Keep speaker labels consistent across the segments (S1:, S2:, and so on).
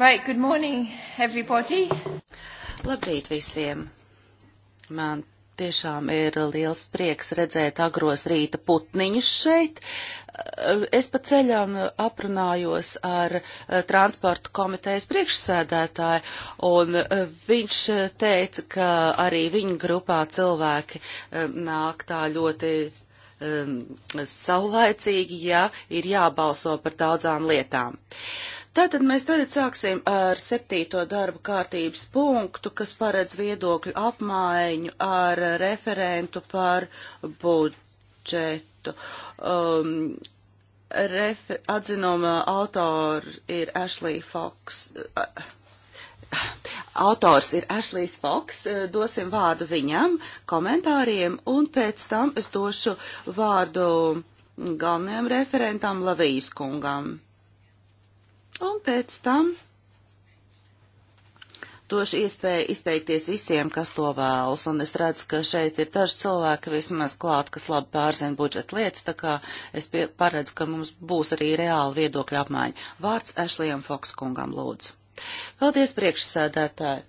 S1: Right, good morning, everybody.
S2: Labrīt visiem! Man tiešām ir liels prieks redzēt agros rīta putniņus šeit. Es pa ceļam aprunājos ar eh, transporta komitejas priekšsēdētāju, un eh, viņš eh, teica, ka arī viņa grupā cilvēki nāk tā ļoti um, saulaicīgi, ja ir jābalso par daudzām lietām. Uh, Tātad mēs tagad sāksim ar septīto darba kārtības punktu, kas paredz viedokļu apmaiņu ar referentu par budžetu. Um, refer, atzinuma autori ir Ashley Fox. Uh, Autors ir Ashlīs Foks, uh, dosim vārdu viņam, komentāriem, un pēc tam es došu vārdu galvenajam referentam Lavijas kungam. Un pēc tam došu iespēju izteikties visiem, kas to vēlas, un es redzu, ka šeit ir daži cilvēki vismaz klāt, kas labi pārzina budžeta lietas, tā kā es pie, paredzu, ka mums būs arī reāla viedokļa apmaiņa. Vārds Ešlijam Fokskungam lūdzu. Paldies, priekšsēdētāji!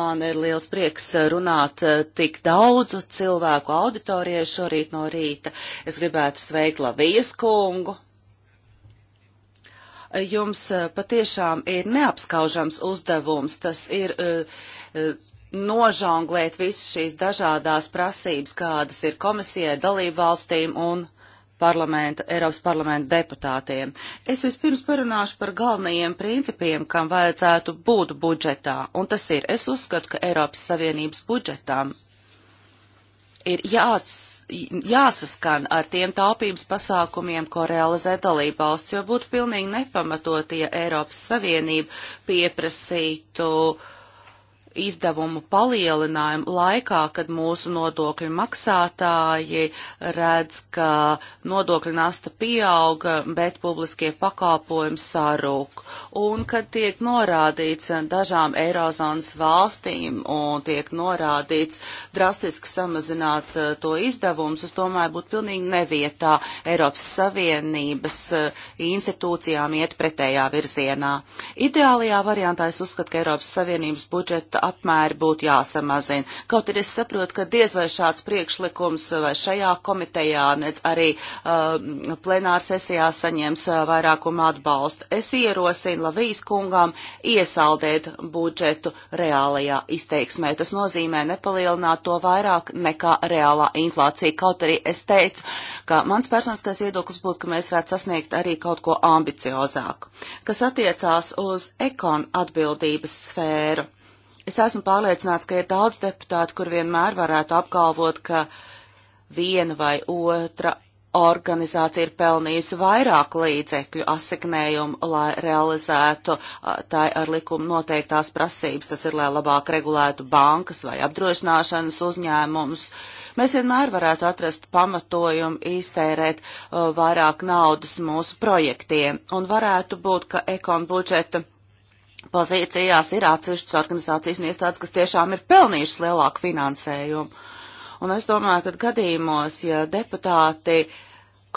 S2: Man ir liels prieks runāt eh, tik daudzu cilvēku auditorijai šorīt no rīta. Es gribētu sveikt Lavijas kungu, jums eh, patiešām ir neapskaužams uzdevums. Tas ir eh, eh, nožonglēt visas šīs dažādās prasības, kādas ir komisijai, dalību valstīm un parlamenta, Eiropas parlamenta deputātiem. Es vispirms parunāšu par galvenajiem principiem, kam vajadzētu būt budžetā, un tas ir, es uzskatu, ka Eiropas Savienības budžetām ir jāats, jāsaskan ar tiem taupības pasākumiem, ko realizē dalība valsts, jo būtu pilnīgi nepamatot, ja Eiropas Savienība pieprasītu izdevumu palielinājumu laikā, kad mūsu nodokļu maksātāji redz, ka nodokļu nasta pieauga, bet publiskie pakalpojumi sarūk. Un kad tiek norādīts dažām Eirozonas valstīm un tiek norādīts, drastiski samazināt eh, to izdevumus, es domāju, būtu pilnīgi nevietā Eiropas Savienības eh, institūcijām iet pretējā virzienā. Ideālajā variantā es uzskatu, ka Eiropas Savienības budžeta apmēri būtu jāsamazina. Kaut arī es saprotu, ka diez vai šāds priekšlikums eh, vai šajā komitejā, nec arī uh, plenāra sesijā saņems uh, vairākumu atbalstu. Es ierosinu Lavijas kungām iesaldēt budžetu reālajā izteiksmē. Tas nozīmē nepalielināt to vairāk nekā reālā inflācija. Kaut arī es teicu, ka mans personiskais viedoklis būtu, ka mēs varētu sasniegt arī kaut ko ambiciozāku. Kas attiecās uz ekon atbildības sfēru, es esmu pārliecināts, ka ir daudz deputātu, kur vienmēr varētu apgalvot, ka viena vai otra organizācija ir pelnījusi vairāk līdzekļu asignējumu, lai realizētu tā ar likumu noteiktās prasības. Tas ir, lai labāk regulētu bankas vai apdrošināšanas uzņēmumus. Mēs vienmēr varētu atrast pamatojumu iztērēt vairāk naudas mūsu projektiem un varētu būt, ka ekon budžeta. Pozīcijās ir atsevišķas organizācijas un iestādes, kas tiešām ir pelnījušas lielāku finansējumu. Un es domāju, ka gadījumos, ja deputāti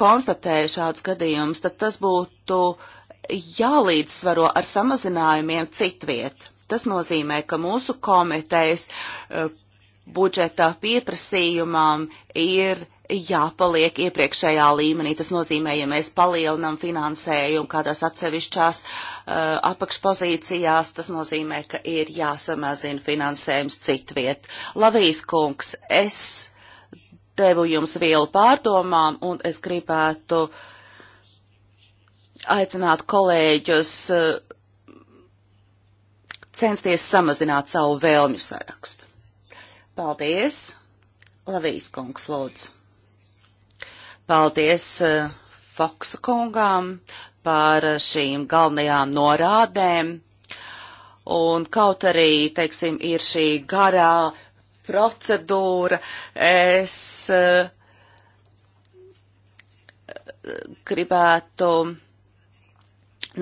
S2: konstatēja šādus gadījumus, tad tas būtu jālīdzsvaro ar samazinājumiem citviet. Tas nozīmē, ka mūsu komitejas eh, budžeta pieprasījumam ir jāpaliek iepriekšējā līmenī. Tas nozīmē, ja mēs palielinam finansējumu kādās atsevišķās uh, apakšpozīcijās, tas nozīmē, ka ir jāsamazina finansējums citviet. Lavijas kungs, es devu jums vielu pārdomām un es gribētu aicināt kolēģus uh, censties samazināt savu vēlmju sarakstu. Paldies! Lavijas kungs, lūdzu. Paldies eh, Foksa kungām par šīm galvenajām norādēm. Un kaut arī, teiksim, ir šī garā procedūra, es eh, gribētu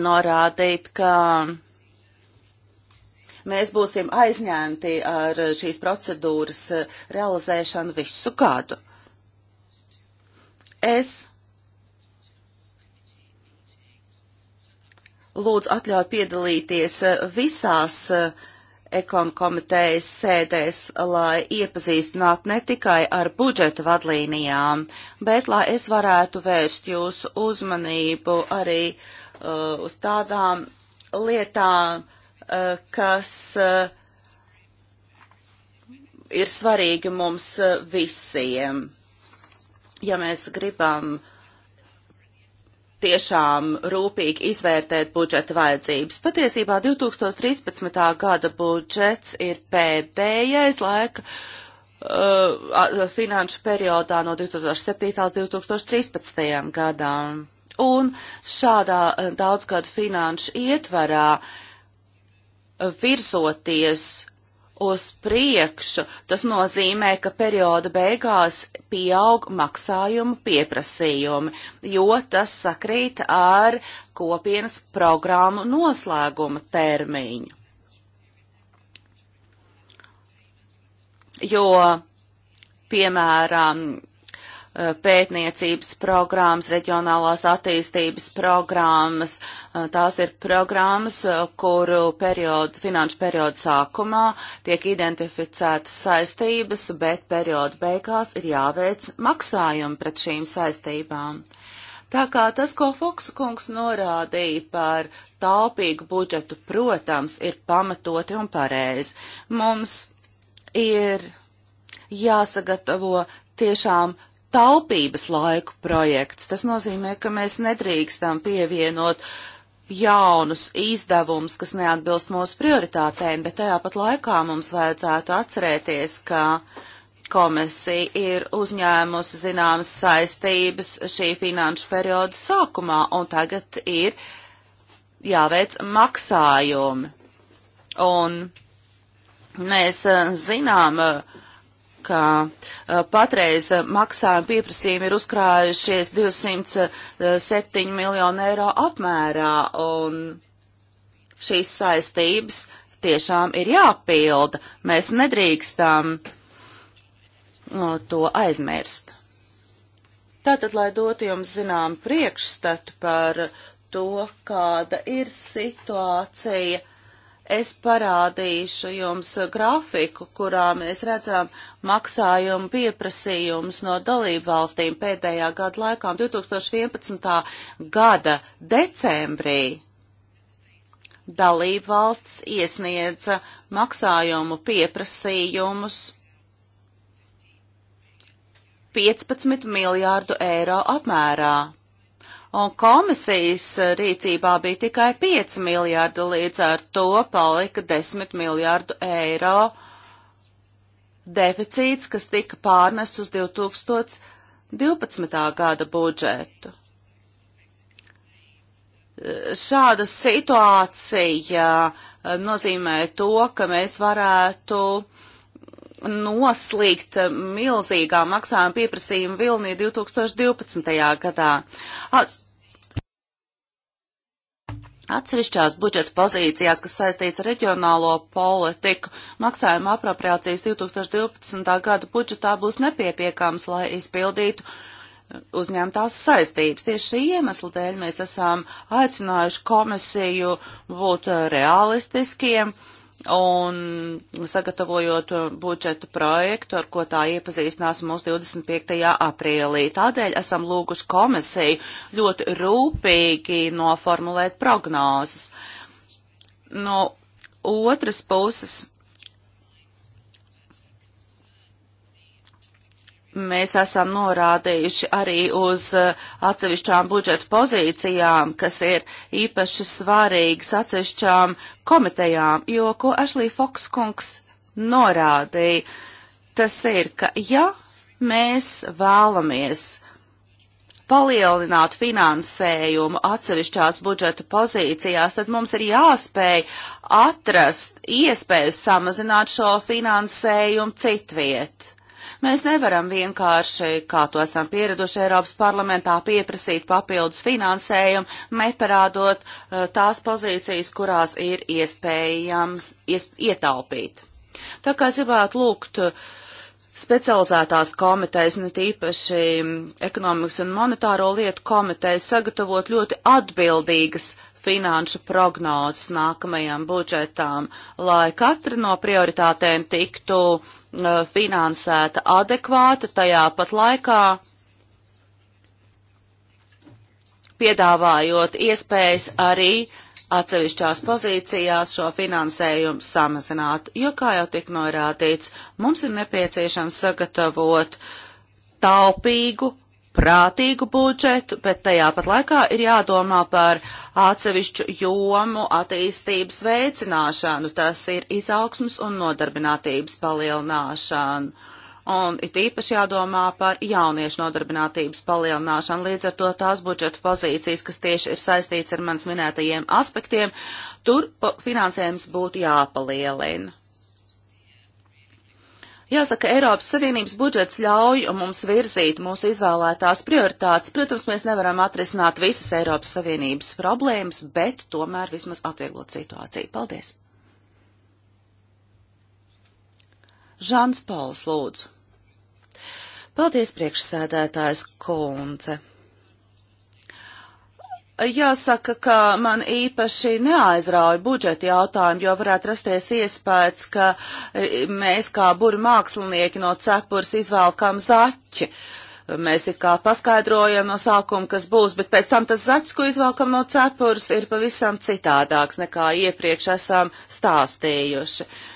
S2: norādīt, ka mēs būsim aizņemti ar šīs procedūras eh, realizēšanu visu gadu. Es lūdzu atļauj piedalīties eh, visās eh, ekonomikas komitejas sēdēs, lai iepazīstinātu ne tikai ar budžeta vadlīnijām, bet lai es varētu vērst jūsu uzmanību arī uh, uz tādām lietām, uh, kas uh, ir svarīgi mums visiem ja mēs gribam tiešām rūpīgi izvērtēt budžeta vajadzības. Patiesībā 2013. gada budžets ir pēdējais laika uh, finanšu periodā no 2007. līdz 2013. gadam. Un šādā uh, daudzgadu finanšu ietvarā uh, virzoties uz priekšu, tas nozīmē, ka perioda beigās pieaug maksājumu pieprasījumi, jo tas sakrīt ar kopienas programmu noslēguma termiņu. Jo, piemēram, Eh, pētniecības programmas, reģionālās attīstības programmas. Eh, tās ir programmas, eh, kuru periodu, finanšu periodu sākumā tiek identificētas saistības, bet periodu beigās ir jāveic maksājumi pret šīm saistībām. Tā kā tas, ko Foksa kungs norādīja par taupīgu budžetu, protams, ir pamatoti un pareizi. Mums ir jāsagatavo tiešām taupības laiku projekts. Tas nozīmē, ka mēs nedrīkstam pievienot jaunus izdevumus, kas neatbilst mūsu prioritātēm, bet tajā pat laikā mums vajadzētu atcerēties, ka komisija ir uzņēmusi zināmas saistības šī finanšu perioda sākumā, un tagad ir jāveic maksājumi. Un mēs zinām, uh, ka eh, patreiz maksājuma pieprasījumi ir uzkrājušies 207 eh, miljonu eiro apmērā, un šīs saistības tiešām ir jāpilda. Mēs nedrīkstam no, eh, to aizmirst. Tātad, lai dotu jums zinām priekšstatu par to, kāda ir situācija es parādīšu jums grafiku, kurā mēs redzam maksājumu pieprasījumus no dalību valstīm pēdējā gada laikā. 2011. gada decembrī dalību valsts iesniedza maksājumu pieprasījumus 15 miljārdu eiro apmērā un komisijas rīcībā bija tikai 5 miljārdi, līdz ar to palika 10 miljārdu eiro deficīts, kas tika pārnests uz 2012. gada budžetu. Šāda situācija eh, nozīmē to, ka mēs varētu uh, noslīgt milzīgā maksājuma pieprasījuma vilnī 2012. gadā. Atsevišķās budžeta pozīcijās, kas saistīts ar reģionālo politiku, maksājuma apropriācijas 2012. gada budžetā būs nepiepiekams, lai izpildītu uzņemtās saistības. Tieši šī iemesla dēļ mēs esam aicinājuši komisiju būt realistiskiem, uh, un sagatavojot budžetu projektu, ar ko tā iepazīstinās mūs 25. aprīlī. Tādēļ esam lūguši komisiju ļoti rūpīgi noformulēt prognozes. No otras puses, Mēs esam norādījuši arī uz uh, atsevišķām budžeta pozīcijām, kas ir īpaši svarīgas atsevišķām komitejām, jo, ko Ashley Fox kungs norādīja, tas ir, ka ja mēs vēlamies palielināt finansējumu atsevišķās budžeta pozīcijās, tad mums ir jāspēj atrast iespējas samazināt šo finansējumu citviet. Mēs nevaram vienkārši, kā to esam pieraduši Eiropas parlamentā, pieprasīt papildus finansējumu, neparādot eh, tās pozīcijas, kurās ir iespējams ies, ietaupīt. Tā kā es gribētu lūgt eh, specializētās komitejas, ne tīpaši mm, ekonomikas un monetāro lietu komitejas, sagatavot ļoti atbildīgas finanšu prognozes nākamajam budžetām, lai katra no prioritātēm tiktu Uh, finansēta adekvāti, tajā pat laikā piedāvājot iespējas arī atsevišķās pozīcijās šo finansējumu samazināt, jo, kā jau tik norādīts, mums ir nepieciešams sagatavot taupīgu prātīgu budžetu, bet tajā pat laikā ir jādomā par atsevišķu jomu attīstības veicināšanu, tas ir izaugsmas un nodarbinātības palielināšanu. Un it īpaši jādomā par jauniešu nodarbinātības palielināšanu, līdz ar to tās budžeta pozīcijas, kas tieši ir saistīts ar mans minētajiem aspektiem, tur finansējums būtu jāpalielina. Jāsaka, Eiropas Savienības budžets ļauj mums virzīt mūsu izvēlētās prioritātes. Protams, mēs nevaram atrisināt visas Eiropas Savienības problēmas, bet tomēr vismaz atvieglot situāciju. Paldies! Žāns Pauls lūdzu. Paldies, priekšsēdētājs Kunce. Jāsaka, ka man īpaši neaizrauja budžeta jautājumu, jo varētu rasties iespējas, ka e, mēs kā buru mākslinieki no cepures izvēlkam zaķi. Mēs it kā paskaidrojam no sākuma, kas būs, bet pēc tam tas zaķis, ko izvēlkam no cepures, ir pavisam citādāks nekā iepriekš esam stāstījuši. Uh,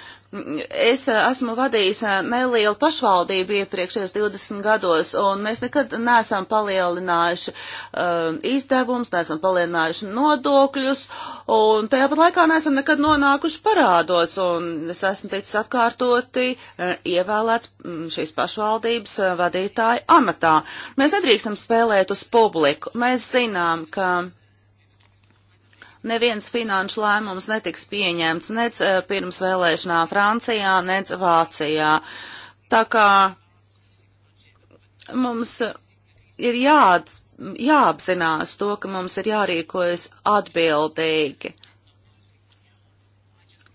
S2: Es eh, esmu vadījis eh, nelielu pašvaldību iepriekšējos 20 gados, un mēs nekad neesam palielinājuši um, izdevumus, neesam palielinājuši nodokļus, un tajā pat laikā neesam nekad nonākuši parādos, un es esmu teicis atkārtoti ievēlēts mm, šīs pašvaldības vadītāja amatā. Mēs nedrīkstam spēlēt uz publiku. Mēs zinām, ka neviens finanšu lēmums netiks pieņemts nec eh, pirms vēlēšanām Francijā, nec Vācijā. Tā kā mums ir jā, jāapzinās to, ka mums ir jārīkojas atbildīgi.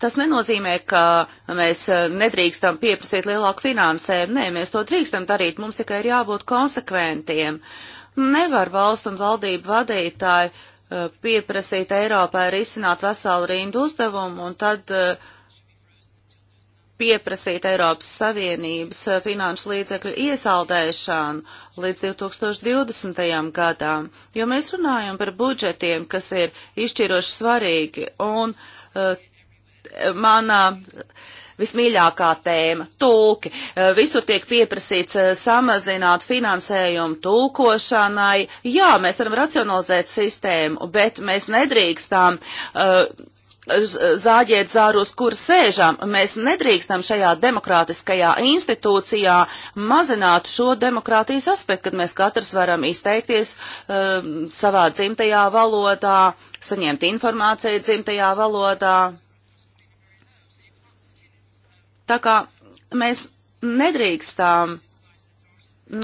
S2: Tas nenozīmē, ka mēs eh, nedrīkstam pieprasīt lielāku finansējumu. Nē, mēs to drīkstam darīt, mums tikai ir jābūt konsekventiem. Nevar valstu un valdību vadītāji uh, Eh, pieprasīt Eiropai risināt veselu rindu uzdevumu un tad eh, pieprasīt Eiropas Savienības eh, finanšu līdzekļu iesaldēšanu līdz 2020. gadām, jo mēs runājam par budžetiem, kas ir izšķiroši svarīgi, un uh, manā uh, vismīļākā tēma - tulki. Eh, visur tiek pieprasīts eh, samazināt finansējumu tulkošanai. Jā, mēs varam racionalizēt sistēmu, bet mēs nedrīkstām. Uh, eh, zāģēt zārus, kur sēžam. Mēs nedrīkstam šajā demokrātiskajā institūcijā mazināt šo demokrātijas aspektu, kad mēs katrs varam izteikties um, savā dzimtajā valodā, saņemt informāciju dzimtajā valodā. Tā kā mēs nedrīkstām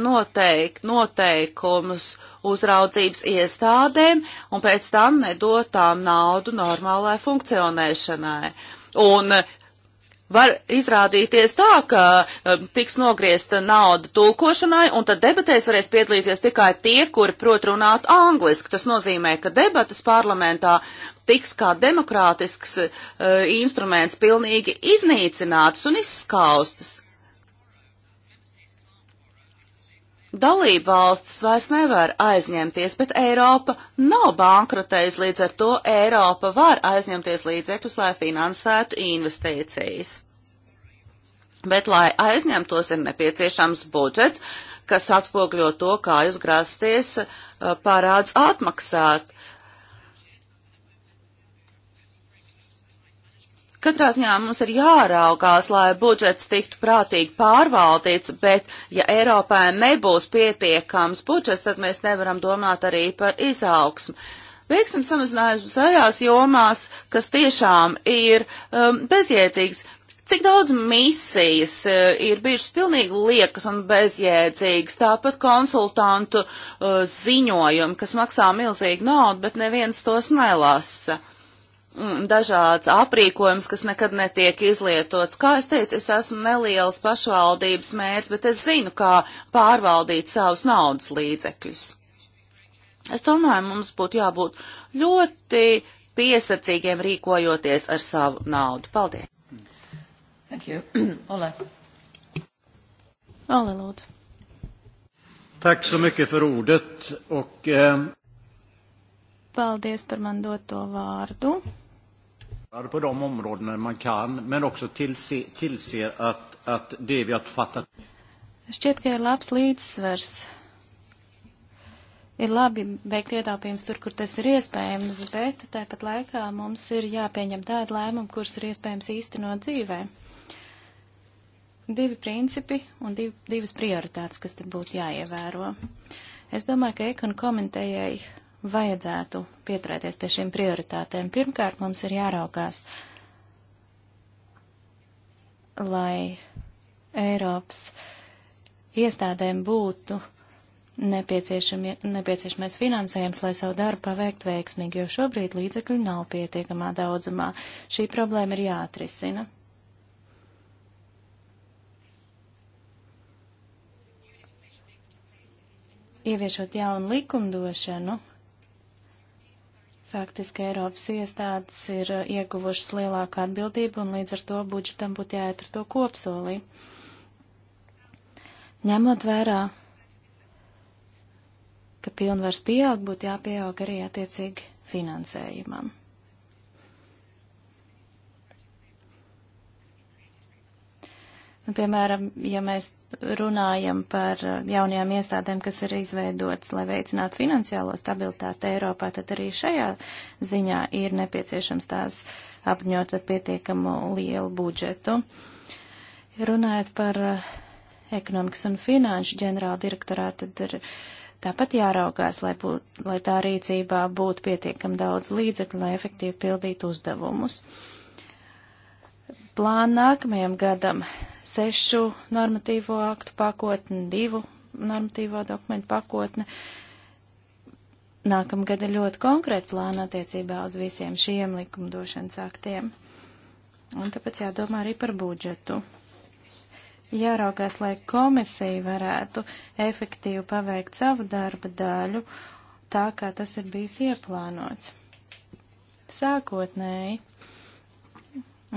S2: noteikt noteikumus uzraudzības iestādēm un pēc tam nedot tām naudu normālai funkcionēšanai. Un eh, var izrādīties tā, ka eh, tiks nogriezta nauda tulkošanai, un tad debatēs varēs piedalīties tikai tie, kuri prot runāt angliski. Tas nozīmē, ka debatas parlamentā tiks kā demokrātisks uh, instruments pilnīgi iznīcinātas un izskaustas. Dalība valstis vairs nevar aizņemties, bet Eiropa nav bankrotējis, līdz ar to Eiropa var aizņemties līdzekļus, lai finansētu investīcijas. Bet, lai aizņemtos, ir nepieciešams budžets, kas atspogļo to, kā jūs grasties e, parādus atmaksāt. Katrā ziņā mums ir jāraugās, lai budžets tiktu prātīgi pārvaldīts, bet ja Eiropai nebūs pietiekams budžets, tad mēs nevaram domāt arī par izaugsmu. Veiksim samazinājumus tajās jomās, kas tiešām ir um, bezjēdzīgas. Cik daudz misijas uh, ir bijušas pilnīgi liekas un bezjēdzīgas, tāpat konsultantu uh, ziņojumi, kas maksā milzīgu naudu, bet neviens tos nelasa. Mm, dažāds aprīkojums, kas nekad netiek izlietots. Kā es teicu, es esmu neliels pašvaldības mērs, bet es zinu, kā pārvaldīt savus naudas līdzekļus. Es domāju, mums būtu jābūt ļoti piesacīgiem rīkojoties ar savu naudu. Paldies! Thank you.
S3: Ole. Ole, lūdzu.
S1: Tack så mycket för ordet. Och, eh...
S3: Paldies par man doto vārdu.
S1: På de områdena man kan, men också tillse, tillser att, att det vi har fattat.
S3: Šķiet, ka ir labs līdzsvers. Ir labi beigt ietaupījums tur, kur tas ir iespējams, bet tāpat laikā mums ir jāpieņem tāda lēmuma, kuras ir iespējams īstenot dzīvē. Divi principi un div, divas prioritātes, kas te būtu jāievēro. Es domāju, ka ekonu komentējai vajadzētu pieturēties pie šīm prioritātēm. Pirmkārt, mums ir jāraukās, lai Eiropas iestādēm būtu nepieciešamais finansējums, lai savu darbu paveiktu veiksmīgi, jo šobrīd līdzekļu nav pietiekamā daudzumā. Šī problēma ir jāatrisina. Ieviešot jaunu likumdošanu, Faktiski Eiropas iestādes ir uh, ieguvušas lielāku atbildību un līdz ar to budžetam būtu jāiet ar to kopsolī. Ņemot vērā, ka pilnvars pieaug, būtu jāpieaug arī attiecīgi finansējumam. Nu, piemēram, ja mēs runājam par jaunajām iestādēm, kas ir izveidotas, lai veicinātu finansiālo stabilitāti Eiropā, tad arī šajā ziņā ir nepieciešams tās apņot ar pietiekamu lielu budžetu. Runājot par eh, ekonomikas un finanšu ģenerāla direktorā, tad ir tāpat jāraugās, lai, būt, lai tā rīcībā būtu pietiekami daudz līdzekļu, lai efektīvi pildītu uzdevumus. Plāna nākamajam gadam sešu normatīvo aktu pakotni, divu normatīvo dokumentu pakotni. Nākamgad ir ļoti konkrēta plāna attiecībā uz visiem šiem likumdošanas aktiem. Un tāpēc jādomā arī par budžetu. Jāraugās, lai komisija varētu efektīvi paveikt savu darba daļu tā, kā tas ir bijis ieplānots. Sākotnēji,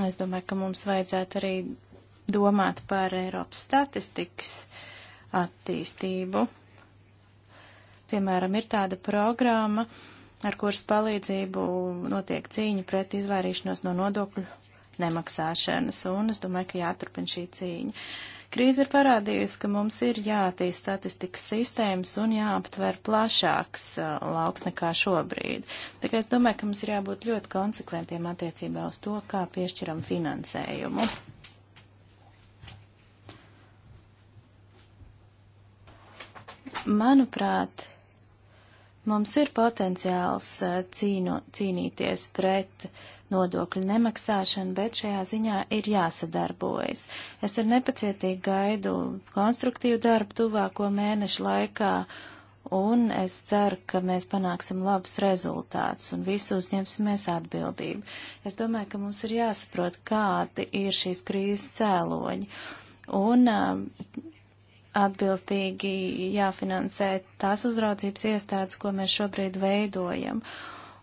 S3: es domāju, ka mums vajadzētu arī domāt par Eiropas statistikas attīstību. Piemēram, ir tāda programma, ar kuras palīdzību notiek cīņa pret izvairīšanos no nodokļu nemaksāšanas, un es domāju, ka jāturpina šī cīņa. Krīze ir parādījusi, ka mums ir jātīst statistikas sistēmas un jāaptver plašāks uh, lauks nekā šobrīd. Tā kā es domāju, ka mums ir jābūt ļoti konsekventiem attiecībā uz to, kā piešķiram finansējumu. manuprāt, mums ir potenciāls eh, cīno, cīnīties pret nodokļu nemaksāšanu, bet šajā ziņā ir jāsadarbojas. Es ar nepacietīgi gaidu konstruktīvu darbu tuvāko mēnešu laikā, un es ceru, ka mēs panāksim labus rezultātus un visu uzņemsimies atbildību. Es domāju, ka mums ir jāsaprot, kādi ir šīs krīzes cēloņi. Un uh, atbilstīgi jāfinansē tās uzraudzības iestādes, ko mēs šobrīd veidojam.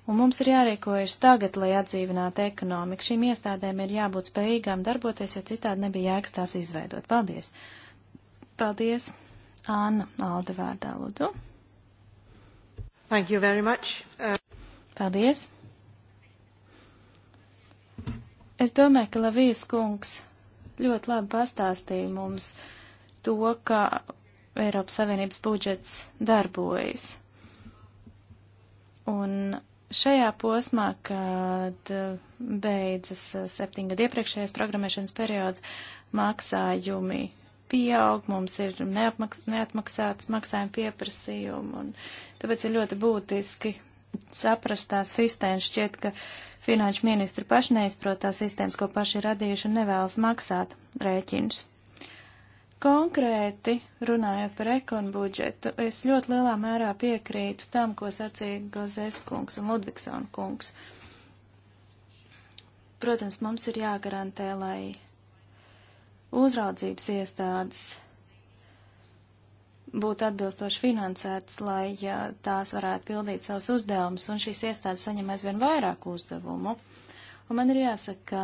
S3: Un mums ir jārīkojas tagad, lai atdzīvinātu ekonomiku. Šīm iestādēm ir jābūt spējīgām darboties, jo citādi nebija jēgas tās izveidot. Paldies! Paldies! Anna Alde vārdā, lūdzu. Thank you very much. Uh... Paldies! Es domāju, ka Lavijas kungs ļoti labi pastāstīja mums. Uh, to, ka Eiropas Savienības budžets darbojas. Un šajā posmā, kad beidzas septiņgad iepriekšējais programmēšanas periods, maksājumi pieaug, mums ir neapmaks, neatmaksāts maksājuma pieprasījumi, un tāpēc ir ļoti būtiski saprast tās sistēmas. Šķiet, ka finanšu ministri paši neizprot tās sistēmas, ko paši ir radījuši un nevēlas maksāt rēķinus. Konkrēti runājot par ekonu budžetu, es ļoti lielā mērā piekrītu tam, ko sacīja Gozes kungs un Ludvigsona kungs. Protams, mums ir jāgarantē, lai uzraudzības iestādes būtu atbilstoši finansētas, lai ja, tās varētu pildīt savus uzdevumus, un šīs iestādes saņem aizvien vairāk uzdevumu. Un man ir jāsaka, ka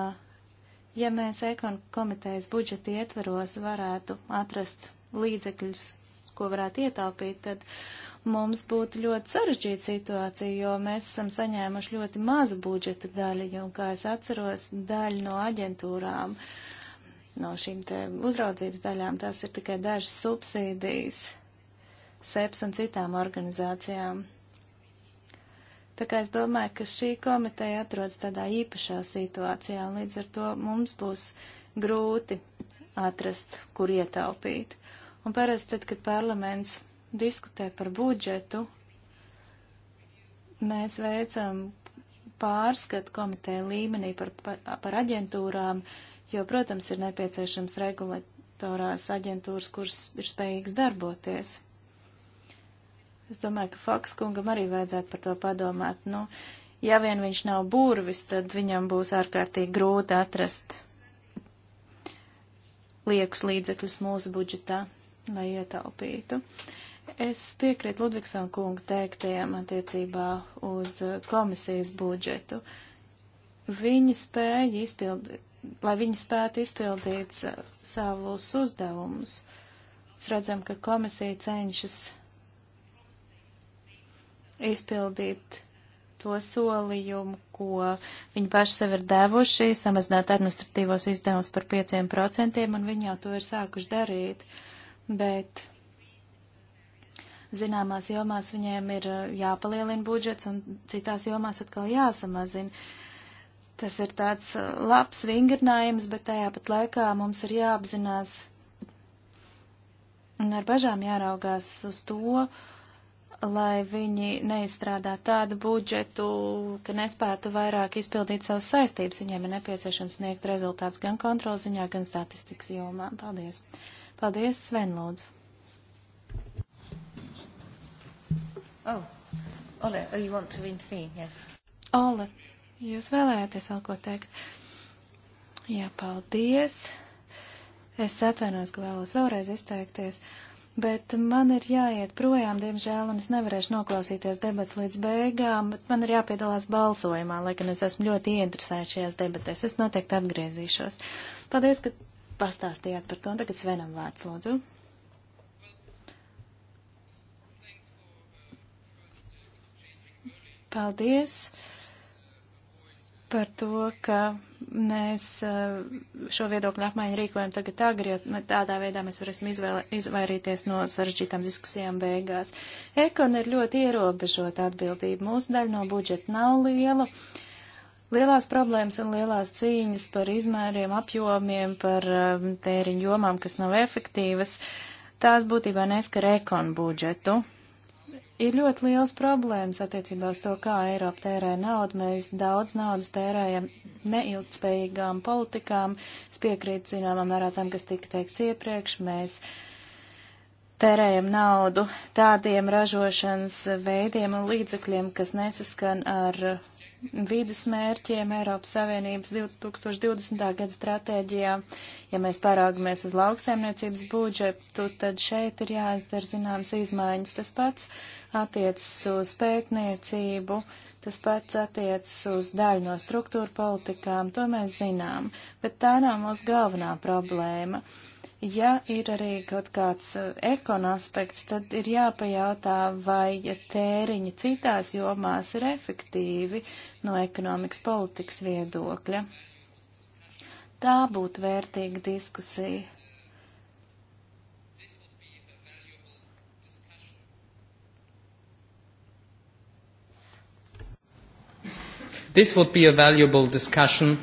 S3: Ja mēs ekon komitejas budžeta ietveros varētu atrast līdzekļus, ko varētu ietaupīt, tad mums būtu ļoti sarežģīta situācija, jo mēs esam saņēmuši ļoti mazu budžeta daļu, un, kā es atceros, daļu no aģentūrām, no šīm te uzraudzības daļām, tās ir tikai dažas subsīdijas, seps e un citām organizācijām. Tā kā es domāju, ka šī komiteja atrodas tādā īpašā situācijā, un līdz ar to mums būs grūti atrast, kur ietaupīt. Un parasti tad, kad parlaments diskutē par budžetu, mēs veicam pārskatu komiteja līmenī par, par, par aģentūrām, jo, protams, ir nepieciešams regulatorās aģentūras, kuras ir spējīgas darboties. Es domāju, ka Foks kungam arī vajadzētu par to padomāt. Nu, ja vien viņš nav burvis, tad viņam būs ārkārtīgi grūti atrast liekus līdzekļus mūsu budžetā, lai ietaupītu. Es piekrītu Ludvigsam kungu teiktajam attiecībā uz komisijas budžetu. Viņi spēja izpildīt, lai viņi spētu izpildīt savus uzdevumus. Mēs redzam, ka komisija cenšas izpildīt to solījumu, ko viņi paši sev ir devuši, samazināt administratīvos izdevumus par 5%, un viņi jau to ir sākuši darīt. Bet zināmās jomās viņiem ir uh, jāpalielina budžets, un citās jomās atkal jāsamazina. Tas ir tāds uh, labs vingrinājums, bet tajā pat laikā mums ir jāapzinās un ar bažām jāraugās uz to, uh, lai viņi neizstrādā tādu budžetu, ka nespētu vairāk izpildīt savas saistības. Viņiem ir nepieciešams sniegt rezultāts gan kontrolas ziņā, gan statistikas jomā. Paldies. Paldies, Sven, lūdzu.
S1: Oh, Ole, oh, you want to intervene, yes.
S3: Ole, jūs vēlējāties vēl ko teikt? Jā, paldies. Es atvainojos, ka vēlos vēlreiz izteikties. Uh, bet man ir jāiet projām, diemžēl, un es nevarēšu noklausīties debats līdz beigām, bet man ir jāpiedalās balsojumā, lai gan es esmu ļoti ieinteresēta šajās debatēs. Es noteikti atgriezīšos. Paldies, ka pastāstījāt par to. Tagad Svenam vārds, lūdzu. Paldies par to, ka mēs eh, šo viedokļu apmaiņu rīkojam tagad agri, jo nu, tādā veidā mēs varēsim izvēle, izvairīties no sarežģītām diskusijām beigās. Ekon ir ļoti ierobežota atbildība. Mūsu daļa no budžeta nav liela. Lielās problēmas un lielās cīņas par izmēriem, apjomiem, par eh, tēriņu jomām, kas nav efektīvas, tās būtībā neskar ekon budžetu ir ļoti liels problēmas attiecībā uz to, kā Eiropa tērē naudu. Mēs daudz naudas tērējam neilgtspējīgām politikām. Es piekrītu zināmā mērā tam, kas tika teikts iepriekš. Mēs tērējam naudu tādiem ražošanas veidiem un līdzekļiem, kas nesaskan ar vīdas mērķiem Eiropas Savienības 2020. gada stratēģijā. Ja mēs paraugamies uz lauksaimniecības budžetu, tad šeit ir jāizdara zināmas izmaiņas. Tas pats attiecas uz pētniecību, tas pats attiecas uz daļu no struktūra politikām, to mēs zinām, bet tā nav mūsu galvenā problēma. Uh, Ja ir arī kaut kāds uh, ekona aspekts, tad ir jāpajautā, vai tēriņi citās jomās ir efektīvi no ekonomikas politikas viedokļa. Tā būtu vērtīga diskusija.
S2: This would be a valuable discussion.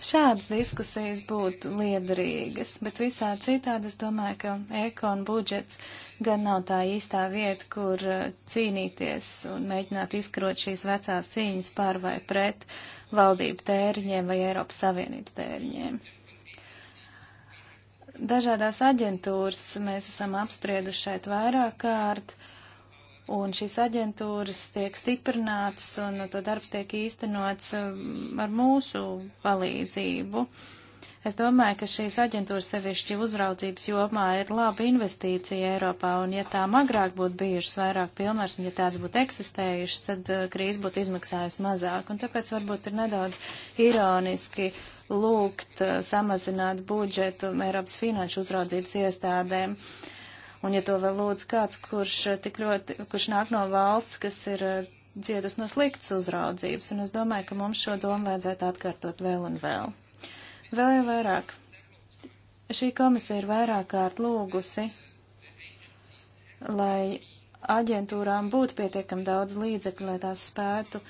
S3: Šādas diskusijas būtu liederīgas, bet visā citādi es domāju, ka ekon budžets gan nav tā īstā vieta, kur uh, cīnīties un mēģināt izkrot šīs vecās cīņas pār vai pret valdību tēriņiem vai Eiropas Savienības tēriņiem dažādās aģentūras mēs esam apsprieduši šeit vairāk kārt un šīs aģentūras tiek stiprinātas un to darbs tiek īstenots um, ar mūsu palīdzību. Es domāju, ka šīs aģentūras sevišķi uzraudzības jomā ir laba investīcija Eiropā, un ja tām agrāk būtu bijušas vairāk pilnvars, un ja tāds būtu eksistējušas, tad uh, krīze būtu izmaksājusi mazāk, un tāpēc varbūt ir nedaudz ironiski lūgt uh, samazināt budžetu Eiropas finanšu uzraudzības iestādēm. Uh, Un ja to vēl lūdz kāds, kurš eh, tik ļoti, kurš nāk no valsts, kas ir dziedus eh, no sliktas uzraudzības, un es domāju, ka mums šo domu vajadzētu atkārtot vēl un vēl. Vēl jau vairāk. Šī komisija ir vairāk kārt lūgusi, lai aģentūrām būtu pietiekami daudz līdzekļu, lai tās spētu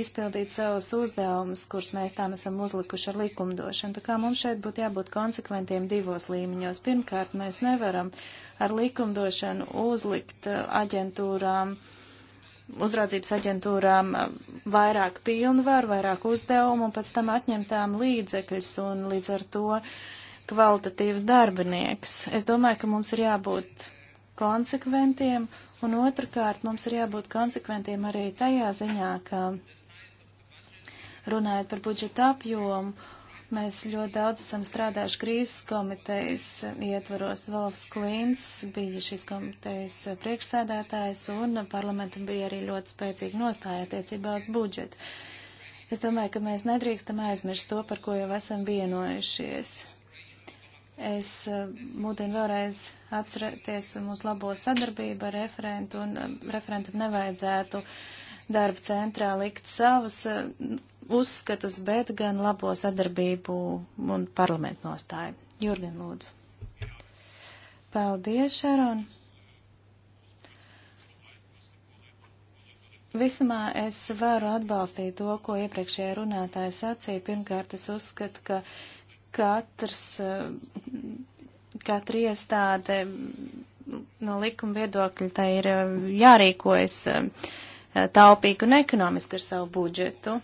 S3: izpildīt savus uzdevumus, kurus mēs tām esam uzlikuši ar likumdošanu. Tā kā mums šeit būtu jābūt konsekventiem divos līmeņos. Pirmkārt, mēs nevaram ar likumdošanu uzlikt eh, aģentūrām, uzraudzības aģentūrām eh, vairāk pilnvaru, vairāk uzdevumu un pēc tam atņemtām līdzekļus un līdz ar to kvalitatīvs darbinieks. Es domāju, ka mums ir jābūt konsekventiem un otrkārt mums ir jābūt konsekventiem arī tajā ziņā, ka runājot par budžeta apjomu Mēs ļoti daudz esam strādājuši krīzes komitejas ietvaros. Volfs Klīns bija šīs komitejas priekšsēdētājs un parlamentam bija arī ļoti spēcīga nostāja attiecībā uz budžetu. Es domāju, ka mēs nedrīkstam aizmirst to, par ko jau esam vienojušies. Es eh, mūdinu vēlreiz atcerēties mūsu labo sadarbību ar referentu un eh, referentam nevajadzētu darba centrā likt savus eh, uzskatus, bet gan labo sadarbību un parlamentu nostāju. Jurgen, lūdzu. Paldies, Šaron. Visumā es varu atbalstīt to, ko iepriekšējā runātāja sacīja. Pirmkārt, es uzskatu, ka katrs, eh, katra iestāde no likuma viedokļa tai ir eh, jārīkojas eh, taupīgi un ekonomiski ar savu budžetu.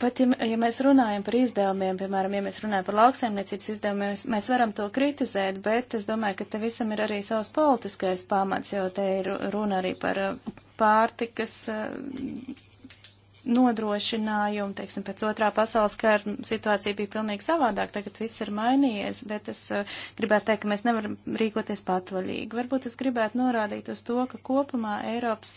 S3: Pat ja, ja mēs runājam par izdevumiem, piemēram, ja mēs runājam par lauksaimniecības izdevumiem, mēs, mēs varam to kritizēt, bet es domāju, ka te visam ir arī savs politiskais pamats, jo te ir runa arī par uh, pārtikas uh, nodrošinājumu, teiksim, pēc otrā pasaules kara situācija bija pilnīgi savādāk, tagad viss ir mainījies, bet es eh, gribētu teikt, ka mēs nevaram rīkoties patvaļīgi. Varbūt es gribētu norādīt uz to, ka kopumā Eiropas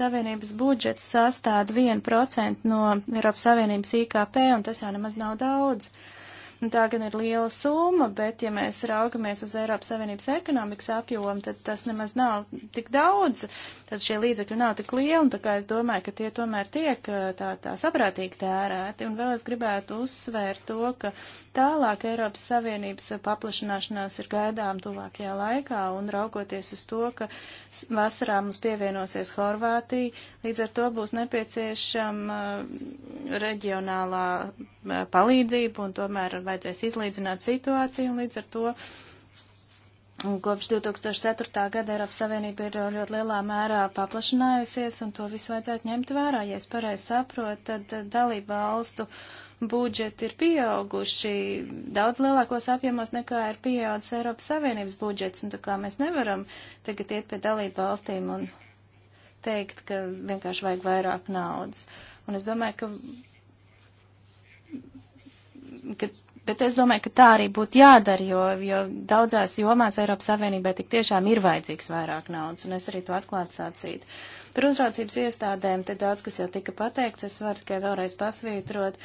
S3: Savienības budžets sastāda 1% no Eiropas Savienības IKP, un tas jau nemaz nav daudz. Uh, Un nu, tā gan ir liela summa, bet ja mēs raugamies uz Eiropas Savienības ekonomikas apjomu, tad tas nemaz nav tik daudz, tad šie līdzekļi nav tik lieli, un tā kā es domāju, ka tie tomēr tiek tā, tā saprātīgi tērēti. Un vēl es gribētu uzsvērt to, ka Tālāk Eiropas Savienības paplašanāšanās ir gaidām tuvākajā laikā, un raugoties uz to, ka vasarā mums pievienosies Horvātija, līdz ar to būs nepieciešama uh, reģionālā uh, palīdzība, un tomēr vajadzēs izlīdzināt situāciju, un līdz ar to. Un kopš 2004. gada Eiropas Savienība ir uh, ļoti lielā mērā paplašinājusies, un to visu vajadzētu ņemt vērā. Ja es pareizi saprotu, tad dalība valstu uh, budžeti ir pieauguši daudz lielākos apjomos nekā ir pieaudzis Eiropas Savienības budžets, un tā kā mēs nevaram tagad iet pie dalību valstīm un teikt, ka vienkārši vajag vairāk naudas. Un es domāju, ka, ka bet es domāju, ka tā arī būtu jādara, jo, jo daudzās jomās Eiropas Savienībai tik tiešām ir vajadzīgs vairāk naudas, un es arī to atklāti sacītu. Par uzraudzības iestādēm te daudz, kas jau tika pateikts, es varu tikai vēlreiz pasvītrot. Uh,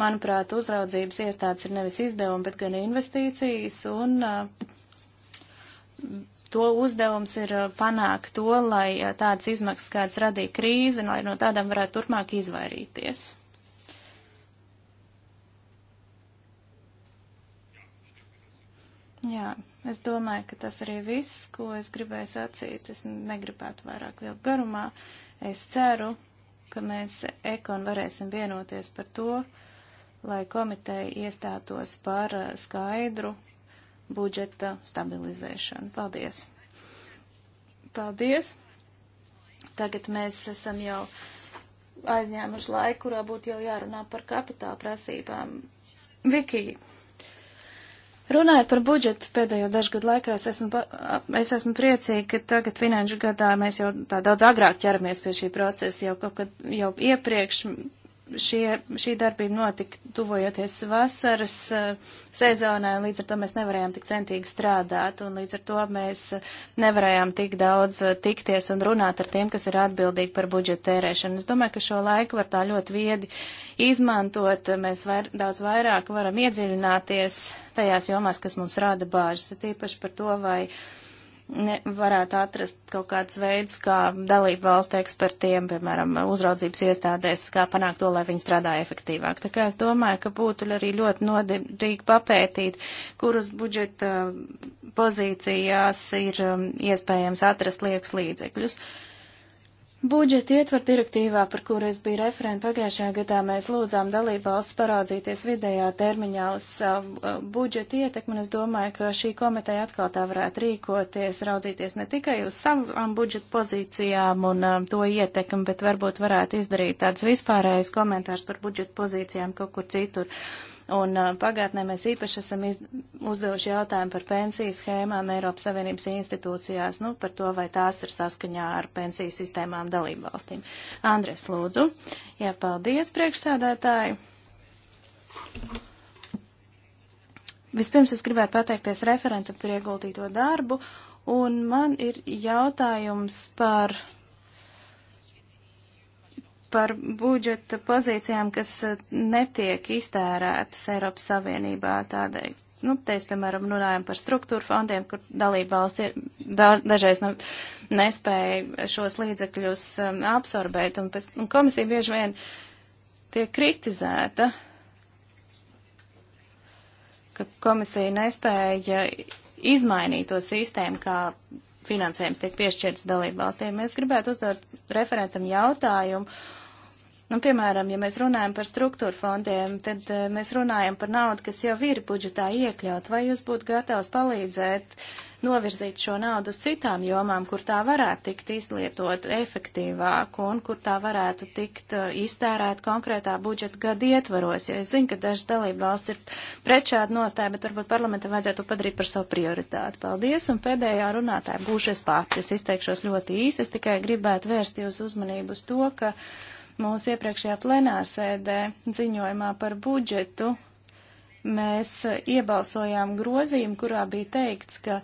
S3: Manuprāt, uzraudzības iestādes ir nevis izdevumi, bet gan investīcijas, un uh, to uzdevums ir uh, panākt to, lai uh, tādas izmaksas, kādas radīja krīze, lai no tādām varētu turpmāk izvairīties. Jā, es domāju, ka tas arī viss, ko es gribēju sacīt. Es negribētu vairāk vilkt garumā. Es ceru, ka mēs ekon varēsim vienoties par to, lai komiteja iestātos par eh, skaidru budžeta stabilizēšanu. Paldies! Paldies! Tagad mēs esam jau aizņēmuši laiku, kurā būtu jau jārunā par kapitāla prasībām. Viki, runājot par budžetu pēdējo dažu gadu laikā, es esmu, es esmu priecīga, ka tagad finanšu gadā mēs jau tā daudz agrāk ķeramies pie šī procesa, jau kaut kad jau iepriekš šie, šī darbība notika tuvojoties vasaras eh, sezonai, un līdz ar to mēs nevarējām tik centīgi strādāt, un līdz ar to mēs eh, nevarējām tik daudz eh, tikties un runāt ar tiem, kas ir atbildīgi par budžeta tērēšanu. Es domāju, ka šo laiku var tā ļoti viedi izmantot, mēs vair, daudz vairāk varam iedziļināties tajās jomās, kas mums rāda bāžas, tīpaši par to, vai varētu atrast kaut kādus veidus, kā dalību valstu ekspertiem, piemēram, uzraudzības iestādēs, kā panākt to, lai viņi strādā efektīvāk. Tā kā es domāju, ka būtu arī ļoti noderīgi papētīt, kuras budžeta pozīcijās ir um, iespējams atrast liekus līdzekļus. Uh, Budžeta ietver direktīvā, par kuru es biju referenta pagājušajā gadā, mēs lūdzām dalību valsts paraudzīties vidējā termiņā uz savu uh, budžetu ietekmi, un es domāju, ka šī komiteja atkal tā varētu rīkoties, raudzīties ne tikai uz savām budžeta pozīcijām un um, to ietekmi, bet varbūt varētu izdarīt tāds vispārējais komentārs par budžeta pozīcijām kaut kur citur. Un uh, pagātnē mēs īpaši esam iz, uzdevuši jautājumu par pensiju schēmām Eiropas Savienības institūcijās, nu, par to, vai tās ir saskaņā ar pensiju sistēmām dalībvalstīm. Andres, lūdzu. Jā, paldies, priekšsādātāji. Vispirms es gribētu pateikties referentam par ieguldīto darbu, un man ir jautājums par par budžeta pozīcijām, kas eh, netiek iztērētas Eiropas Savienībā tādai. Nu, te es, piemēram, runājam par struktūru fondiem, kur dalība valsts da, dažreiz nu, nespēja šos līdzekļus um, absorbēt, un, pēc, un komisija bieži vien tiek kritizēta, ka komisija nespēja izmainīt to sistēmu, kā finansējums tiek piešķirts dalību valstīm. Mēs gribētu uzdot referentam jautājumu, Nu, piemēram, ja mēs runājam par struktūra fondiem, tad eh, mēs runājam par naudu, kas jau ir budžetā iekļaut. Vai jūs būtu gatavs palīdzēt novirzīt šo naudu uz citām jomām, kur tā varētu tikt izlietot efektīvāk un kur tā varētu tikt eh, iztērēt konkrētā budžeta gada ietvaros? Ja es zinu, ka dažas dalība valsts ir pret šādu nostāju, bet varbūt parlamentam vajadzētu padarīt par savu prioritāti. Paldies, un pēdējā runātāja būšu es pati. Es izteikšos ļoti īsi, es tikai gribētu vērst jūsu uzmanību uz to, ka Mūsu iepriekšējā plenārsēdē ziņojumā par budžetu mēs iebalsojām grozījumu, kurā bija teikts, ka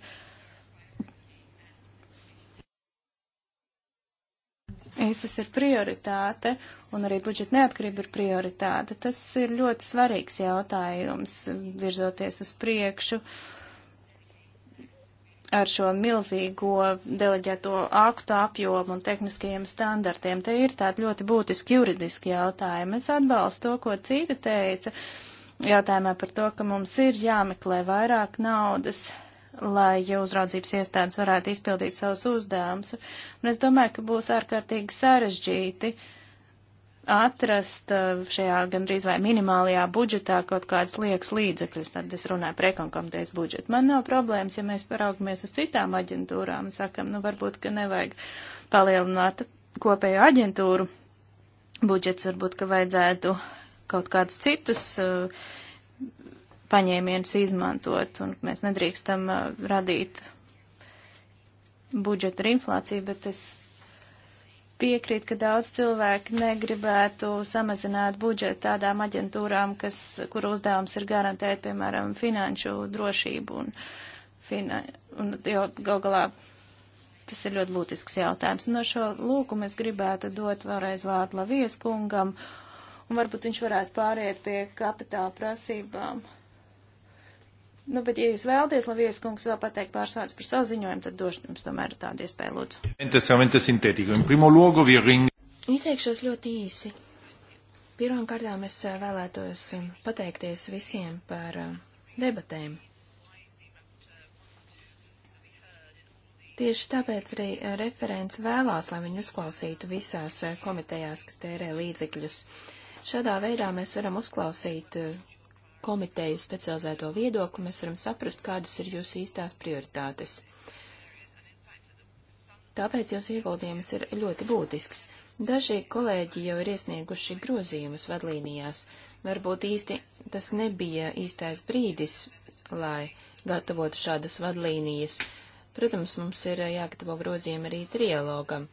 S3: ESAS ir prioritāte un arī budžeta neatkarība ir prioritāte. Tas ir ļoti svarīgs jautājums virzoties uz priekšu. Uh, ar šo milzīgo deleģēto aktu apjomu un tehniskajiem standartiem. Te ir tādi ļoti būtiski juridiski jautājumi. Es atbalstu to, ko cita teica jautājumā par to, ka mums ir jāmeklē vairāk naudas, lai uzraudzības iestādes varētu izpildīt savus uzdevumus. Un es domāju, ka būs ārkārtīgi sarežģīti uh, atrast eh, šajā gandrīz vai minimālajā budžetā kaut kādas liekas līdzekļus, tad es runāju par ekonkomitejas budžetu. Man nav problēmas, ja mēs paraugamies uz citām aģentūrām un sakam, nu varbūt, ka nevajag palielināt kopējo aģentūru budžets, varbūt, ka vajadzētu kaut kādus citus uh, paņēmienus izmantot, un mēs nedrīkstam uh, radīt budžetu ar inflāciju, bet es piekrīt, ka daudz cilvēku negribētu samazināt budžetu tādām aģentūrām, kas, kur uzdevums ir garantēt, piemēram, finanšu drošību un, fina, un jo gal galā tas ir ļoti būtisks jautājums. No šo lūkumu es gribētu dot vēlreiz vārdu Lavies kungam, un varbūt viņš varētu pāriet pie kapitāla prasībām. Nu, bet, ja jūs vēlaties, lai vieskungs vēl pateikt pāris vārdus par savu ziņojumu, tad
S1: došu jums tomēr tādu iespēju, lūdzu. Izteikšos ļoti īsi. Pirmkārtām es eh, vēlētos eh, pateikties visiem par eh, debatēm. Tieši tāpēc arī referents vēlās, lai viņu uzklausītu visās komitejās, kas tērē līdzekļus. Šādā veidā mēs varam uzklausīt komiteju specializēto viedokli, mēs varam saprast, kādas ir jūsu īstās prioritātes. Tāpēc jūsu ieguldījums ir ļoti būtisks. Daži kolēģi jau ir iesnieguši grozījumus vadlīnijās. Varbūt īsti tas nebija īstais brīdis, lai gatavotu šādas vadlīnijas. Protams, mums ir jāgatavo grozījumi arī trialogam.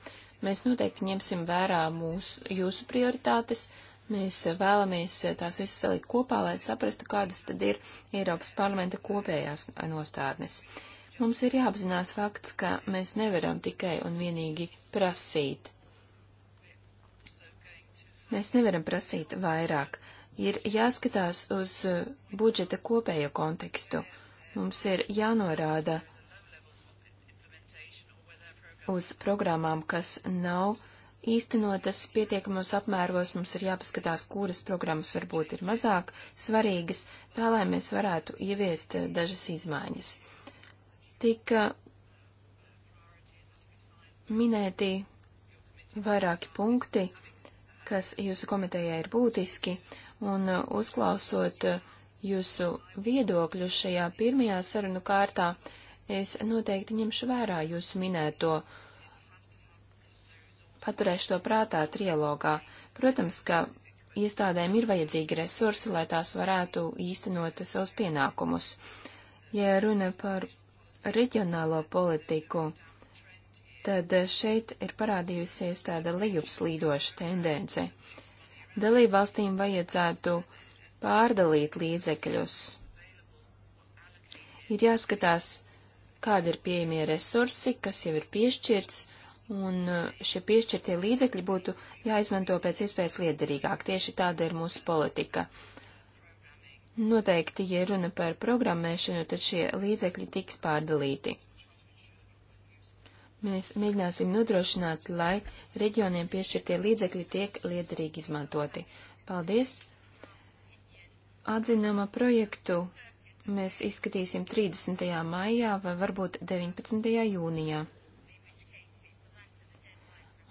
S1: Mēs noteikti ņemsim vērā mūsu, jūsu prioritātes, Mēs vēlamies tās visas salikt kopā, lai saprastu, kādas tad ir Eiropas parlamenta kopējās nostādnes. Mums ir jāapzinās fakts, ka mēs nevaram tikai un vienīgi prasīt. Mēs nevaram prasīt vairāk. Ir jāskatās uz budžeta kopējo kontekstu. Mums ir jānorāda uz programmām, kas nav īstenotas pietiekamos apmēros, mums ir jāpaskatās, kuras programmas varbūt ir mazāk svarīgas, tā lai mēs varētu ieviest eh, dažas izmaiņas. Tika minēti vairāki punkti, kas jūsu komitejā ir būtiski, un eh, uzklausot eh, jūsu viedokļu šajā pirmajā sarunu kārtā, es noteikti ņemšu vērā jūsu minēto uh, Paturēšu to prātā trialogā. Protams, ka iestādēm ir vajadzīgi resursi, lai tās varētu īstenot savus pienākumus. Ja runa par reģionālo politiku, tad šeit ir parādījusies tāda lejupslīdoša tendence. Dalībvalstīm vajadzētu pārdalīt līdzekļus. Ir jāskatās, kāda ir pieejamie resursi, kas jau ir piešķirts, un eh, šie piešķirtie līdzekļi būtu jāizmanto pēc iespējas liederīgāk. Tieši tāda ir mūsu politika. Noteikti, ja runa par programmēšanu, tad šie līdzekļi tiks pārdalīti. Mēs mēģināsim nodrošināt, lai reģioniem piešķirtie līdzekļi tiek liederīgi izmantoti. Paldies! Atzinuma projektu mēs izskatīsim 30. maijā vai varbūt 19. jūnijā.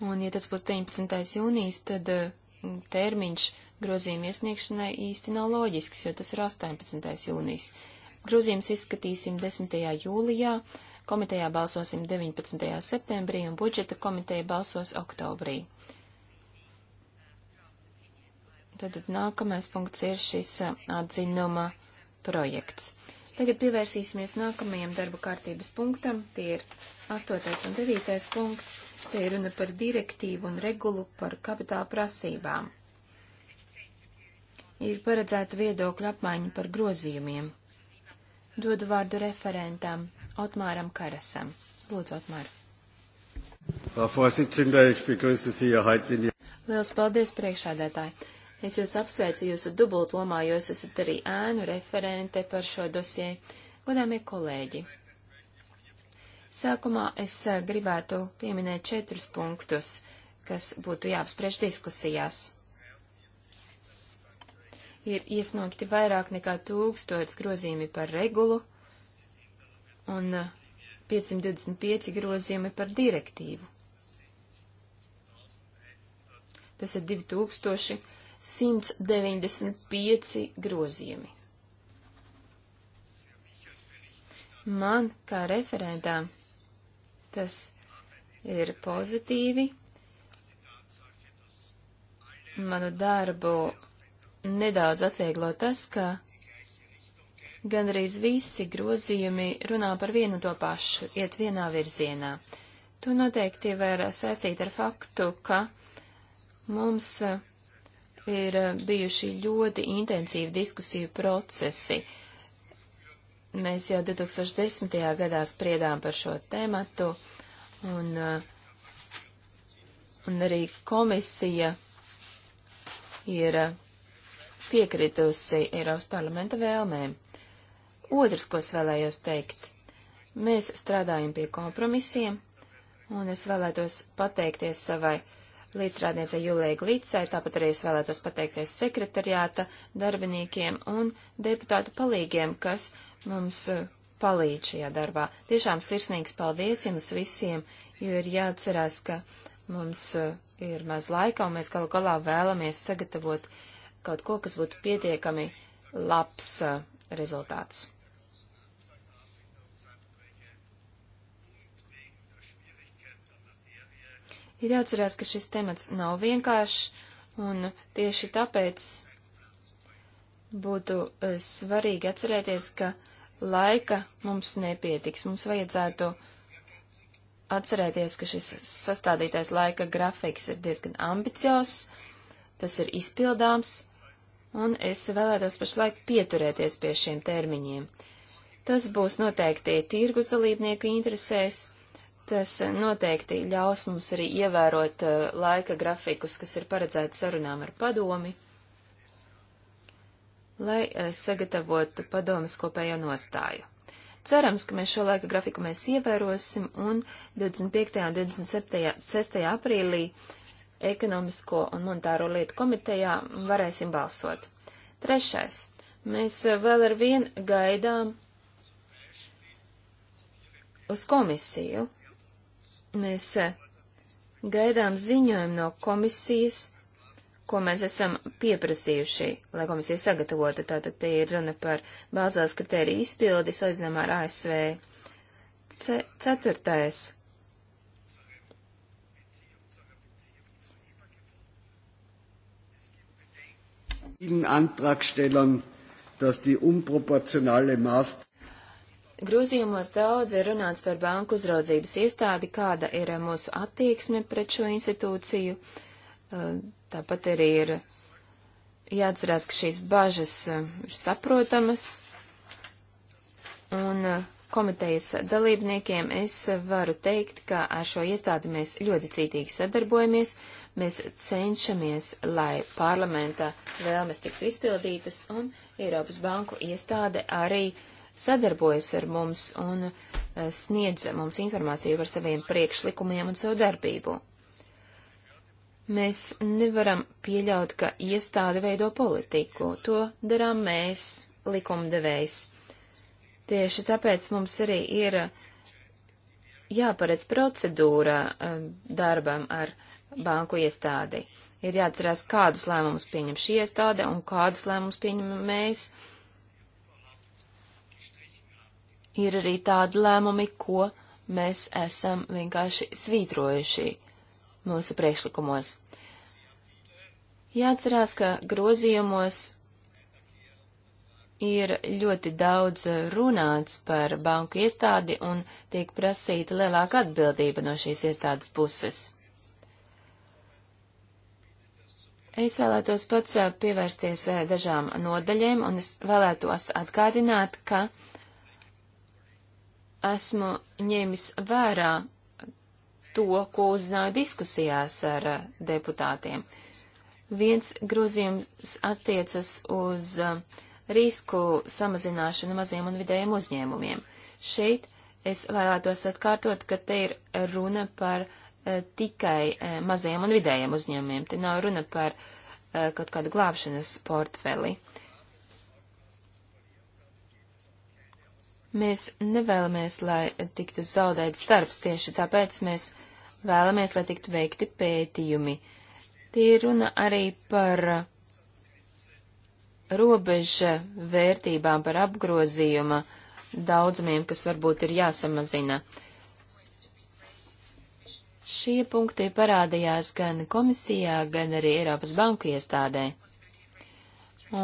S1: Un, ja tas būs 19. jūnijas, tad eh, termiņš grozījuma iesniegšanai īsti nav loģisks, jo tas ir 18. jūnijas. Grozījums izskatīsim 10. jūlijā, komitejā balsosim 19. septembrī un budžeta komiteja balsos oktobrī. Tad nākamais punkts ir šis eh, atzinuma projekts. Tagad pievērsīsimies nākamajam darba kārtības punktam. Tie ir 8. un 9. punkts. Te ir runa par direktīvu un regulu par kapitāla prasībām. Ir paredzēta viedokļa apmaiņa par grozījumiem. Dodu vārdu referentam Otmāram Karasam. Lūdzu, Otmār. Lielas paldies priekšādētāji. Es jūs apsveicu jūsu dubultlomā, jo jūs esat arī ēnu referente par šo dosie. Godāmie kolēģi! Sākumā es eh, gribētu pieminēt četrus punktus, kas būtu jāapspriež diskusijās. Ir iesnokti vairāk nekā tūkstots grozījumi par regulu un 525 eh, grozījumi par direktīvu. Tas ir 2000. 195 grozījumi. Man, kā referentām, tas ir pozitīvi. Manu darbu nedaudz atvieglo tas, ka gandrīz visi grozījumi runā par vienu to pašu, iet vienā virzienā. To noteikti var saistīt ar faktu, ka mums ir eh, bijuši ļoti intensīvi diskusiju procesi. Mēs jau 2010. gadā spriedām par šo tēmatu, un, eh, un arī komisija ir eh, piekritusi Eiropas parlamenta vēlmēm. Otrs, ko es vēlējos teikt, mēs strādājam pie kompromisiem, un es vēlētos pateikties savai uh, līdzstrādniece Julija Glītsai, tāpat arī es vēlētos pateikties sekretariāta darbiniekiem un deputātu palīgiem, kas mums eh, palīdz šajā darbā. Tiešām sirsnīgs paldies jums visiem, jo ir jāatcerās, ka mums eh, ir maz laika un mēs galu galā vēlamies sagatavot kaut ko, kas būtu pietiekami labs eh, rezultāts. Ir jāatcerās, ka šis temats nav vienkāršs, un tieši tāpēc būtu eh, svarīgi atcerēties, ka laika mums nepietiks. Mums vajadzētu atcerēties, ka šis sastādītais laika grafiks ir diezgan ambiciozs, tas ir izpildāms, un es vēlētos pašlaik pieturēties pie šiem termiņiem. Tas būs noteikti tirgus dalībnieku interesēs, Tas noteikti ļaus mums arī ievērot uh, laika grafikus, kas ir paredzēti sarunām ar padomi, lai uh, sagatavotu padomas kopējo nostāju. Cerams, ka mēs šo laika grafiku mēs ievērosim un 25. un 26. aprīlī ekonomisko un monetāro lietu komitejā varēsim balsot. Trešais. Mēs uh, vēl ar vien gaidām uz komisiju, Mēs eh, gaidām ziņojumu no komisijas, ko mēs esam pieprasījuši, lai komisija sagatavota. Tātad te ir runa par bāzās kritēriju izpildi salīdzinājumā ar ASV. C ceturtais.
S2: Antragstellern, dass die unproportionale Maß
S1: Grūzījumos daudz ir runāts par banku uzraudzības iestādi, kāda ir mūsu attieksme pret šo institūciju. Uh, tāpat arī ir jāatcerās, ka šīs bažas uh, ir saprotamas. Un uh, komitejas dalībniekiem es varu teikt, ka ar šo iestādi mēs ļoti cītīgi sadarbojamies. Mēs cenšamies, lai parlamenta vēlmes tiktu izpildītas un Eiropas banku iestāde arī uh, sadarbojas ar mums un eh, sniedz mums informāciju par saviem priekšlikumiem un savu darbību. Mēs nevaram pieļaut, ka iestāde veido politiku. To darām mēs, likumdevējs. Tieši tāpēc mums arī ir eh, jāparedz procedūra eh, darbam ar banku iestādi. Ir jāatcerās, kādus lēmumus pieņem šī iestāde un kādus lēmumus pieņem mēs. Ir arī tādi lēmumi, ko mēs esam vienkārši svītrojuši mūsu priekšlikumos. Jāatcerās, ka grozījumos ir ļoti daudz runāts par banku iestādi un tiek prasīta lielāka atbildība no šīs iestādes puses. Es vēlētos pats pievērsties eh, dažām nodaļiem, un es vēlētos atgādināt, ka esmu ņēmis vērā to, ko uzzināju diskusijās ar eh, deputātiem. Viens grozījums attiecas uz eh, risku samazināšanu maziem un vidējiem uzņēmumiem. Šeit es vēlētos atkārtot, ka te ir runa par eh, tikai maziem un vidējiem uzņēmumiem. Te nav runa par kaut kādu glābšanas portfeli. Mēs nevēlamies, lai tiktu zaudēts darbs, tieši tāpēc mēs vēlamies, lai tiktu veikti pētījumi. Tie runa arī par robeža vērtībām, par apgrozījuma daudzumiem, kas varbūt ir jāsamazina. Šie punkti parādījās gan komisijā, gan arī Eiropas banku iestādē.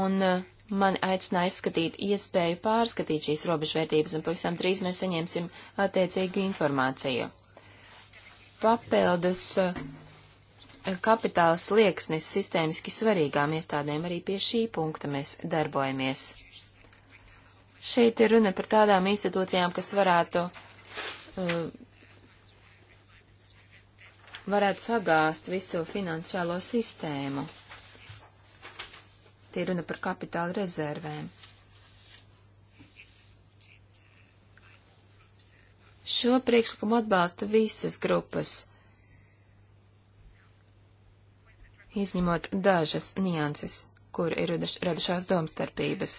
S1: Un uh, mani aicināja izskatīt iespēju pārskatīt šīs robežvērtības, un pavisam drīz mēs saņemsim attiecīgu informāciju. Papildus eh, kapitāls lieksnis sistēmiski svarīgām iestādēm arī pie šī punkta mēs darbojamies. Šeit ir runa par tādām institūcijām, kas varētu, eh, varētu sagāst visu finansiālo sistēmu. Tie runa par kapitāla rezervēm. Šo priekšlikumu atbalsta visas grupas, izņemot dažas nianses, kur ir radušās domstarpības.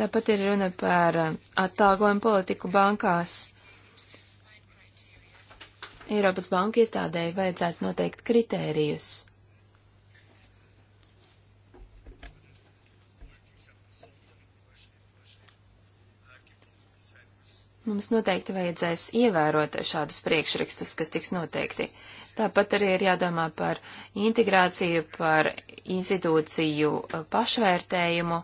S1: Tāpat ir runa par uh, attālgojumu politiku bankās. Eiropas Banka iestādēji vajadzētu noteikt kritērijus Mums noteikti vajadzēs ievērot šādus priekšrakstus, kas tiks noteikti. Tāpat arī ir jādomā par integrāciju, par institūciju uh, pašvērtējumu.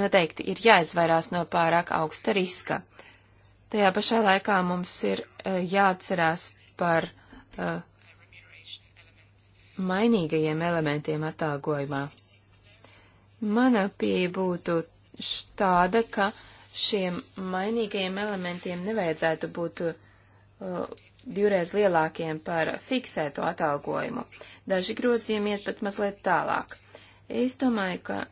S1: Noteikti ir jāizvairās no pārāk augsta riska. Tajā pašā laikā mums ir uh, jāatcerās par uh, mainīgajiem elementiem atalgojumā. Mana pieeja būtu tāda, ka šiem mainīgajiem elementiem nevajadzētu būt uh, divreiz lielākiem par fiksēto atalgojumu. Daži grozījumi iet pat mazliet tālāk. Es domāju, ka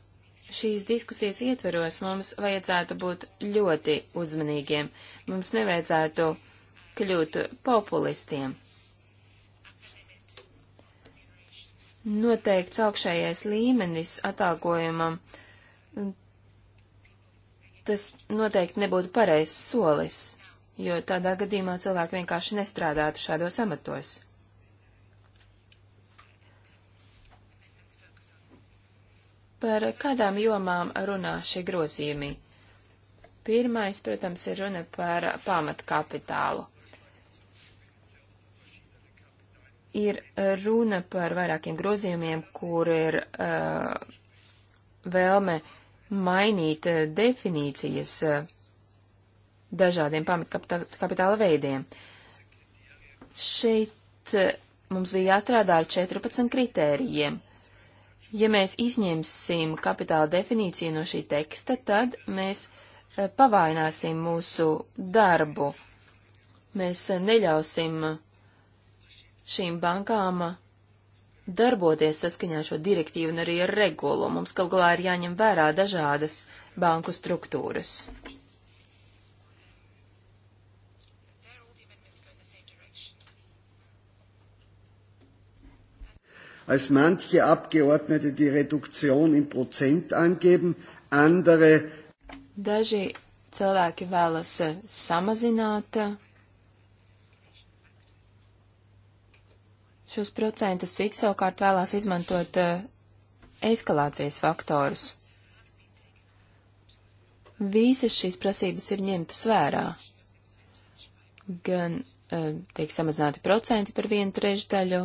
S1: šīs diskusijas ietveros mums vajadzētu būt ļoti uzmanīgiem. Mums nevajadzētu kļūt populistiem. Noteikts augšējais līmenis atalgojumam uh, tas noteikti nebūtu pareizs solis, jo tādā gadījumā cilvēki vienkārši nestrādātu šādos amatos. Par kādām jomām runā šie grozījumi? Pirmais, protams, ir runa par pamatkapitālu. Ir runa par vairākiem grozījumiem, kur ir uh, vēlme uh, mainīt eh, definīcijas eh, dažādiem pamatkapitāla veidiem. Šeit eh, mums bija jāstrādā ar 14 kritērijiem. Ja mēs izņemsim kapitāla definīciju no šī teksta, tad mēs pavaināsim mūsu darbu. Mēs neļausim šīm bankām darboties saskaņā šo direktīvu un arī ar regulu. Mums kaut galā ir jāņem vērā dažādas banku struktūras.
S2: Als manche Abgeordnete die Reduktion in Prozent angeben,
S1: andere. Daži cilvēki vēlas samazināt Šos procentus cits savukārt vēlās izmantot uh, eskalācijas faktorus. Visas šīs prasības ir ņemtas vērā. Gan uh, tiek samazināti procenti par vienu trešdaļu,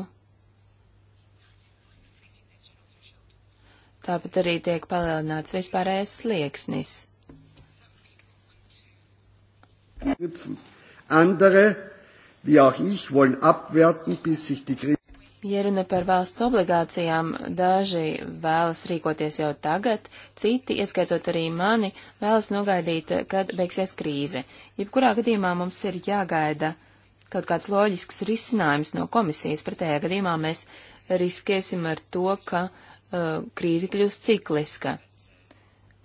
S1: tāpat arī tiek palielināts vispārējais slieksnis.
S2: Andere wie auch ich, wollen abwerten, bis sich die Krise.
S1: Ja runa par valsts obligācijām, daži vēlas rīkoties jau tagad, citi, ieskaitot arī mani, vēlas nogaidīt, kad beigsies krīze. Jebkurā gadījumā mums ir jāgaida kaut kāds loģisks risinājums no komisijas, pretējā gadījumā mēs riskēsim ar to, ka uh, krīze kļūs cikliska.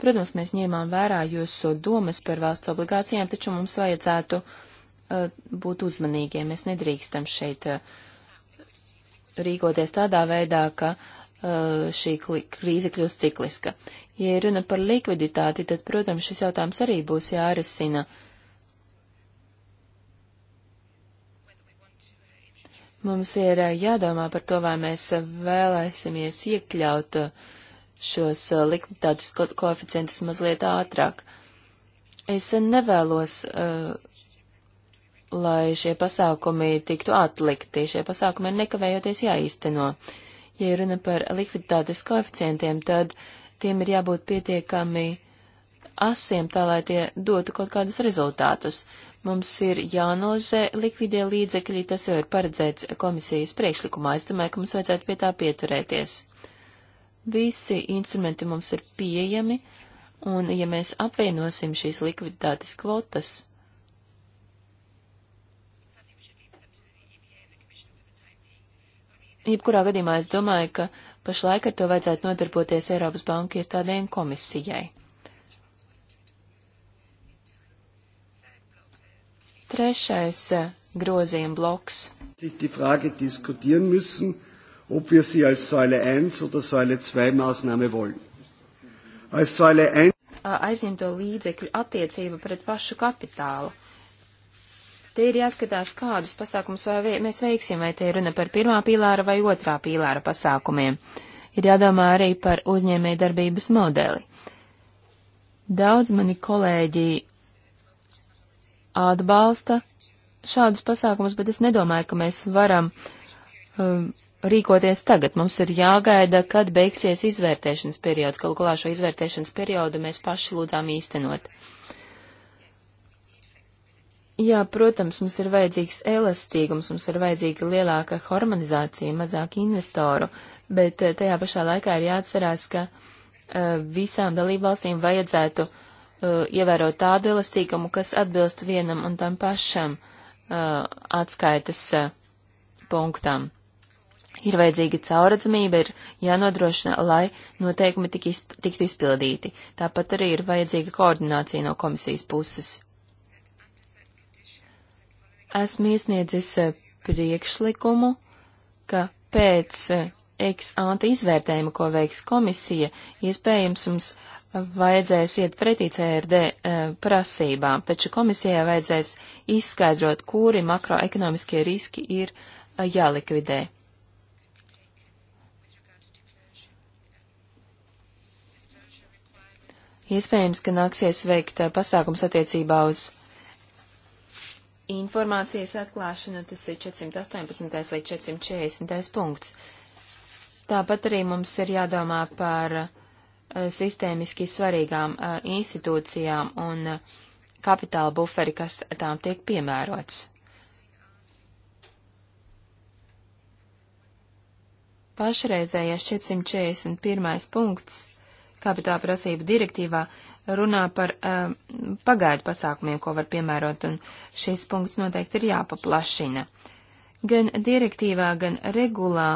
S1: Protams, mēs ņēmām vērā jūsu domas par valsts obligācijām, taču mums vajadzētu uh, Eh, būt uzmanīgiem. Mēs nedrīkstam šeit eh, rīkoties tādā veidā, ka eh, šī krīze kļūst cikliska. Ja runa par likviditāti, tad, protams, šis jautājums arī būs jārisina. Mums ir jādomā par to, vai mēs vēlēsimies iekļaut šos likviditātes koeficientus mazliet ātrāk. Es nevēlos uh, lai šie pasākumi tiktu atlikti. Šie pasākumi ir nekavējoties jāīsteno. Ja runa par likviditātes koeficientiem, tad tiem ir jābūt pietiekami asiem, tā lai tie dotu kaut kādus rezultātus. Mums ir jāanalizē likvidie līdzekļi, tas jau ir paredzēts komisijas priekšlikumā. Es domāju, ka mums vajadzētu pie tā pieturēties. Visi instrumenti mums ir pieejami, un ja mēs apvienosim šīs likviditātes kvotas, Jebkurā gadījumā es domāju, ka pašlaik ar to vajadzētu nodarboties Eiropas Banku iestādēm komisijai. Trešais eh, grozījuma bloks. Die Frage diskutieren müssen, ob
S2: wir sie als Säule 1 oder Säule 2 Maßnahme wollen. Als Säule 1
S1: aizņemto līdzekļu attiecība pret pašu kapitālu. Te ir jāskatās, kādus pasākumus mēs veiksim, vai te ir runa par pirmā pīlāra vai otrā pīlāra pasākumiem. Ir jādomā arī par uzņēmē darbības modeli. Daudz mani kolēģi atbalsta šādus pasākumus, bet es nedomāju, ka mēs varam um, rīkoties tagad. Mums ir jāgaida, kad beigsies izvērtēšanas periods. Galu galā šo izvērtēšanas periodu mēs paši lūdzām īstenot. Uh, Jā, protams, mums ir vajadzīgs elastīgums, mums ir vajadzīga lielāka harmonizācija, mazāk investoru, bet eh, tajā pašā laikā ir jāatcerās, ka uh, visām dalībvalstīm vajadzētu uh, ievērot tādu elastīgumu, kas atbilst vienam un tam pašam uh, atskaitas punktam. Ir vajadzīga cauradzamība, ir jānodrošina, lai noteikumi tik izp tiktu izpildīti. Tāpat arī ir vajadzīga koordinācija no komisijas puses. Esmu iesniedzis eh, priekšlikumu, ka pēc eh, ex-ante izvērtējuma, ko veiks komisija, iespējams mums vajadzēs iet pretī CRD e, eh, prasībām, taču komisijai vajadzēs izskaidrot, kuri makroekonomiskie riski ir e, jālikvidē. Iespējams, ka nāksies veikt pasākums attiecībā uz informācijas atklāšanu, tas ir 418. līdz 440. punkts. Tāpat arī mums ir jādomā par uh, sistēmiski svarīgām uh, institūcijām un uh, kapitāla buferi, kas tām tiek piemērots. Pašreizējais 441. punkts kapitāla prasību direktīvā runā par uh, pagaidu pasākumiem, ko var piemērot, un šis punkts noteikti ir jāpaplašina. Gan direktīvā, gan regulā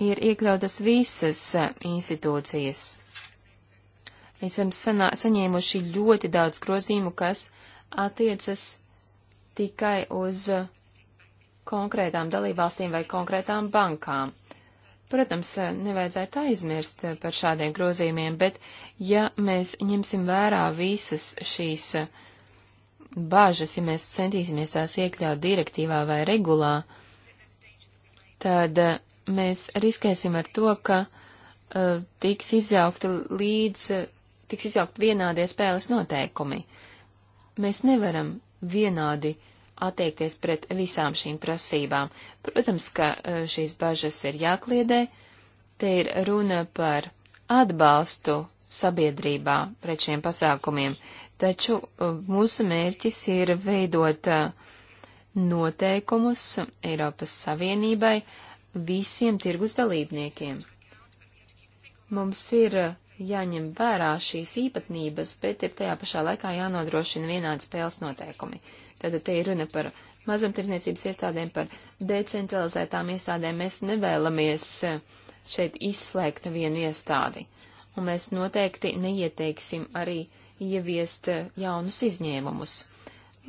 S1: ir iekļautas visas eh, institūcijas. Esam sanā, saņēmuši ļoti daudz grozījumu, kas attiecas tikai uz eh, konkrētām dalībvalstīm vai konkrētām bankām. Protams, eh, nevajadzētu aizmirst eh, par šādiem grozījumiem, bet ja mēs ņemsim vērā visas šīs eh, bāžas, ja mēs centīsimies tās iekļaut direktīvā vai regulā, tad mēs riskēsim ar to, ka uh, tiks izjaukti līdz, tiks izjaukt vienādie spēles noteikumi. Mēs nevaram vienādi uh, attiekties pret visām šīm prasībām. Protams, ka e, šīs bažas ir jākliedē, te ir runa par atbalstu sabiedrībā pret šiem pasākumiem, taču e, mūsu mērķis ir veidot e, noteikumus Eiropas Savienībai visiem tirgus dalībniekiem. Mums ir jāņem vērā šīs īpatnības, bet ir tajā pašā laikā jānodrošina vienādi spēles noteikumi. Tātad te ir runa par mazumtirdzniecības iestādēm, par decentralizētām iestādēm. Mēs nevēlamies eh, šeit izslēgt vienu iestādi. Un mēs noteikti neieteiksim arī ieviest eh, jaunus izņēmumus.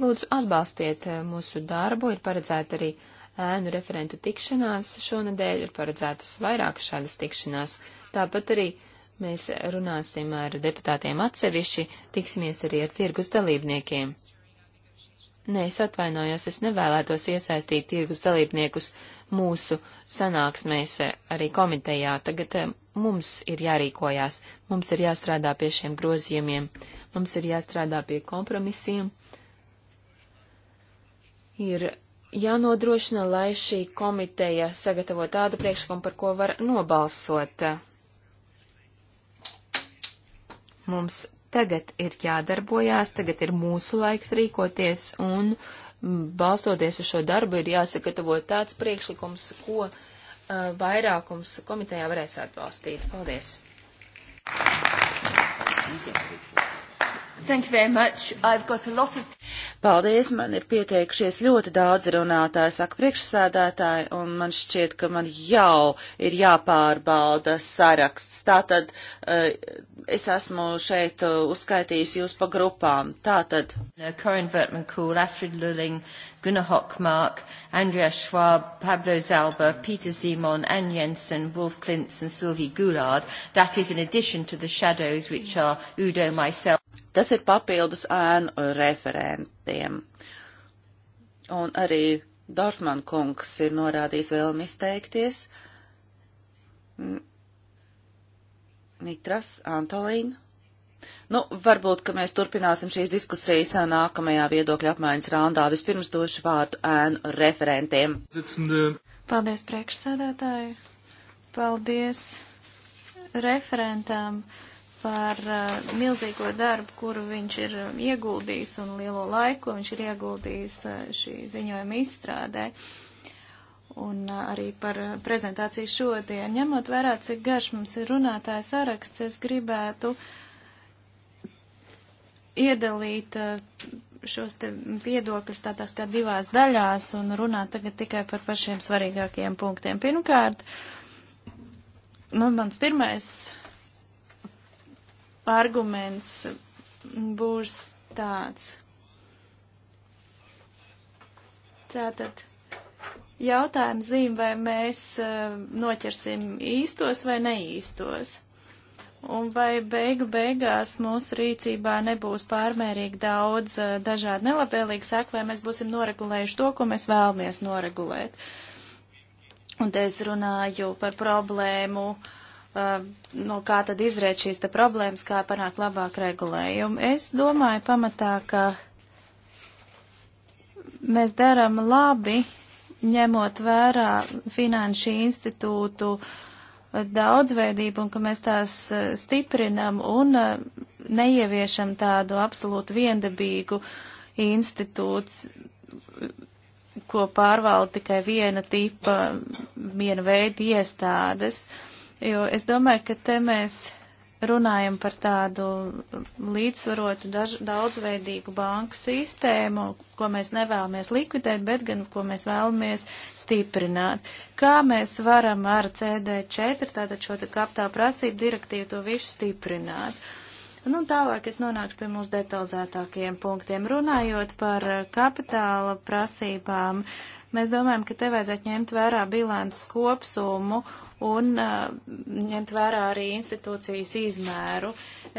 S1: Lūdzu, atbalstiet eh, mūsu darbu, ir paredzēta arī ēnu referentu tikšanās šonadēļ, ir paredzētas vairākas šādas tikšanās. Tāpat arī uh, Mēs runāsim ar deputātiem atsevišķi, tiksimies arī ar tirgus dalībniekiem. Nē, es atvainojos, es nevēlētos iesaistīt tirgus dalībniekus mūsu sanāksmēs eh, arī komitejā. Tagad eh, mums ir jārīkojās, mums ir jāstrādā pie šiem grozījumiem, mums ir jāstrādā pie kompromisiem. Ir jānodrošina, lai šī komiteja sagatavo tādu priekšlikumu, par ko var nobalsot Mums tagad ir jādarbojās, tagad ir mūsu laiks rīkoties un mm, balstoties uz šo darbu ir jāsagatavo tāds priekšlikums, ko uh, vairākums komitejā varēs atbalstīt. Paldies! Thank you. Thank you very much. I've got a lot of...
S2: Paldies, man ir pieteikušies ļoti daudz runātāju, saka priekšsēdētāji, un man šķiet, ka man jau ir jāpārbauda saraksts. Tātad eh, es esmu šeit eh, uzskaitījis jūs pa grupām. Tātad. Corinne Vertman Kool, Astrid
S1: Lulling, Gunnar Hockmark, uh, Andreas Schwab, Pablo Zalba, Peter Simon, Anne Jensen, Wolf Klintz and Sylvie Goulard. That is in addition to the shadows
S2: which are Udo, myself. Tas ir papildus ēnu referentiem. Un arī Dorfman kungs ir norādījis vēlmi izteikties. Nitras, Antolīna. Nu, varbūt, ka mēs turpināsim šīs diskusijas nākamajā viedokļa apmaiņas rāndā. Vispirms došu vārdu ēnu referentiem. Paldies, priekšsēdētāji.
S3: Paldies referentām par uh, milzīgo darbu, kuru viņš ir um, ieguldījis un lielo laiku, ko viņš ir ieguldījis uh, šī ziņojuma izstrādē. Un uh, arī par uh, prezentāciju šodien. Ņemot vērā, cik garš mums ir runātājs saraksts, es gribētu uh, iedalīt eh, šos te viedokļus tādās kā divās daļās un runāt tagad tikai par pašiem svarīgākajiem punktiem. Pirmkārt, nu, mans pirmais arguments būs tāds. Tātad jautājums zīm, vai mēs uh, noķersim īstos vai neīstos. Un vai beigu beigās mūsu rīcībā nebūs pārmērīgi daudz eh, dažādu nelabvēlīgu seku, vai mēs būsim noregulējuši to, ko mēs vēlamies noregulēt? Un te es runāju par problēmu, eh, no nu, kā tad izriet šīs te problēmas, kā panākt labāk regulējumu. Es domāju pamatā, ka mēs daram labi, ņemot vērā finanšu institūtu uh, daudzveidību un ka mēs tās e, stiprinam un e, neieviešam tādu absolūti viendabīgu institūts, ko pārvalda tikai viena tipa, viena veida iestādes. Jo es domāju, ka te mēs runājam par tādu līdzsvarotu, daž, daudzveidīgu banku sistēmu, ko mēs nevēlamies likvidēt, bet gan ko mēs vēlamies stiprināt. Kā mēs varam ar CD4, tātad šo te kapitāla prasību direktīvu, to visu stiprināt? Nu, tālāk es nonāku pie mūsu detalizētākajiem punktiem. Runājot par kapitāla prasībām, mēs domājam, ka te vajadzētu ņemt vērā bilants kopsumu un uh, ņemt vērā arī institūcijas izmēru.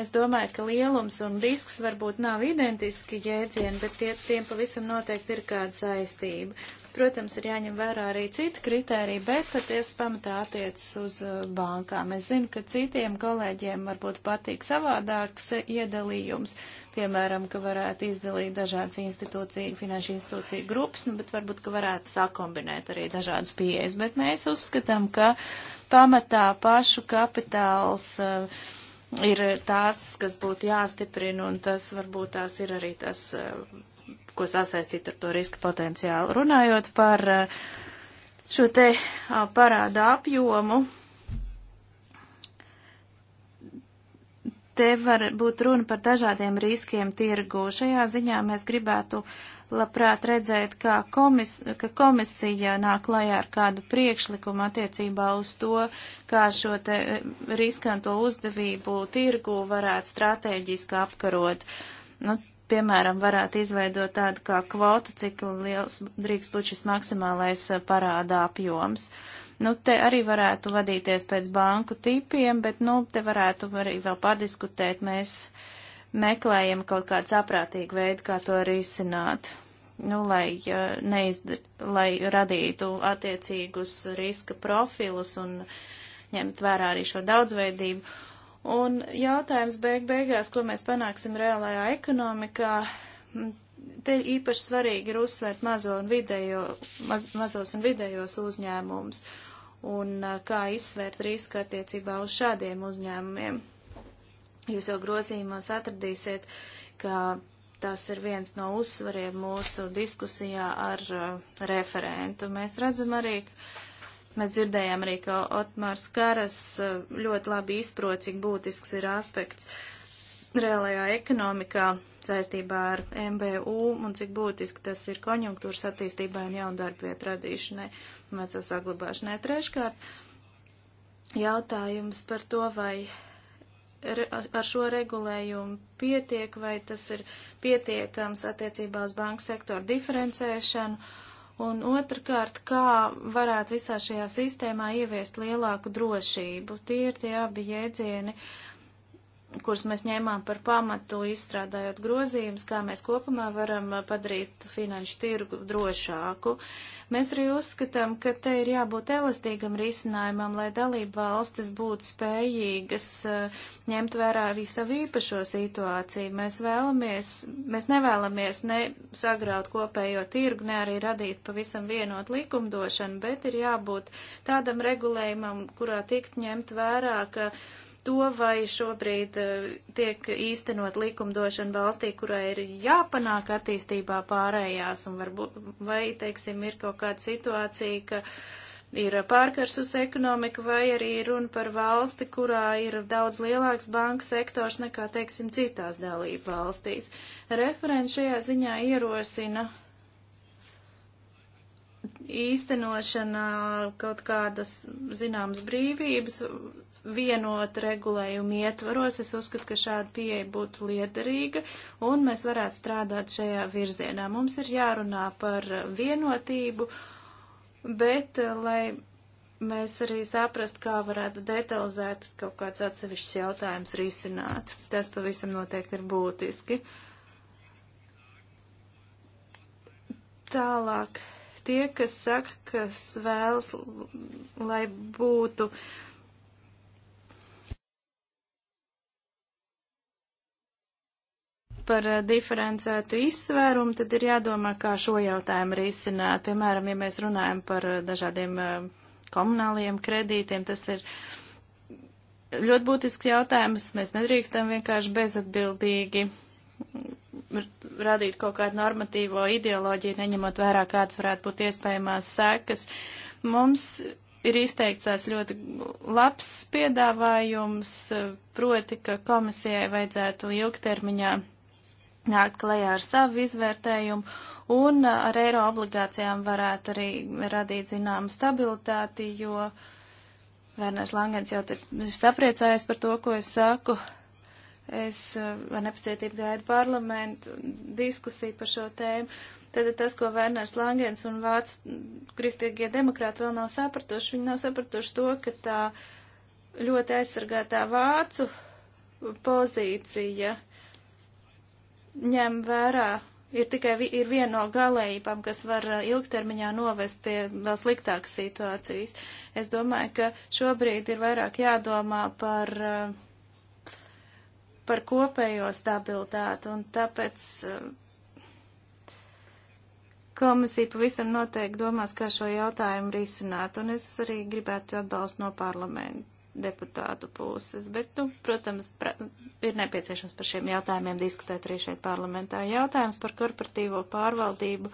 S3: Es domāju, ka lielums un risks varbūt nav identiski jēdzieni, bet tie, tiem pavisam noteikti ir kāda saistība. Protams, ir jāņem vērā arī citi kritēriji, bet patiesi pamatā attiecas uz uh, bankām. Es zinu, ka citiem kolēģiem varbūt patīk savādāks uh, iedalījums, piemēram, ka varētu izdalīt dažādas institūciju, finanšu institūciju grupas, nu, bet varbūt, ka varētu sakombinēt arī dažādas pieejas. Bet mēs uzskatām, ka pamatā pašu kapitāls uh, ir tās, kas būtu jāstiprina, un tas varbūt tās ir arī tas uh, ko sasaistīt ar to riska potenciālu. Runājot par eh, šo te parāda apjomu, te var būt runa par dažādiem riskiem tirgu. Šajā ziņā mēs gribētu labprāt redzēt, kā komis, ka komisija nāk klajā ar kādu priekšlikumu attiecībā uz to, kā šo te riskanto uzdevību tirgu varētu strateģiski apkarot. Nu, piemēram, varētu izveidot tādu kā kvotu, cik liels drīkst būt šis maksimālais eh, parāda apjoms. Nu, te arī varētu vadīties pēc banku tipiem, bet, nu, te varētu arī vēl padiskutēt. Mēs meklējam kaut kādu saprātīgu veidu, kā to risināt, nu, lai, eh, neizdar, lai radītu attiecīgus riska profilus un ņemt vērā arī šo daudzveidību. Un jautājums beig beigās, ko mēs panāksim reālajā ekonomikā, te īpaši svarīgi ir uzsvērt mazo un vidējo, maz, mazos un vidējos uzņēmumus un kā izsvērt risku attiecībā uz šādiem uzņēmumiem. Jūs jau grozījumos atradīsiet, ka tas ir viens no uzsvariem mūsu diskusijā ar uh, referentu. Mēs redzam arī, ka Mēs dzirdējām arī, ka Otmārs Karas e, ļoti labi izprot, cik būtisks ir aspekts reālajā ekonomikā saistībā ar MBU un cik būtiski tas ir konjunktūras attīstībai un jaunu darbvietu radīšanai un veco saglabāšanai. Treškārt, jautājums par to, vai ar šo regulējumu pietiek, vai tas ir pietiekams attiecībā uz banku sektoru diferencēšanu Un otrkārt, kā varētu visā šajā sistēmā ieviest lielāku drošību. Tie ir tie abi jēdzieni, uh, kurus mēs ņēmām par pamatu, izstrādājot grozījumus, kā mēs kopumā varam padarīt finanšu tirgu drošāku. Mēs arī uzskatām, ka te ir jābūt elastīgam risinājumam, lai dalību valstis būtu spējīgas eh, ņemt vērā arī savu īpašo situāciju. Mēs vēlamies, mēs nevēlamies ne sagraut kopējo tirgu, ne arī radīt pavisam vienot likumdošanu, bet ir jābūt tādam regulējumam, kurā tikt ņemt vērā, ka to, vai šobrīd eh, tiek īstenot likumdošana valstī, kurai ir jāpanāk attīstībā pārējās, un varbūt, vai, teiksim, ir kaut kāda situācija, ka ir pārkarsus ekonomika, vai arī runa par valsti, kurā ir daudz lielāks banku sektors nekā, teiksim, citās dalība valstīs. Referents šajā ziņā ierosina īstenošana kaut kādas zināmas brīvības vienot regulējumu ietvaros. Es uzskatu, ka šāda pieeja būtu liederīga un mēs varētu strādāt šajā virzienā. Mums ir jārunā par vienotību, bet eh, lai mēs arī saprast, kā varētu detalizēt kaut kāds atsevišķs jautājums risināt. Tas pavisam noteikti ir būtiski. Tālāk tie, kas saka, kas vēlas, lai būtu uh, par eh, diferencētu izsvērumu, tad ir jādomā, kā šo jautājumu risināt. Piemēram, ja mēs runājam par eh, dažādiem eh, komunāliem kredītiem, tas ir ļoti būtisks jautājums. Mēs nedrīkstam vienkārši bezatbildīgi radīt kaut kādu normatīvo ideoloģiju, neņemot vērā, kādas varētu būt iespējamās sekas. Mums ir izteikts tāds ļoti labs piedāvājums, proti, ka komisijai vajadzētu ilgtermiņā nākt klajā ar savu izvērtējumu, un ar eiro obligācijām varētu arī radīt zināmu stabilitāti, jo Vērners Langens jau ir sapriecājies par to, ko es saku. Es uh, ar nepacietību gaidu parlamentu diskusiju par šo tēmu. Tad tas, ko Vērners Langens un vācu kristīgie demokrāti vēl nav sapratuši, viņi nav sapratuši to, ka tā ļoti aizsargātā vācu pozīcija uh, ņem vērā, ir tikai vi, ir viena no galējībām, kas var uh, ilgtermiņā novest pie vēl sliktākas situācijas. Es domāju, ka šobrīd ir vairāk jādomā par, uh, par kopējo stabilitāti, un tāpēc uh, komisija pavisam noteikti domās, kā šo jautājumu risināt, un es arī gribētu atbalstu no parlamenta deputātu puses, bet, nu, protams, pra, ir nepieciešams par šiem jautājumiem diskutēt arī šeit parlamentā. Jautājums par korporatīvo pārvaldību,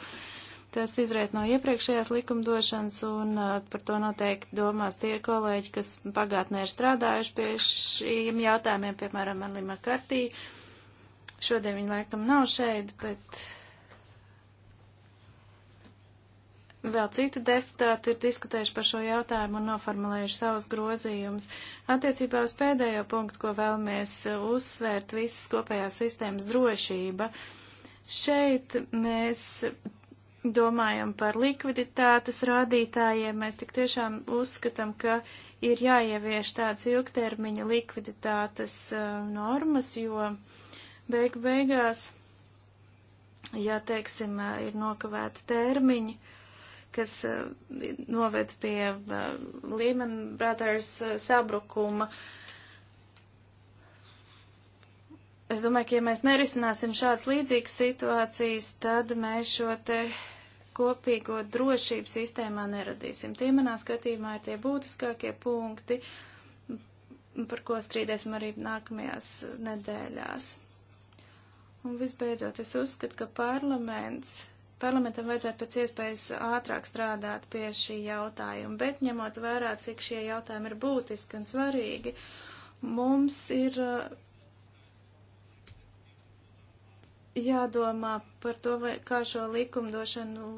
S3: tas izriet no iepriekšējās likumdošanas, un uh, par to noteikti domās tie kolēģi, kas pagātnē ir strādājuši pie šiem jautājumiem, piemēram, Elima Kartī. Šodien viņa laikam nav šeit, bet Vēl citi deputāti ir diskutējuši par šo jautājumu un noformulējuši savus grozījumus. Attiecībā uz pēdējo punktu, ko vēlamies uzsvērt, visas kopējās sistēmas drošība. Šeit mēs domājam par likviditātes rādītājiem. Mēs tik tiešām uzskatām, ka ir jāievieš tāds ilgtermiņa likviditātes uh, normas, jo beigu beigās, ja, teiksim, uh, ir nokavēti termiņi, uh, kas eh, noved pie eh, Lehman Brothers eh, sabrukuma. Es domāju, ka ja mēs nerisināsim šādas līdzīgas situācijas, tad mēs šo te kopīgo drošību sistēmā neradīsim. Tie manā skatījumā ir tie būtiskākie punkti, par ko strīdēsim arī nākamajās nedēļās. Un visbeidzot, es uzskatu, ka parlaments Parlamentam vajadzētu pēc iespējas ātrāk strādāt pie šī jautājuma, bet ņemot vērā, cik šie jautājumi ir būtiski un svarīgi, mums ir uh, jādomā par to, vai, kā šo likumdošanu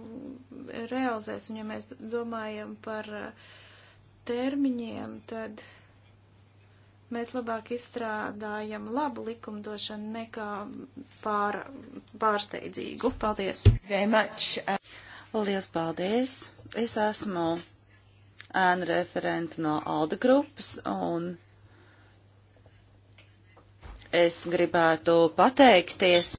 S3: realizēs. Un ja mēs domājam par uh, termiņiem, tad. Uh, mēs labāk izstrādājam labu
S2: likumdošanu nekā pār, pārsteidzīgu. Paldies! Uh, Lielas paldies! Es esmu ēnu referenta no Alda grupas un es gribētu pateikties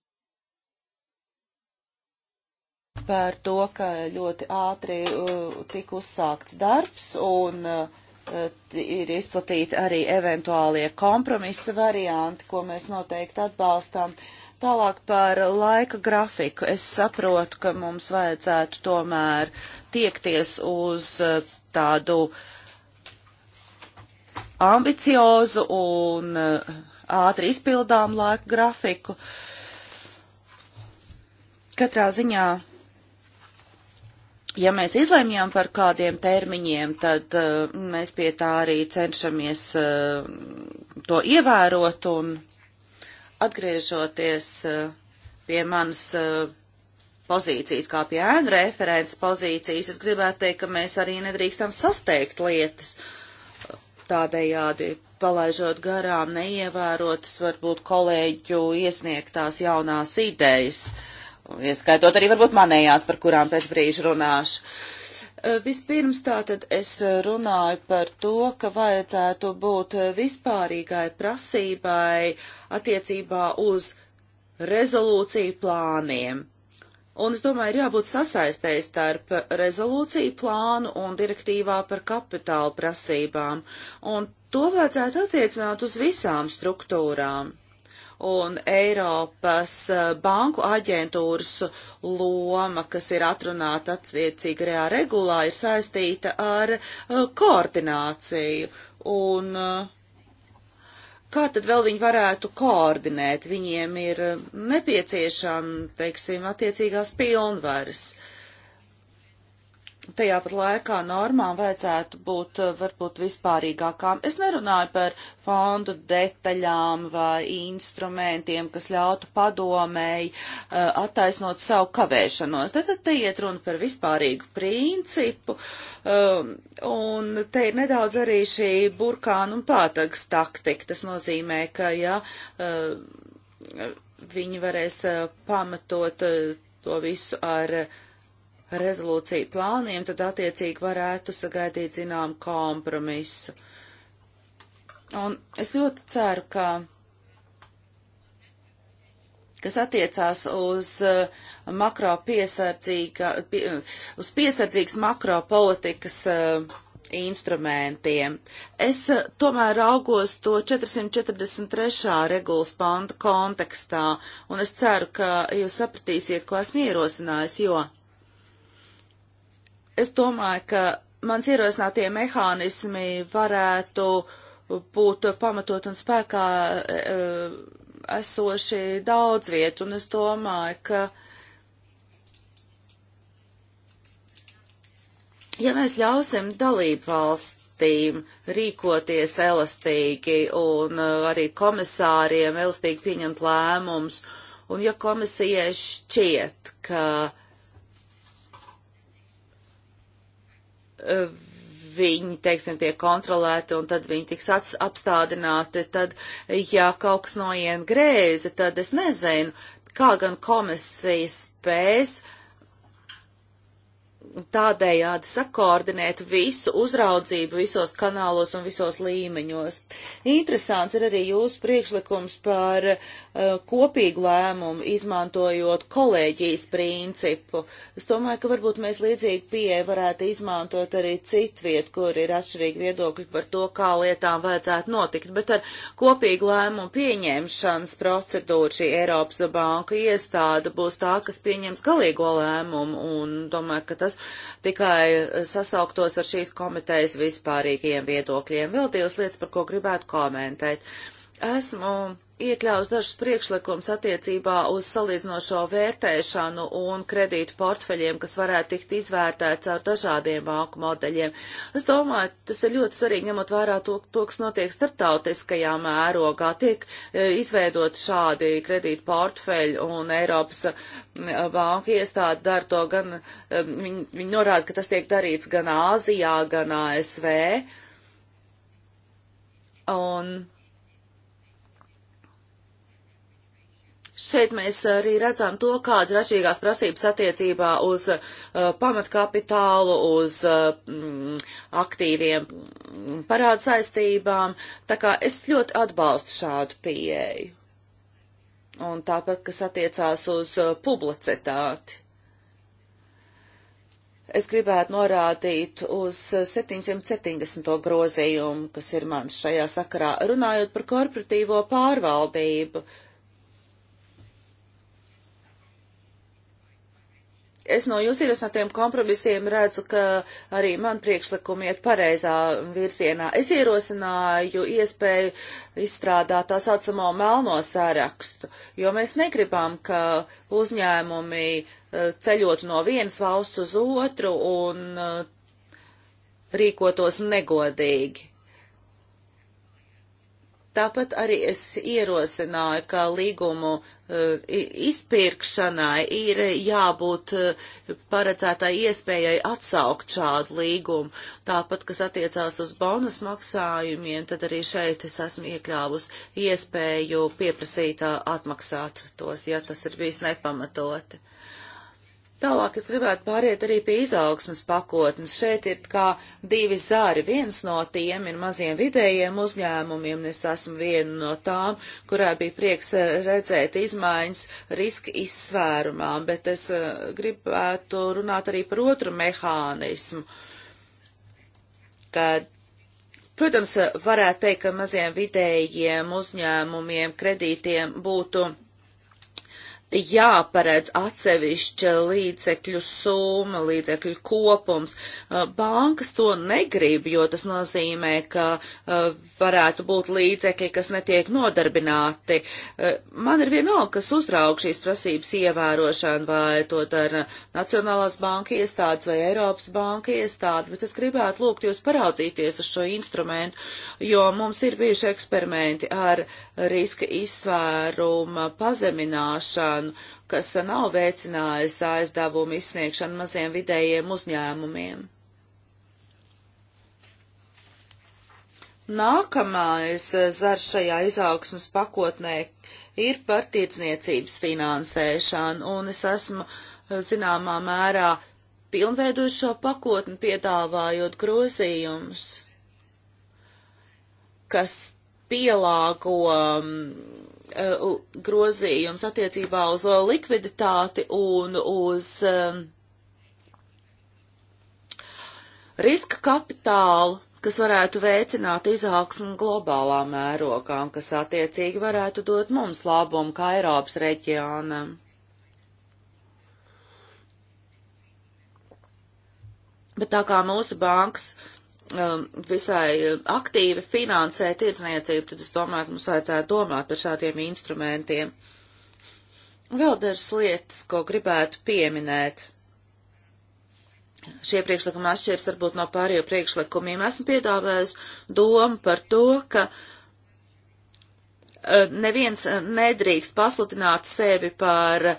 S2: par to, ka ļoti ātri uh, tika uzsākts darbs un uh, ir izplatīti arī eventuālie kompromisa varianti, ko mēs noteikti atbalstām. Tālāk par laika grafiku. Es saprotu, ka mums vajadzētu tomēr tiekties uz eh, tādu ambiciozu un eh, ātri izpildām laika grafiku. Katrā ziņā ja mēs izlēmjam par kādiem termiņiem, tad uh, mēs pie tā arī cenšamies uh, to ievērot un atgriežoties uh, pie manas pozīcijas, kā pie ēnu referents pozīcijas, es gribētu teikt, ka mēs arī nedrīkstam sasteigt lietas tādējādi palaižot garām neievērotas varbūt kolēģu iesniegtās jaunās idejas. Uh, ieskaitot arī varbūt manējās, par kurām pēc brīža runāšu. Eh, vispirms tātad es eh, runāju par to, ka vajadzētu būt eh, vispārīgai prasībai attiecībā uz rezolūciju plāniem. Un es domāju, ir jābūt sasaistēji starp rezolūciju plānu un direktīvā par kapitāla prasībām, un to vajadzētu attiecināt uz visām struktūrām un Eiropas eh, banku aģentūras loma, kas ir atrunāta attiecīgajā regulā, ir saistīta ar eh, koordināciju. Un eh, kā tad vēl viņi varētu koordinēt? Viņiem ir nepieciešama, teiksim, attiecīgās pilnvaras. Uh, tajā pat laikā normām vajadzētu būt eh, varbūt vispārīgākām. Es nerunāju par fondu detaļām vai instrumentiem, kas ļautu padomēji eh, attaisnot savu kavēšanos. Tad te iet runa par vispārīgu principu, um, un te ir nedaudz arī šī burkānu un pātags taktika. Tas nozīmē, ka, ja eh, viņi varēs pamatot to visu ar rezolūciju plāniem, tad attiecīgi varētu sagaidīt zinām kompromisu. Un es ļoti ceru, ka kas attiecās uz uh, makro piesardzīga, pie, uz piesardzīgas makro politikas uh, instrumentiem. Es uh, tomēr raugos to 443. regulas pantu kontekstā, un es ceru, ka jūs sapratīsiet, ko esmu ierosinājusi, jo es domāju, ka mans ierosinātie mehānismi varētu būt pamatot un spēkā e, e, esoši daudz vietu, un es domāju, ka ja mēs ļausim dalību valstīm rīkoties elastīgi un e, arī komisāriem elastīgi pieņemt lēmums, un ja komisijai šķiet, ka uh, viņi, teiksim, tiek kontrolēti un tad viņi tiks apstādināti, tad, ja kaut kas noiet grēzi, tad es nezinu, kā gan komisija spēs uh, tādējādi sakoordinēt visu uzraudzību visos kanālos un visos līmeņos. Interesants ir arī jūsu priekšlikums par uh, kopīgu lēmumu, izmantojot kolēģijas principu. Es domāju, ka varbūt mēs līdzīgi pieeja varētu izmantot arī citviet, kur ir atšķirīgi viedokļi par to, kā lietām vajadzētu notikt, bet ar kopīgu lēmumu pieņemšanas procedūru šī Eiropas banka iestāde būs tā, kas pieņems galīgo lēmumu un domāju, ka tas tikai sasauktos ar šīs komitejas vispārīgiem viedokļiem. Vēl divas lietas, par ko gribētu komentēt. Esmu iekļāvusi dažus priekšlikumus attiecībā uz salīdzinošo vērtēšanu un kredītu portfeļiem, kas varētu tikt izvērtēts ar dažādiem banku modeļiem. Es domāju, tas ir ļoti svarīgi, ņemot vērā to, to kas notiek starptautiskajā mērogā. Tiek e, izveidot šādi kredītu portfeļi un Eiropas banka iestāde dara to gan, e, viņi, viņi norāda, ka tas tiek darīts gan Āzijā, gan ASV. Un Šeit mēs arī redzam to, kādas ražīgās prasības attiecībā uz uh, pamatkapitālu, uz uh, mm, aktīviem mm, parādu saistībām. Tā kā es ļoti atbalstu šādu pieeju. Un tāpat, kas attiecās uz uh, publicitāti. Es gribētu norādīt uz 770. Uh, grozījumu, kas ir mans šajā sakarā, runājot par korporatīvo pārvaldību. Uh, es no jūs ierosinātiem kompromisiem redzu, ka arī man priekšlikumi iet pareizā virsienā. Es ierosināju iespēju izstrādāt tā saucamo melno sārakstu, jo mēs negribam, ka uzņēmumi eh, ceļot no vienas valsts uz otru un eh, rīkotos negodīgi. Tāpat arī es ierosināju, ka līgumu eh, izpirkšanai ir jābūt eh, paredzētai iespējai atsaukt šādu līgumu. Tāpat, kas attiecās uz bonus maksājumiem, tad arī šeit es esmu iekļāvus iespēju pieprasīt eh, atmaksāt tos, ja tas ir bijis nepamatoti. Tālāk es gribētu pāriet arī pie izaugsmas pakotnes. Šeit ir kā divi zāri. Viens no tiem ir maziem vidējiem uzņēmumiem, un es esmu viena no tām, kurā bija prieks eh, redzēt izmaiņas riska izsvērumā, bet es eh, gribētu runāt arī par otru mehānismu, kad Protams, varētu teikt, ka maziem vidējiem uzņēmumiem kredītiem būtu jāparedz atsevišķa līdzekļu summa, līdzekļu kopums. Uh, bankas to negrib, jo tas nozīmē, ka uh, varētu būt līdzekļi, kas netiek nodarbināti. Uh, man ir vienalga, kas uzraug šīs prasības ievērošanu, vai to dara Nacionālās banka iestādes vai Eiropas banka iestāde, bet es gribētu lūgt jūs paraudzīties uz šo instrumentu, jo mums ir bijuši eksperimenti ar riska izsvēruma pazemināšanu veicināšanu, kas nav veicinājis aizdevumu izsniegšanu maziem vidējiem uzņēmumiem. Nākamais eh, zars šajā izaugsmas pakotnē ir par tirdzniecības finansēšanu, un es esmu eh, zināmā mērā pilnveidojis šo pakotni, piedāvājot grozījumus, kas pielāgo um, Eh, grozījums attiecībā uz eh, likviditāti un uz eh, riska kapitālu, kas varētu veicināt izaugsmu globālā mērogā, kas attiecīgi varētu dot mums labumu kā Eiropas reģionam. Bet tā kā mūsu bankas uh, um, visai aktīvi finansē tirdzniecību, tad es domāju, ka mums vajadzētu domāt par šādiem instrumentiem. Vēl dažas lietas, ko gribētu pieminēt. Šie priekšlikumi atšķiras varbūt no pārējo priekšlikumiem. Esmu piedāvājis domu par to, ka uh, neviens uh, nedrīkst pasludināt sevi par um,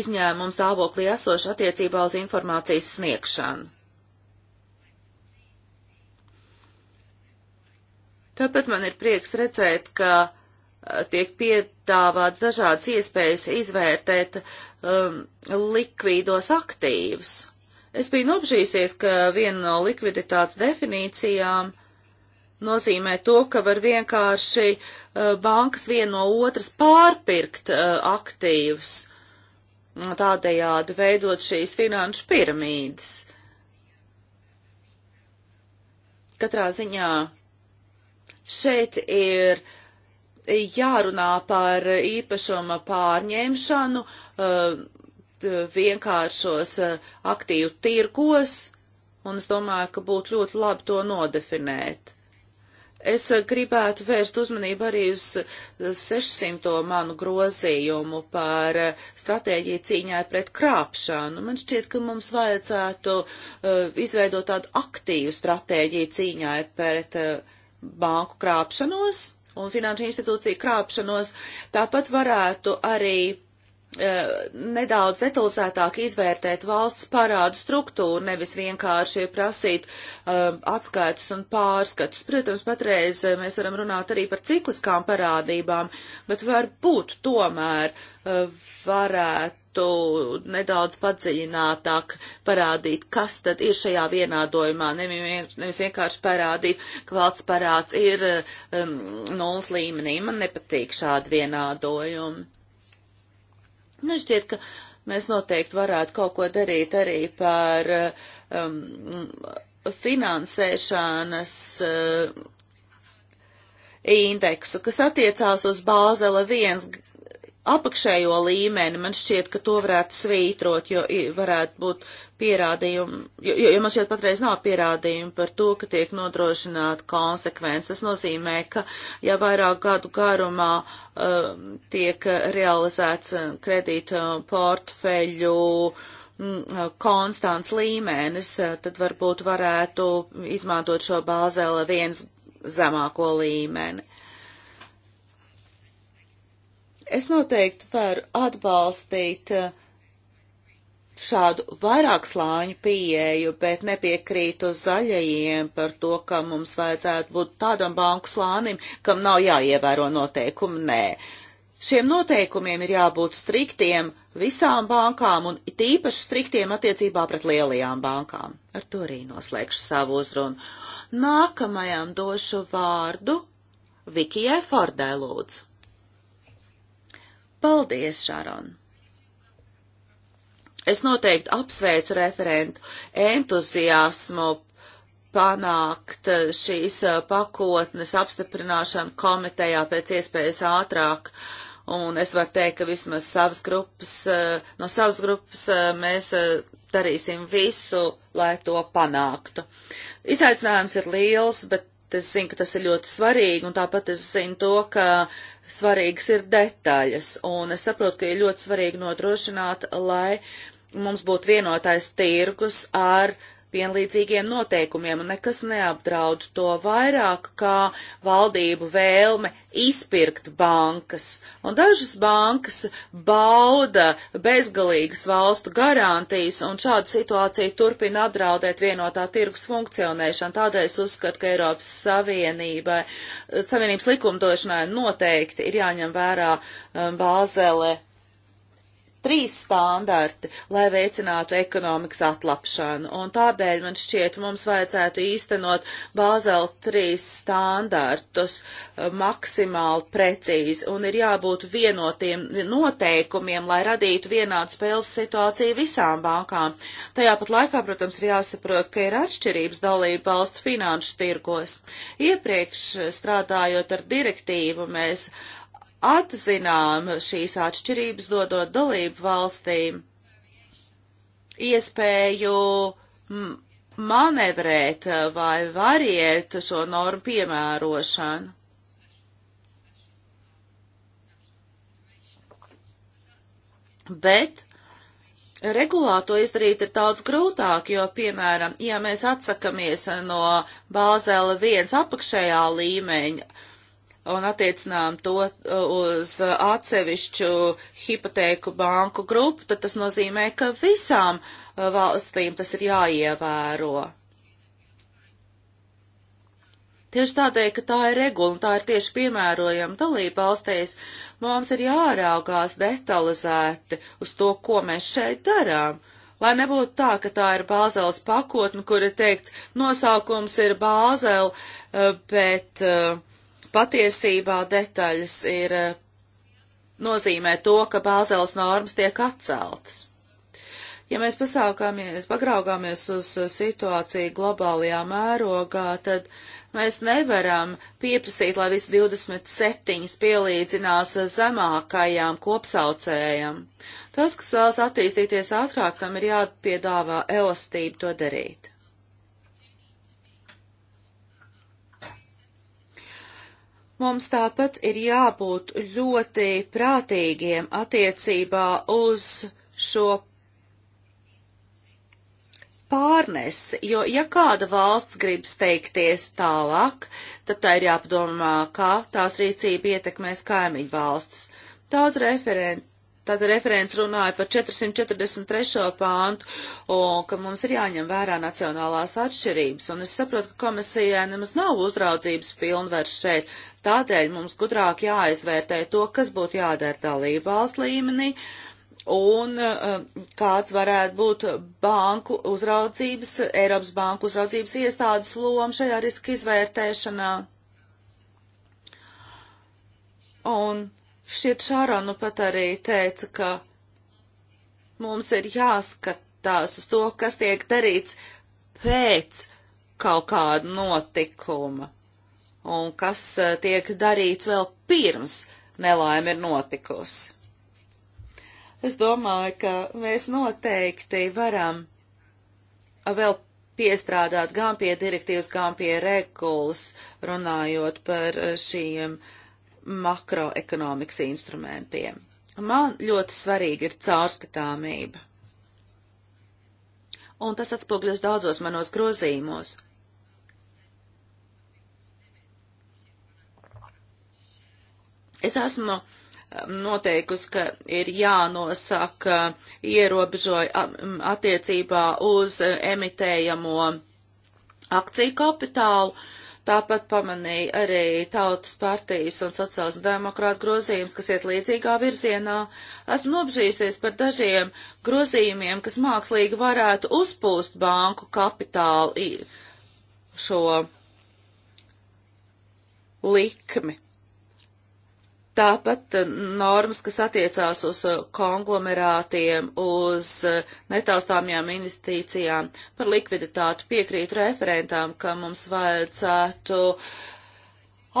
S2: izņēmumu stāvoklī esošu attiecībā uz informācijas sniegšanu. Tāpat man ir prieks redzēt, ka eh, tiek piedāvāts dažādas iespējas izvērtēt um, likvīdos aktīvus. Es biju nobžīsies, ka viena no likviditātes definīcijām nozīmē to, ka var vienkārši uh, bankas viena no otras pārpirkt uh, aktīvus, tādējādi veidot šīs finanšu piramīdas. Katrā ziņā Šeit ir jārunā par īpašuma pārņemšanu eh, vienkāršos eh, aktīvu tirgos, un es domāju, ka būtu ļoti labi to nodefinēt. Es eh, gribētu vērst uzmanību arī uz 600. manu grozījumu par stratēģiju cīņai pret krāpšanu. Man šķiet, ka mums vajadzētu uh, izveidot tādu aktīvu stratēģiju cīņai pret uh, banku krāpšanos un finanšu institūciju krāpšanos. Tāpat varētu arī e, nedaudz detalizētāk izvērtēt valsts parādu struktūru, nevis vienkārši prasīt um, e, eh, atskaitus un pārskatus. Protams, patreiz eh, mēs varam runāt arī par cikliskām parādībām, bet varbūt tomēr uh, e, varētu varētu nedaudz padziļinātāk parādīt, kas tad ir šajā vienādojumā, nevis vienkārši parādīt, ka valsts parāds ir um, nulles līmenī. Man nepatīk šādi vienādojumi. Nešķiet, nu, ka mēs noteikti varētu kaut ko darīt arī par um, finansēšanas. Uh, indeksu, kas attiecās uz Bāzela 1 apakšējo līmeni, man šķiet, ka to varētu svītrot, jo varētu būt pierādījumi, jo, jo man šķiet patreiz nav pierādījumi par to, ka tiek nodrošināta konsekvence. Tas nozīmē, ka ja vairāk gadu garumā uh, tiek realizēts um, kredīta um, portfeļu mm, uh, konstants līmenis, uh, tad varbūt varētu izmantot šo bāzēla viens zemāko līmeni. Es noteikti varu atbalstīt eh, šādu vairākslāņu pieeju, bet nepiekrītu zaļajiem par to, ka mums vajadzētu būt tādam banku slānim, kam nav jāievēro noteikumi. Nē. Šiem noteikumiem ir jābūt striktiem visām bankām un tīpaši striktiem attiecībā pret lielajām bankām. Ar to arī noslēgšu savu uzrunu. Nākamajam došu vārdu Vikijai Fordai lūdzu. Paldies, Šaron! Es noteikti apsveicu referentu entuziasmu panākt šīs pakotnes apstiprināšanu komitejā pēc iespējas ātrāk. Un es varu teikt, ka vismaz savas grupas, no savas grupas eh, mēs eh, darīsim visu, lai to panāktu. Izaicinājums ir liels, bet es zinu, ka tas ir ļoti svarīgi, un tāpat es zinu to, ka svarīgas ir detaļas, un es saprotu, ka ir ļoti svarīgi nodrošināt, lai mums būtu vienotais tirgus ar uh, vienlīdzīgiem noteikumiem, un nekas neapdraud to vairāk kā valdību vēlme izpirkt bankas. Un dažas bankas bauda bezgalīgas valstu garantijas, un šāda situācija turpina apdraudēt vienotā tirgus funkcionēšanu. Tādēļ es uzskatu, ka Eiropas Savienībai, Savienības likumdošanai noteikti ir jāņem vērā um, Bāzele trīs standarti, lai veicinātu ekonomikas atlapšanu. Un tādēļ man šķiet, mums vajadzētu īstenot Bāzela trīs standartus eh, maksimāli precīzi un ir jābūt vienotiem noteikumiem, lai radītu vienādu spēles situāciju visām bankām. Tajā pat laikā, protams, ir jāsaprot, ka ir atšķirības dalība valstu finanšu tirgos. Iepriekš eh, strādājot ar direktīvu, mēs uh, atzinām šīs atšķirības, dodot dalību valstīm iespēju manevrēt vai variēt šo normu piemērošanu. Bet regulā to izdarīt ir daudz grūtāk, jo, piemēram, ja mēs atsakamies no Bāzela viens apakšējā līmeņa, un attiecinām to uh, uz uh, atsevišķu hipotēku banku grupu, tad tas nozīmē, ka visām uh, valstīm tas ir jāievēro. Tieši tādēļ, ka tā ir regula un tā ir tieši piemērojama dalība valstīs, mums ir jāraugās detalizēti uz to, ko mēs šeit darām. Lai nebūtu tā, ka tā ir bāzēlas pakotne, kur ir teikts, nosaukums ir bāzēla, bet uh, Patiesībā detaļas ir eh, nozīmē to, ka bāzeles normas tiek atceltas. Ja mēs pasākāmies, pagraugāmies uz eh, situāciju globālajā mērogā, tad mēs nevaram pieprasīt, lai visi 27 pielīdzinās eh, zemākajām kopsaucējām. Tas, kas vēlas attīstīties ātrāk, tam ir jāpiedāvā elastība to darīt. Mums tāpat ir jābūt ļoti prātīgiem attiecībā uz šo pārnesi, jo ja kāda valsts grib steigties tālāk, tad tā ir jāpadomā, kā tās rīcība ietekmēs kaimiņu valstis. Daudz referenti Tad referents runāja par 443. pāntu, un ka mums ir jāņem vērā nacionālās atšķirības, un es saprotu, ka komisijai nemaz nav uzraudzības pilnvers šeit, tādēļ mums gudrāk jāizvērtē to, kas būtu jādara dalību valsts līmenī, un e, kāds varētu būt banku uzraudzības, Eiropas banku uzraudzības iestādes loma šajā riska izvērtēšanā. Un Šķiet, Šāronu pat arī teica, ka mums ir jāskatās uz to, kas tiek darīts pēc kaut kāda notikuma un kas e, tiek darīts vēl pirms nelaime ir notikusi. Es domāju, ka mēs noteikti varam vēl piestrādāt gan pie direktīvas, gan pie regulas, runājot par e, šīm uh, makroekonomikas instrumentiem. Man ļoti svarīgi ir caurskatāmība. Un tas atspogļos daudzos manos grozījumos. Es esmu um, noteikusi, ka ir jānosaka ierobežoja um, attiecībā uz uh, emitējamo akciju kapitālu, Tāpat pamanīja arī Tautas partijas un sociālas demokrāta grozījums, kas iet līdzīgā virzienā. Esmu nobežījusies par dažiem grozījumiem, kas mākslīgi varētu uzpūst banku kapitālu šo likmi. Tāpat eh, normas, kas attiecās uz eh, konglomerātiem, uz eh, netaustāmajām investīcijām, par likviditātu piekrītu referentām, ka mums vajadzētu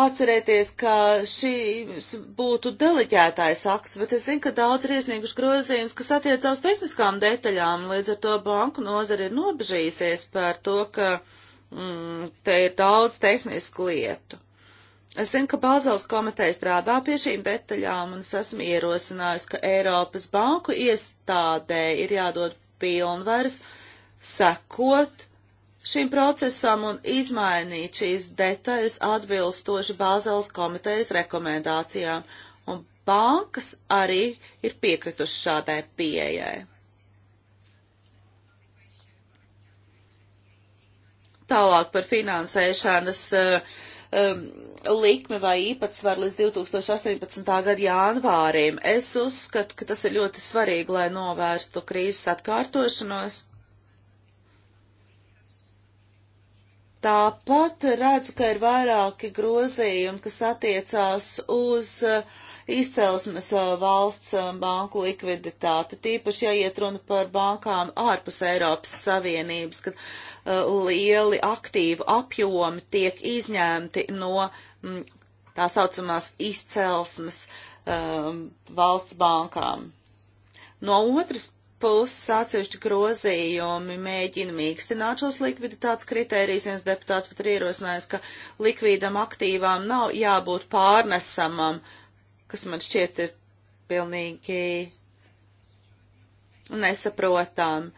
S2: atcerēties, ka šīs būtu deleģētājs akts, bet es zinu, ka daudz ir iesnieguši grozījums, kas attiecās tehniskām detaļām, līdz ar to banku nozara ir nobežījusies par to, ka mm, te ir daudz tehnisku lietu. Es zinu, ka Bāzels komiteja strādā pie šīm detaļām, un es esmu ierosinājusi, ka Eiropas banku iestādē ir jādod pilnvaras sekot šim procesam un izmainīt šīs detaļas atbilstoši Bāzels komitejas rekomendācijām, un bankas arī ir piekrituši šādai pieejai. Tālāk par finansēšanas uh, um, likme vai īpatsvaru līdz 2018. gada janvārim. Es uzskatu, ka tas ir ļoti svarīgi, lai novērstu krīzes atkārtošanos. Tāpat redzu, ka ir vairāki grozījumi, kas attiecās uz uh, izcelsmes eh, valsts eh, banku likviditāti, tīpaši, ja iet runa par bankām ārpus Eiropas Savienības, kad eh, lieli aktīvu apjomi tiek izņemti no mm, tā saucamās izcelsmes valsts bankām. No otras puses atsevišķi grozījumi mēģina mīkstināt šos likviditātes kritērijus. Viens deputāts pat ir ierosinājis, ka likvīdam aktīvām nav jābūt pārnesamam kas man šķiet ir pilnīgi nesaprotam.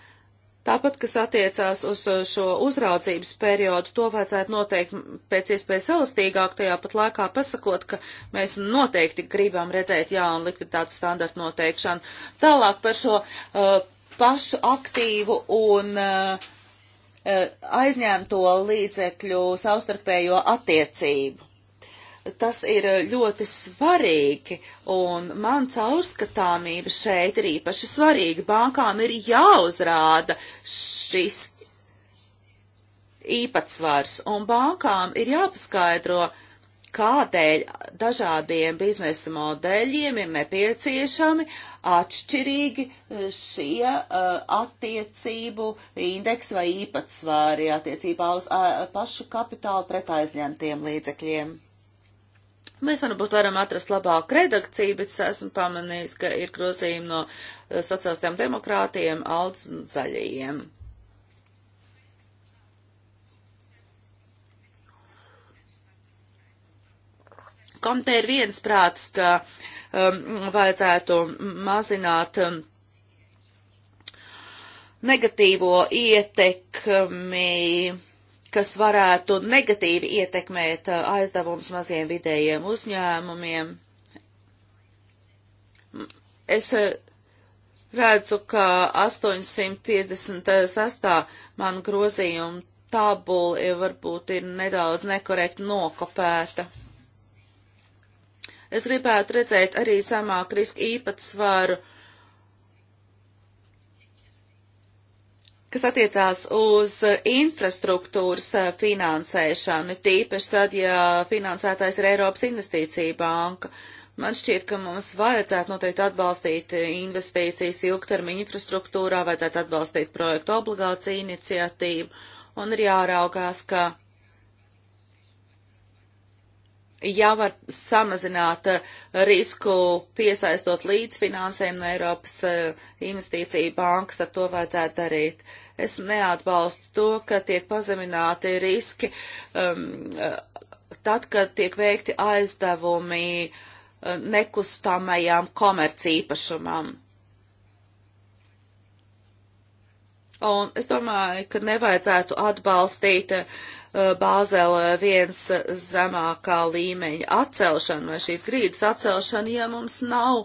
S2: Tāpat, kas attiecās uz šo uzraudzības periodu, to vajadzētu noteikti pēc iespējas elastīgāk, tajā pat laikā pasakot, ka mēs noteikti gribam redzēt jaunu likviditātes standartu noteikšanu. Tālāk par šo uh, pašu aktīvu un uh, uh aizņemto līdzekļu savstarpējo attiecību tas ir eh, ļoti svarīgi, un man caurskatāmība šeit ir īpaši svarīga. Bankām ir jāuzrāda šis īpatsvars, un bankām ir jāpaskaidro, kādēļ dažādiem biznesa modeļiem ir nepieciešami atšķirīgi eh, šie uh, attiecību indeksi vai īpatsvāri attiecībā uz uh, pašu kapitālu pret aizņemtiem līdzekļiem. Mēs varbūt varam atrast labāku redakciju, bet es esmu pamanījis, ka ir grozījumi no eh, sociālistiem demokrātiem, alts un zaļajiem. Komte ir viens prāts, ka um, vajadzētu mazināt um, negatīvo ietekmi kas varētu negatīvi ietekmēt uh, aizdevums maziem vidējiem uzņēmumiem. Es uh, redzu, ka 858. man grozījuma tabula varbūt ir nedaudz nekorekti nokopēta. Es gribētu redzēt arī samāk riska īpatsvaru kas attiecās uz uh, infrastruktūras uh, finansēšanu, tīpaši tad, ja finansētājs ir Eiropas investīcija banka. Man šķiet, ka mums vajadzētu noteikti atbalstīt uh, investīcijas ilgtermiņa infrastruktūrā, vajadzētu atbalstīt projektu obligāciju iniciatīvu un ir jāraugās, ka jau var samazināt eh, risku piesaistot līdzfinansējumu no Eiropas eh, investīcija bankas, tad to vajadzētu darīt. Es neatbalstu to, ka tiek pazemināti riski um, eh, tad, kad tiek veikti aizdevumi nekustamajām komercīpašumam. īpašumam Un es domāju, ka nevajadzētu atbalstīt uh, Bāzela viens zemākā līmeņa atcelšanu vai šīs grīdas atcelšanu, ja mums nav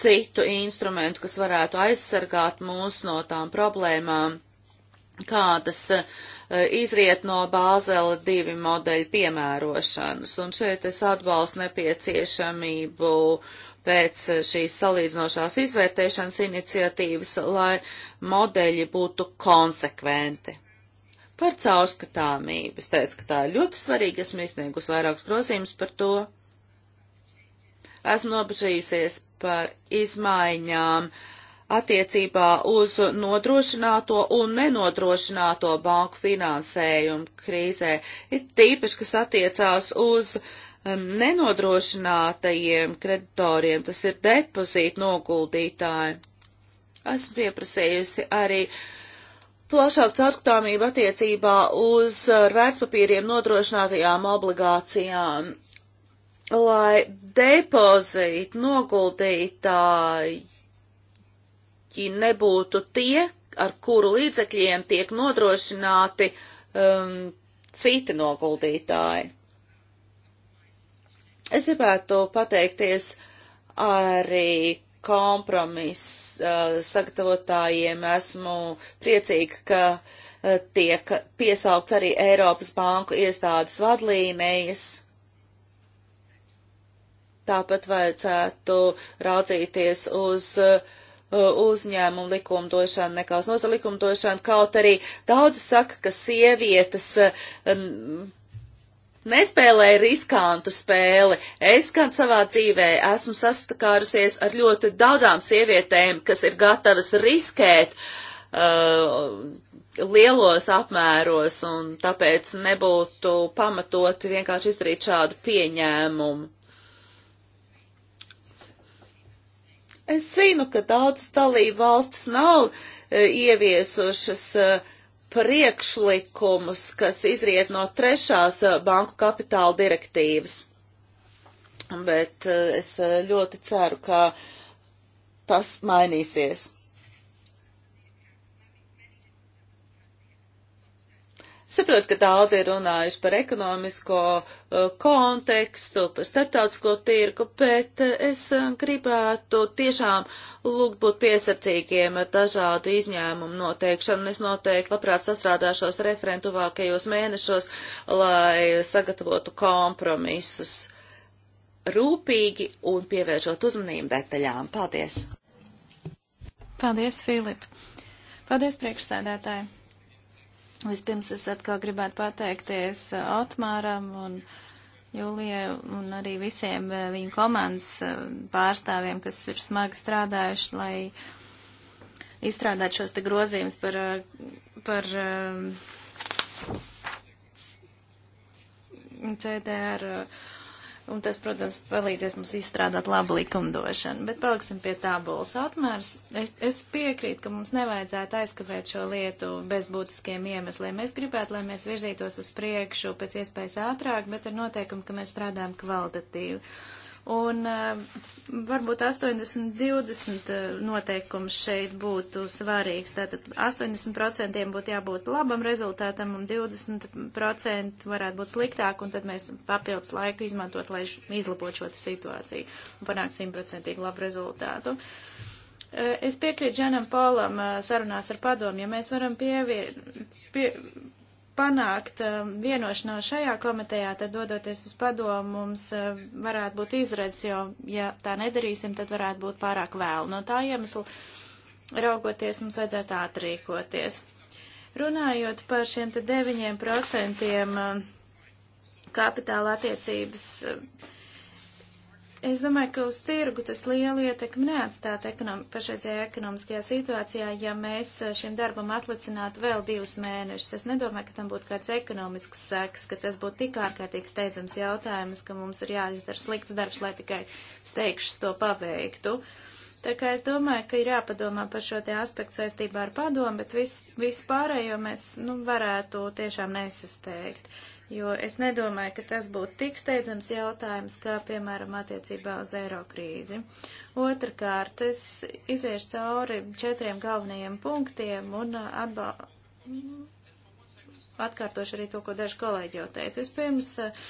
S2: citu instrumentu, kas varētu aizsargāt mūs no tām problēmām, kādas uh, izriet no Bāzela divi modeļu piemērošanas. Un šeit es atbalstu nepieciešamību uh, pēc eh, šīs salīdzinošās izvērtēšanas iniciatīvas, lai modeļi būtu konsekventi. Par caurskatāmību. Es teicu, ka tā ir ļoti svarīga. Esmu izsniegus vairākus grozījumus par to. Esmu nobežījusies par izmaiņām attiecībā uz nodrošināto un nenodrošināto banku finansējumu krīzē. Ir tīpaši, kas attiecās uz uh, Um, nenodrošinātajiem kreditoriem, tas ir depozīta noguldītāji. Esmu pieprasējusi arī plašāku caurskatāmību attiecībā uz uh, vērtspapīriem nodrošinātajām obligācijām, lai depozīta noguldītāji nebūtu tie, ar kuru līdzekļiem tiek nodrošināti um, citi noguldītāji. Es gribētu pateikties arī kompromiss uh, sagatavotājiem. Esmu priecīga, ka uh, tiek piesaukts arī Eiropas banku iestādes vadlīnijas. Tāpat vajadzētu raudzīties uz uh, uzņēmumu likumdošanu nekā uz nozaru likumdošanu, kaut arī daudzi saka, ka sievietes um, nespēlēju riskantu spēli. Es gan savā dzīvē esmu sastakārusies ar ļoti daudzām sievietēm, kas ir gatavas riskēt uh, lielos apmēros, un tāpēc nebūtu pamatot vienkārši izdarīt šādu pieņēmumu. Es zinu, ka daudzas dalību valstis nav uh, ieviesušas uh, priekšlikumus, kas izriet no trešās eh, banku kapitāla direktīvas. Bet eh, es eh, ļoti ceru, ka tas mainīsies. Saprotu, ka daudz ir runājuši par ekonomisko uh, kontekstu, par starptautisko tirgu, bet uh, es uh, gribētu tiešām lūgt būt piesardzīgiem ar dažādu izņēmumu noteikšanu. Es noteikti labprāt sastrādāšos referentuvākajos mēnešos, lai sagatavotu kompromisus rūpīgi un pievēršot uzmanību detaļām. Paldies!
S3: Paldies, Filip! Paldies, priekšsēdētāji! Vispirms es atkal gribētu pateikties eh, Otmāram un Jūlijai un arī visiem eh, viņu komandas eh, pārstāvjiem, kas ir smagi strādājuši, lai izstrādātu šos te grozījumus par, par CDR. Uh, un tas, protams, palīdzēs mums izstrādāt labu likumdošanu. Bet paliksim pie tabulas atmērs. Es piekrītu, ka mums nevajadzētu aizkavēt šo lietu bez būtiskiem iemesliem. Es gribētu, lai mēs virzītos uz priekšu pēc iespējas ātrāk, bet ar noteikumu, ka mēs strādājam kvalitatīvi. Uh, Un eh, varbūt 80-20 eh, noteikums šeit būtu svarīgs. Tātad 80% būtu jābūt labam rezultātam un 20% varētu būt sliktāk, un tad mēs papildus laiku izmantot, lai izlabotu šo situāciju un panākt 100% labu rezultātu. Eh, es piekrītu Džanam Polam sarunās ar padomu, ja mēs varam pievie, pie, panākt um, vienošanos šajā komitejā, tad dodoties uz padomu mums uh, varētu būt izredzes, jo ja tā nedarīsim, tad varētu būt pārāk vēl. No tā iemesla raugoties mums vajadzētu ātrīkoties. Runājot par šiem te 9% um, kapitāla attiecības uh, Es domāju, ka uz tirgu tas liela ietekme neatstātu ekonom pašreizējā ekonomiskajā situācijā, ja mēs eh, šim darbam atlicinātu vēl divus mēnešus. Es nedomāju, ka tam būtu kāds ekonomisks seks, ka tas būtu tik ārkārtīgi steidzams jautājums, ka mums ir jāizdara slikts darbs, lai tikai steigšs to paveiktu. Tā kā es domāju, ka ir jāpadomā par šo te aspektu saistībā ar padomu, bet vis, vispārējo mēs, nu, varētu tiešām nesasteigt. Uh, jo es nedomāju, ka tas būtu tik steidzams jautājums, kā, piemēram, attiecībā uz eiro krīzi. Otrakārt, es iziešu cauri četriem galvenajiem punktiem un uh, atbal... atkārtošu arī to, ko daži kolēģi jau teica. Vispirms, uh,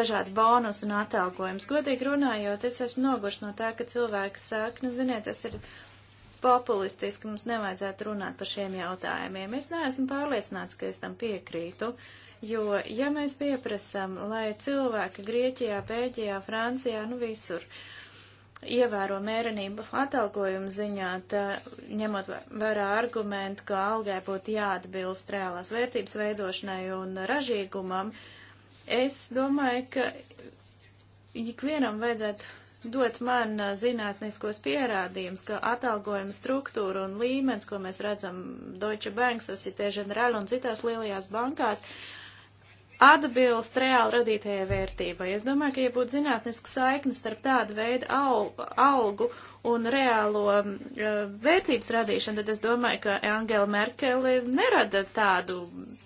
S3: dažādi bonus un atalgojums. Godīgi runājot, es esmu noguris no tā, ka cilvēki saka, nu, ziniet, tas ir populistiski, mums nevajadzētu runāt par šiem jautājumiem. Es neesmu pārliecināts, ka es tam piekrītu. Uh, Jo, ja mēs pieprasam, lai cilvēki Grieķijā, Bēļģijā, Francijā, nu visur, ievēro mērenību atalgojuma ziņā, tā, ņemot vērā argumentu, ka algai būtu jāatbilst reālās vērtības veidošanai un ražīgumam, es domāju, ka ikvienam vajadzētu dot man zinātniskos pierādījumus, ka atalgojuma struktūra un līmenis, ko mēs redzam Deutsche Bank, Societe Generale un citās lielajās bankās, uh, atbilst reāli radītajai vērtībai. Es domāju, ka, ja būtu zinātniska saikne starp tādu veidu al algu un reālo uh, vērtības radīšanu, tad es domāju, ka Angela Merkele nerada tādu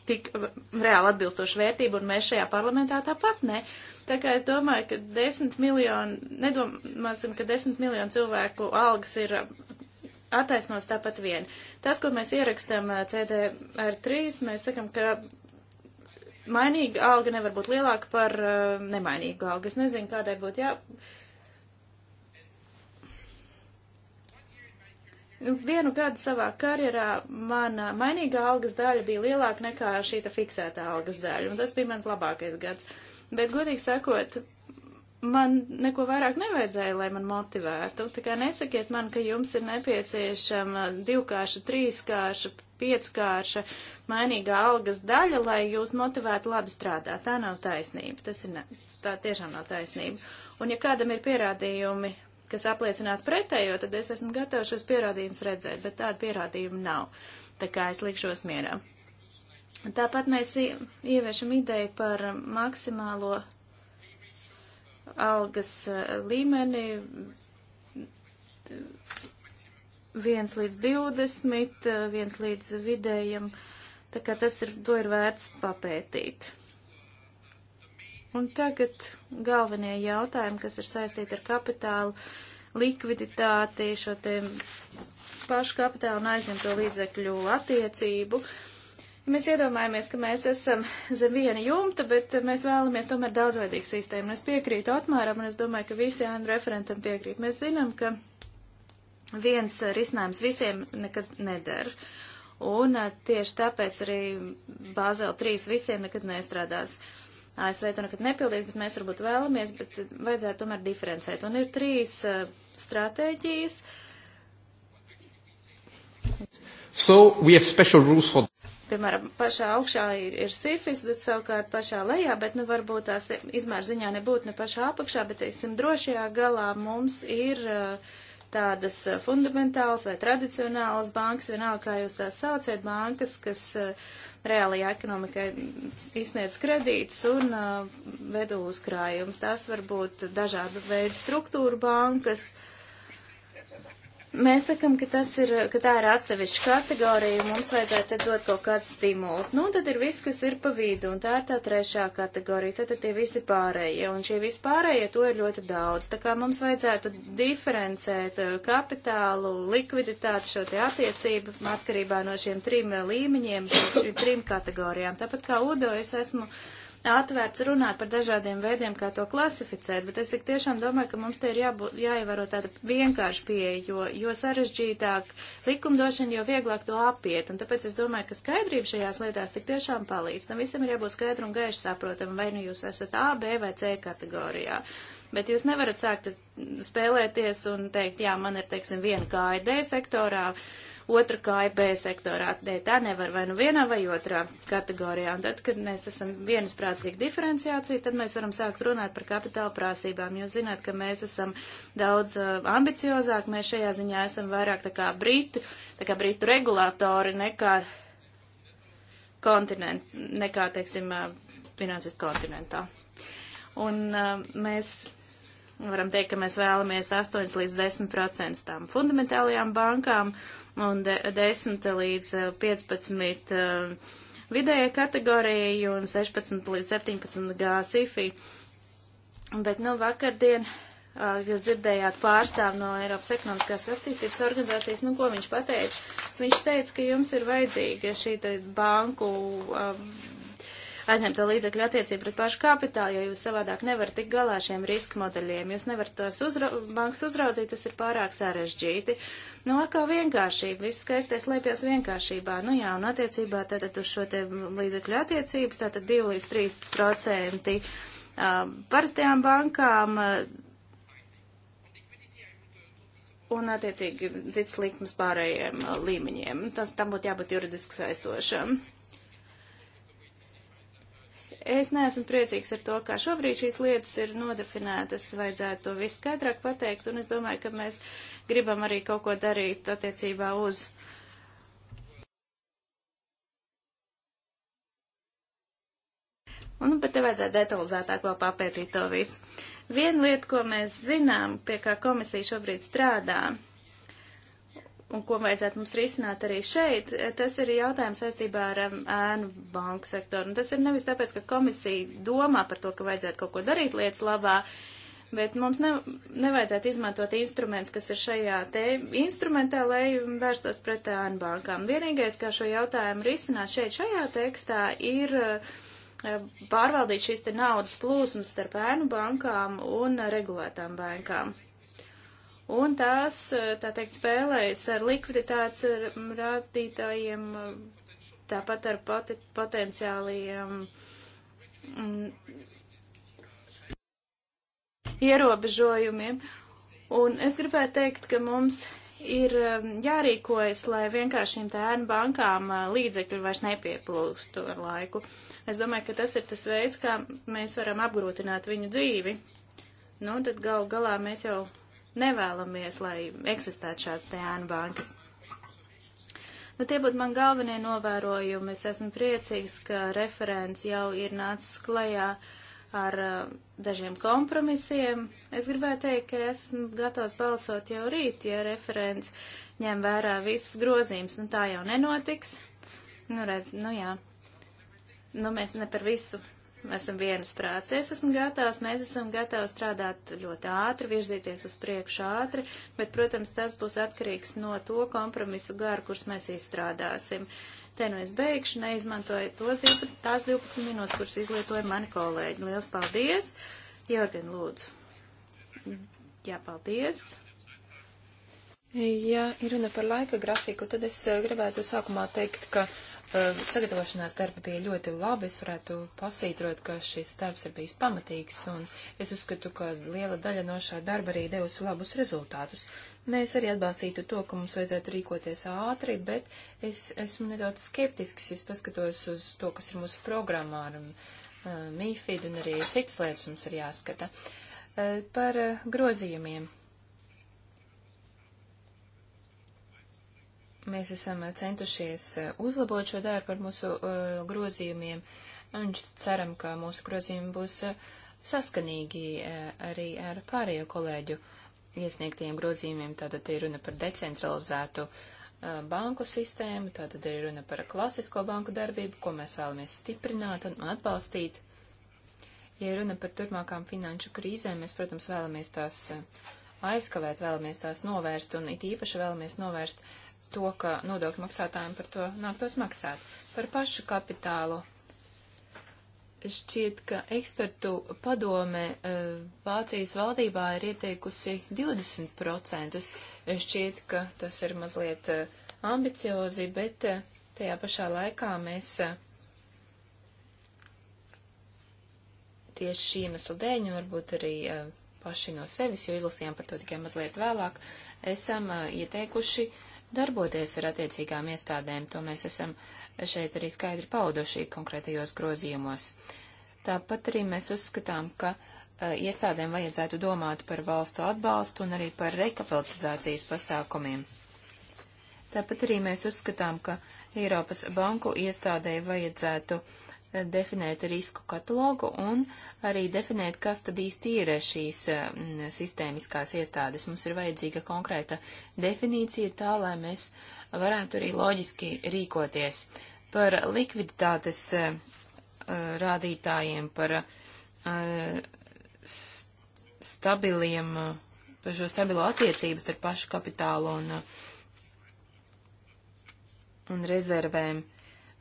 S3: tik reāli atbilstošu vērtību, un mēs šajā parlamentā tāpat ne. Tā kā es domāju, ka desmit miljonu, nedomāsim, ka desmit miljonu cilvēku algas ir attaisnots tāpat vien. Tas, ko mēs ierakstam eh, CDR3, mēs sakam, ka mainīga alga nevar būt lielāka par uh, nemainīgu algu. Es nezinu, kādai būtu jā. Vienu gadu savā karjerā mana mainīgā algas daļa bija lielāka nekā šīta fiksētā algas daļa, un tas bija mans labākais gads. Bet, godīgi sakot, man neko vairāk nevajadzēja, lai man motivētu. Tā kā nesakiet man, ka jums ir nepieciešama divkārša, trīskārša, pieckārša mainīgā algas daļa, lai jūs motivētu labi strādāt. Tā nav taisnība. Tas ir ne, tā tiešām nav taisnība. Un ja kādam ir pierādījumi, kas apliecinātu pretējo, tad es esmu gatavs šos pierādījumus redzēt, bet tādu pierādījumu nav. Tā kā es likšos mierā. Tāpat mēs ieviešam ideju par maksimālo algas eh, līmeni 1 līdz 20, 1 eh, līdz vidējam, tā kā tas ir, to ir vērts papētīt. Un tagad galvenie jautājumi, kas ir saistīti ar kapitālu, likviditāti, šo te pašu kapitālu un aizņemto līdzekļu attiecību. Uh, Ja mēs iedomājamies, ka mēs esam zem viena jumta, bet mēs vēlamies tomēr daudzveidīgu sistēmu. Es piekrītu atmēram, un es domāju, ka visi ANU referentam piekrīt. Mēs zinām, ka viens risinājums visiem nekad neder. Un tieši tāpēc arī Bāzela 3 visiem nekad nestrādās. ASV to nekad nepildīs, bet mēs varbūt vēlamies, bet vajadzētu tomēr diferencēt. Un ir trīs stratēģijas.
S1: So we have special rules for
S3: piemēram, pašā augšā ir, ir sifis, bet savukārt pašā lejā, bet, nu, varbūt tās izmēra ziņā nebūtu ne pašā apakšā, bet, teiksim, drošajā galā mums ir tādas fundamentālas vai tradicionālas bankas, vienalga, kā jūs tās sauciet, bankas, kas reālajā ekonomikai izsniedz kredītus un uh, vedu uzkrājumus. Tās var būt dažādu veidu struktūru bankas, uh, Mēs sakam, ka, tas ir, ka tā ir atsevišķa kategorija, un mums vajadzētu dot kaut kādus stimulus. Nu, tad ir viss, kas ir pa vidu, un tā ir tā trešā kategorija, tad, tad tie visi pārējie, un šie visi pārējie to ir ļoti daudz. Tā kā mums vajadzētu diferencēt uh, kapitālu, likviditāti, šo te attiecību atkarībā no šiem trim uh, līmeņiem, šiem trim kategorijām. Tāpat kā Udo, es esmu. Uh, atvērts runāt par dažādiem veidiem, kā to klasificēt, bet es tik tiešām domāju, ka mums te ir jābūt, jāievēro tāda vienkārša pieeja, jo, jo sarežģītāk likumdošana, jo vieglāk to apiet. Un tāpēc es domāju, ka skaidrība šajās lietās tik tiešām palīdz. Tam visam ir jābūt skaidru un gaiši saprotam, vai nu jūs esat A, B vai C kategorijā. Bet jūs nevarat sākt spēlēties un teikt, jā, man ir, teiksim, viena kāja D sektorā. Uh, otra kāja B sektorā. Dēļ tā nevar vai nu vienā vai otrā kategorijā. Un tad, kad mēs esam vienasprātīgi diferenciācija, tad mēs varam sākt runāt par kapitāla prasībām. Jūs zināt, ka mēs esam daudz uh, ambiciozāk, mēs šajā ziņā esam vairāk tā kā britu, tā kā britu regulātori nekā kontinent, nekā, teiksim, uh, finansistu kontinentā. Un uh, mēs varam teikt, ka mēs vēlamies 8 līdz 10 procentus tām fundamentālajām bankām, un de, 10 līdz 15 eh, eh, vidējai kategorijai un 16 līdz 17 gāzifī. Bet, nu, vakardien eh, jūs dzirdējāt pārstāvu no Eiropas ekonomiskās attīstības organizācijas, nu, ko viņš pateica? Viņš teica, ka jums ir vajadzīga šī banku um, aizņemto līdzekļu attiecību pret pašu kapitālu, jo jūs savādāk nevarat tik galā šiem riska modeļiem. Jūs nevarat tos uzra bankas uzraudzīt, tas ir pārāk sarežģīti. Nu, atkal vienkāršība, viss skaistais liepjas vienkāršībā. Nu jā, un attiecībā tātad uz šo te līdzekļu attiecību, tātad 2 līdz 3 procenti parastajām bankām. Un, attiecīgi, cits likums pārējiem līmeņiem. Tas tam būtu jābūt juridiski saistošam. Es neesmu priecīgs ar to, kā šobrīd šīs lietas ir nodefinētas, vajadzētu to visu skaidrāk pateikt, un es domāju, ka mēs gribam arī kaut ko darīt attiecībā uz Un, nu, bet te vajadzētu detalizētāk vēl papētīt to visu. Viena lieta, ko mēs zinām, pie kā komisija šobrīd strādā, un ko vajadzētu mums risināt arī šeit, tas ir jautājums saistībā ar um, ēnu banku sektoru. Un tas ir nevis tāpēc, ka komisija domā par to, ka vajadzētu kaut ko darīt lietas labā, bet mums ne, nevajadzētu izmantot instruments, kas ir šajā te instrumentā, lai vērstos pret ēnu bankām. Vienīgais, kā šo jautājumu risināt šeit šajā tekstā, ir uh, pārvaldīt šīs te naudas plūsmas starp ēnu bankām un regulētām bankām un tās, tā teikt, spēlējas ar likviditātes rādītājiem, tāpat ar pot potenciāliem ierobežojumiem. Un es gribēju teikt, ka mums ir jārīkojas, lai vienkārši šīm tērnu bankām līdzekļi vairs nepieplūstu ar laiku. Es domāju, ka tas ir tas veids, kā mēs varam apgrūtināt viņu dzīvi. Nu, tad gal galā mēs jau nevēlamies, lai eksistētu šāds te ēnu bankas. Nu, tie būtu man galvenie novērojumi. Es esmu priecīgs, ka referents jau ir nācis klajā ar uh, dažiem kompromisiem. Es gribēju teikt, ka esmu gatavs balsot jau rīt, ja referents ņem vērā visas grozījums. Nu, tā jau nenotiks. Nu, redz, nu jā. Nu, mēs ne par visu esam vienas prāts. Es esmu gatavs, mēs esam gatavi strādāt ļoti ātri, virzīties uz priekšu ātri, bet, protams, tas būs atkarīgs no to kompromisu garu, kurus mēs izstrādāsim. Te nu es beigšu, neizmantoju tos 12, tās 12 minūtes, kuras izlietoja mani kolēģi. Liels paldies!
S1: Jorgen, lūdzu. Jā, paldies! Ja ir runa par laika grafiku, tad es eh, gribētu sākumā teikt, ka uh, Eh, sagatavošanās darbi bija ļoti labi. Es varētu pasītrot, ka šis darbs ir bijis pamatīgs, un es uzskatu, ka liela daļa no šā darba arī devusi labus rezultātus. Mēs arī atbalstītu to, ka mums vajadzētu rīkoties ātri, bet es esmu nedaudz skeptisks, es paskatos uz to, kas ir mūsu programmā ar um, eh, MIFID un arī citas lietas mums ir jāskata. Uh, par uh, grozījumiem. Mēs esam centušies eh, uzlabot šo darbu ar mūsu uh, grozījumiem, un ceram, ka mūsu grozījumi būs uh, saskanīgi uh, arī ar pārējo kolēģu iesniegtiem grozījumiem. Tātad ir runa par decentralizētu banku sistēmu, tātad ir runa par klasisko banku darbību, ko mēs vēlamies stiprināt un atbalstīt. Ja runa par turpmākām finanšu krīzēm, mēs, protams, vēlamies tās aizkavēt, vēlamies tās novērst, un it īpaši vēlamies novērst uh, to, ka nodokļu maksātājiem par to nāktos maksāt. Par pašu kapitālu. Šķiet, ka ekspertu padome e, Vācijas valdībā ir ieteikusi 20%. Šķiet, ka tas ir mazliet e, ambiciozi, bet e, tajā pašā laikā mēs tieši šī iemesla dēļ, un varbūt arī paši no sevis, jo izlasījām par to tikai mazliet vēlāk, esam ieteikuši uh, darboties ar attiecīgām iestādēm. To mēs esam šeit arī skaidri pauduši konkrētajos grozījumos. Tāpat arī mēs uzskatām, ka uh, iestādēm vajadzētu domāt par valstu atbalstu un arī par rekapitalizācijas pasākumiem. Tāpat arī mēs uzskatām, ka Eiropas banku iestādē vajadzētu uh, definēt risku katalogu un arī definēt, kas tad īsti ir šīs mm, sistēmiskās iestādes. Mums ir vajadzīga konkrēta definīcija tā, lai mēs varētu arī loģiski rīkoties par likviditātes e, e, rādītājiem, par e, stabiliem, par šo stabilo attiecības ar pašu kapitālu un, un rezervēm.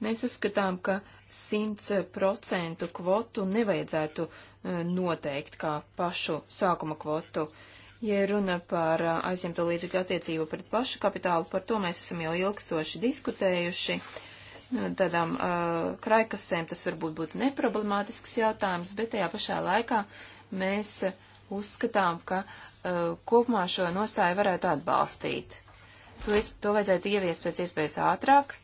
S1: Mēs uzskatām, ka uh, 100% kvotu nevajadzētu e, noteikt kā pašu sākuma kvotu. Ja runa par e, aizņemto līdzekļu attiecību pret pašu kapitālu, par to mēs esam jau ilgstoši diskutējuši. Nu, tādām uh, kraikasēm tas varbūt būtu neproblemātisks jautājums, bet tajā pašā laikā mēs uzskatām, ka uh, kopumā šo nostāju varētu atbalstīt. To, es, to vajadzētu ieviest pēc iespējas ātrāk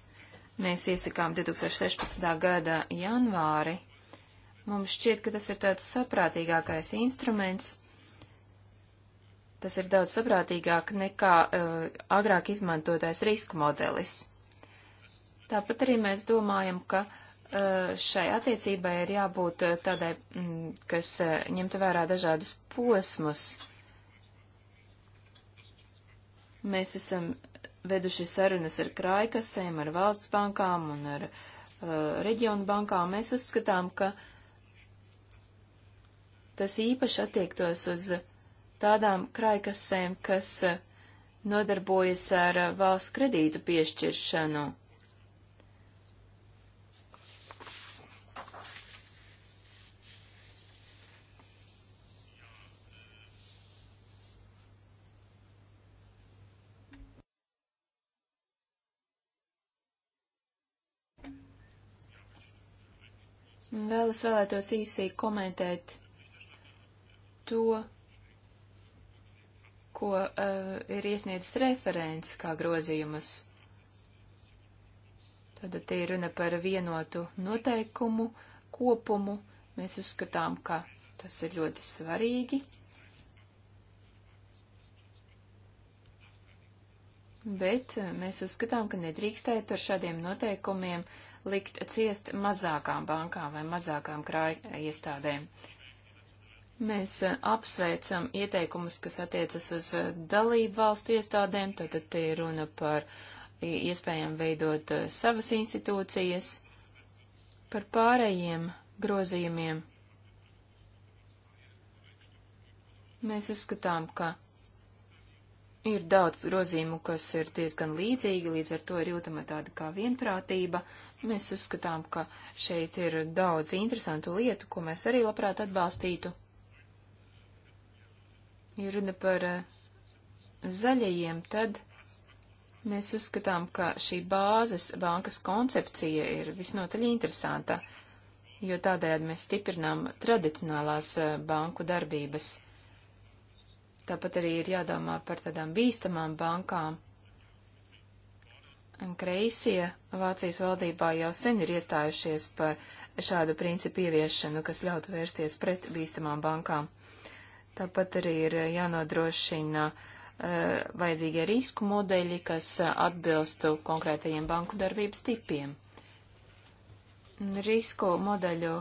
S1: mēs iesakām 2016. gada janvāri, mums šķiet, ka tas ir tāds saprātīgākais instruments. Tas ir daudz saprātīgāk nekā uh, agrāk izmantotais riska modelis. Tāpat arī mēs domājam, ka uh, šai attiecībai ir jābūt uh, tādai, mm, kas uh, ņemtu vērā dažādus posmus. Mēs esam veduši sarunas ar krājkasēm, ar valsts bankām un ar uh, reģionu bankām, mēs uzskatām, ka tas īpaši attiektos uz tādām krājkasēm, kas uh, nodarbojas ar uh, valsts kredītu piešķiršanu Vēl es vēlētos īsī komentēt to, ko uh, ir iesniedzis referents kā grozījumus. Tad te ir runa par vienotu noteikumu, kopumu. Mēs uzskatām, ka tas ir ļoti svarīgi. Bet mēs uzskatām, ka nedrīkstētu ar šādiem noteikumiem uh, likt ciest mazākām bankām vai mazākām krāja iestādēm. Mēs eh, apsveicam ieteikumus, kas attiecas uz eh, dalību valstu iestādēm, tad te ir runa par iespējām veidot eh, savas institūcijas, par pārējiem grozījumiem. Mēs uzskatām, ka ir daudz grozījumu, kas ir diezgan līdzīgi, līdz ar to ir jūtama tāda kā vienprātība, Mēs uzskatām, ka šeit ir daudz interesantu lietu, ko mēs arī labprāt atbalstītu. Ja runa par eh, zaļajiem, tad mēs uzskatām, ka šī bāzes bankas koncepcija ir visnotaļ interesanta jo tādējādi mēs stiprinām tradicionālās eh, banku darbības. Tāpat arī ir jādomā par tādām bīstamām bankām, Kreisija Vācijas valdībā jau sen ir iestājušies par šādu principu ieviešanu, kas ļautu vērsties pret bīstamām bankām. Tāpat arī ir jānodrošina uh, vajadzīgie risku modeļi, kas atbilstu konkrētajiem banku darbības tipiem. Risku modeļu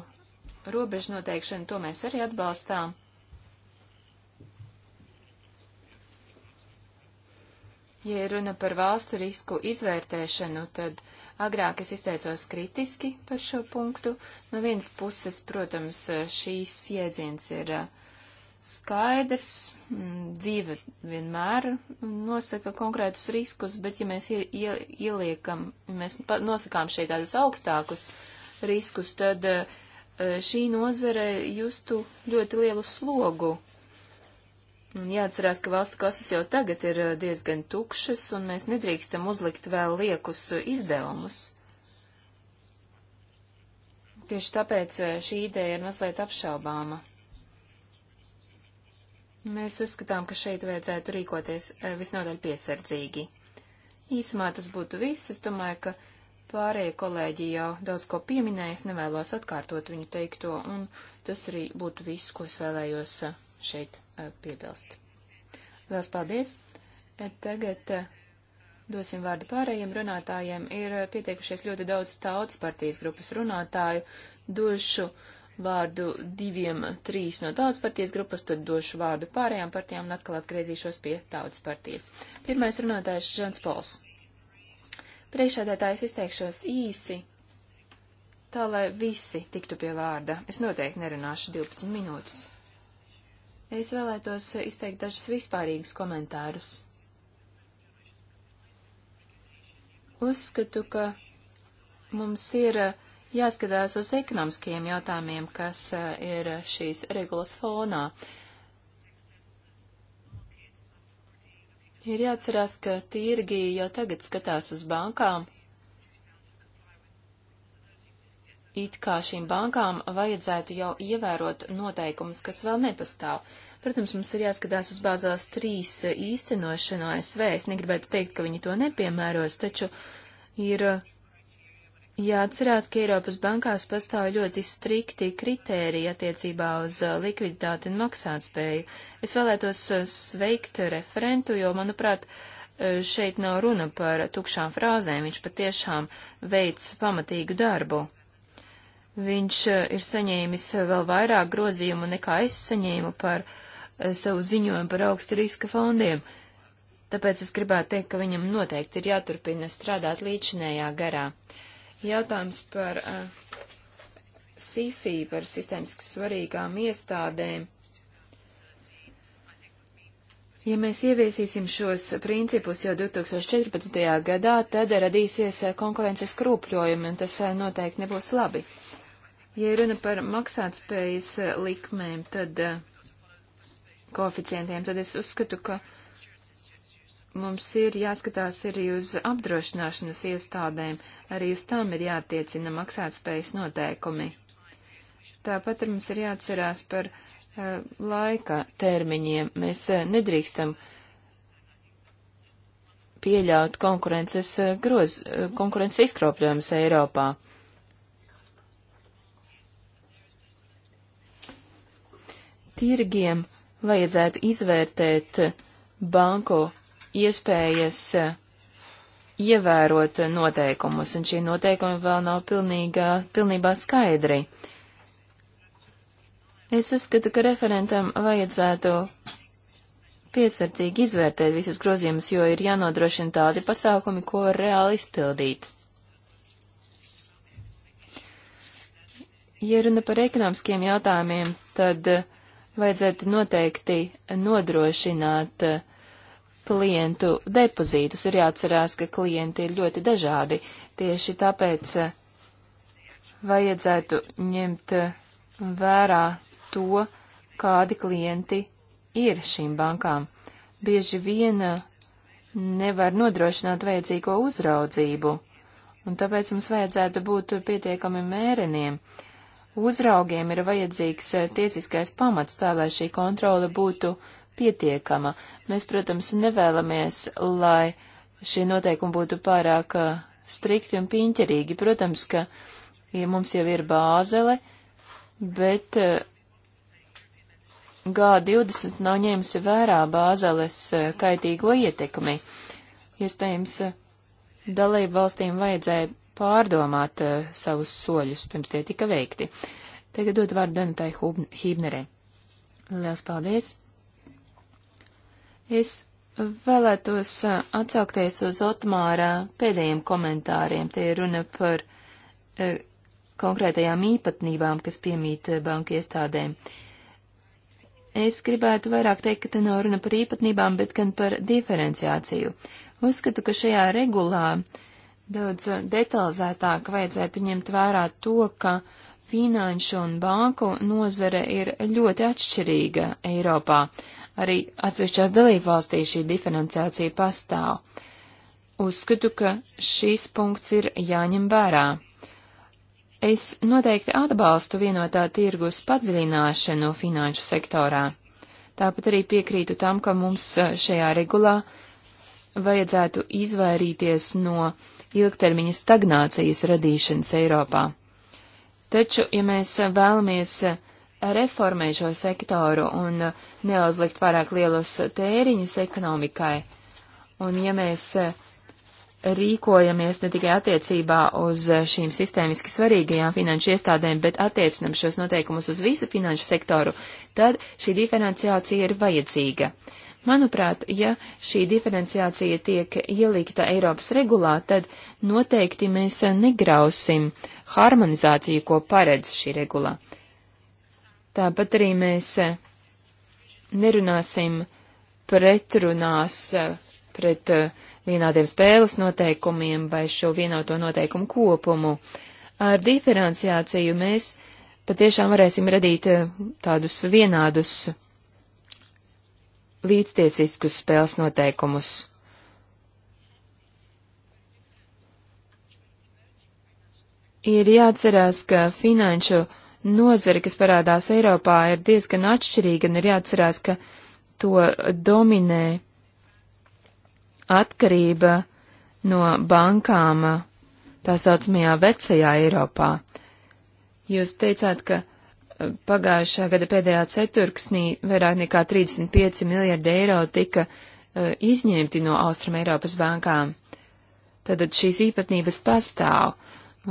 S1: robežu noteikšanu to mēs arī atbalstām. Ja runa par valstu risku izvērtēšanu, tad agrāk es izteicos kritiski par šo punktu. No vienas puses, protams, šīs iedziens ir skaidrs, dzīve vienmēr nosaka konkrētus riskus, bet ja mēs ieliekam, ja mēs nosakām šeit tādus augstākus riskus, tad šī nozare justu ļoti lielu slogu Un jāatcerās, ka valstu kases jau tagad ir eh, diezgan tukšas, un mēs nedrīkstam uzlikt vēl liekus eh, izdevumus. Tieši tāpēc eh, šī ideja ir mazliet apšaubāma. Mēs uzskatām, ka šeit vajadzētu rīkoties visnotaļ piesardzīgi. Īsumā tas būtu viss. Es domāju, ka pārējie kolēģi jau daudz ko pieminēja, es nevēlos atkārtot viņu teikto, un tas arī būtu viss, ko es vēlējos šeit Eh, piebilst. Lielas paldies! Eh, tagad eh, dosim vārdu pārējiem runātājiem. Ir pieteikušies ļoti daudz tautas partijas grupas runātāju. Došu vārdu diviem, trīs no tautas partijas grupas, tad došu vārdu pārējām partijām un atkal atgriezīšos pie tautas partijas. Pirmais runātājs Žans Pols. Priekšādētājs izteikšos īsi, tā lai visi tiktu pie vārda. Es noteikti nerunāšu 12 minūtes. Es vēlētos izteikt dažus vispārīgus komentārus. Uzskatu, ka mums ir uh, jāskatās uz ekonomiskajiem jautājumiem, kas uh, ir šīs regulas fonā. Ir jāatcerās, ka tirgi jau tagad skatās uz bankām It kā šīm bankām vajadzētu jau ievērot noteikumus, kas vēl nepastāv. Protams, mums ir jāskatās uz bāzās trīs īstenošanu ASV. Es negribētu teikt, ka viņi to nepiemēros, taču ir jāatcerās, ka Eiropas bankās pastāv ļoti strikti kritēriji attiecībā uz likviditāti un maksātspēju. Es vēlētos sveikt referentu, jo, manuprāt, šeit nav runa par tukšām frāzēm. Viņš patiešām veids pamatīgu darbu. Viņš e, ir saņēmis e, vēl vairāk grozījumu nekā es saņēmu par e, savu ziņojumu par augsta riska fondiem. Tāpēc es gribētu teikt, ka viņam noteikti ir jāturpina strādāt līdzinējā garā. Jautājums par uh, SIFI, par sistēmiski svarīgām iestādēm. Ja mēs ieviesīsim šos principus jau 2014. gadā, tad radīsies konkurences krūpļojumi, un tas noteikti nebūs labi. Ja runa par maksātspējas eh, likmēm, tad eh, koeficientiem, tad es uzskatu, ka mums ir jāskatās arī uz apdrošināšanas iestādēm, arī uz tām ir jātiecina maksātspējas noteikumi. Tāpat mums ir jāatcerās par uh, laika termiņiem. Mēs uh, nedrīkstam pieļaut konkurences, uh, groz, konkurences izkropļojumus Eiropā. tirgiem vajadzētu izvērtēt banku iespējas eh, ievērot noteikumus, un šie noteikumi vēl nav pilnīgā, pilnībā skaidri. Es uzskatu, ka referentam vajadzētu piesardzīgi izvērtēt visus grozījumus, jo ir jānodrošina tādi pasākumi, ko var reāli izpildīt. Ja runa par ekonomiskiem jautājumiem, tad uh, vajadzētu noteikti nodrošināt eh, klientu depozītus. Ir jāatcerās, ka klienti ir ļoti dažādi. Tieši tāpēc eh, vajadzētu ņemt eh, vērā to, kādi klienti ir šīm bankām. Bieži vien nevar nodrošināt vajadzīgo uzraudzību, un tāpēc mums vajadzētu būt pietiekami mēreniem. Uh, uzraugiem ir vajadzīgs eh, tiesiskais pamats tā, lai šī kontrole būtu pietiekama. Mēs, protams, nevēlamies, lai šie noteikumi būtu pārāk eh, strikti un piņķerīgi. Protams, ka ja mums jau ir bāzele, bet eh, G20 nav ņēmusi vērā bāzeles kaitīgo ietekmi. Iespējams, dalību valstīm vajadzēja pārdomāt uh, savus soļus, pirms tie tika veikti. Tagad dod vārdu Danutai Hībnerē. Liels paldies! Es vēlētos eh, atsaukties uz Otmāra pēdējiem komentāriem. Tie ir runa par uh, konkrētajām īpatnībām, kas piemīt banku iestādēm. Es gribētu vairāk teikt, ka te nav runa par īpatnībām, bet gan par diferenciāciju. Uzskatu, ka šajā regulā uh, daudz eh, detalizētāk vajadzētu ņemt vērā to, ka finanšu un banku nozare ir ļoti atšķirīga Eiropā. Arī atsevišķās dalībvalstīs šī diferenciācija pastāv. Uzskatu, ka šīs punkts ir jāņem vērā. Es noteikti atbalstu vienotā tirgus padziļināšanu finanšu sektorā. Tāpat arī piekrītu tam, ka mums eh, šajā regulā vajadzētu izvairīties no uh, ilgtermiņa stagnācijas radīšanas Eiropā. Taču, ja mēs vēlamies reformēt šo sektoru un neuzlikt pārāk lielus tēriņus ekonomikai, un ja mēs rīkojamies ne tikai attiecībā uz šīm sistēmiski svarīgajām finanšu iestādēm, bet attiecinam šos noteikumus uz visu finanšu sektoru, tad šī diferenciācija ir vajadzīga. Manuprāt, ja šī diferenciācija tiek ielikta Eiropas regulā, tad noteikti mēs negrausim harmonizāciju, ko paredz šī regulā. Tāpat arī mēs nerunāsim pretrunās pret vienādiem spēles noteikumiem vai šo vienoto noteikumu kopumu. Ar diferenciāciju mēs patiešām varēsim radīt tādus vienādus līdztiesiskus spēles noteikumus. Ir jāatcerās, ka finanšu nozare, kas parādās Eiropā, ir diezgan atšķirīga, un ir jāatcerās, ka to dominē atkarība no bankām tā saucamajā vecajā Eiropā. Jūs teicāt, ka pagājušā gada pēdējā ceturksnī vairāk nekā 35 miljardi eiro tika uh, izņemti no Austrum Eiropas bankām. Tātad šīs īpatnības pastāv,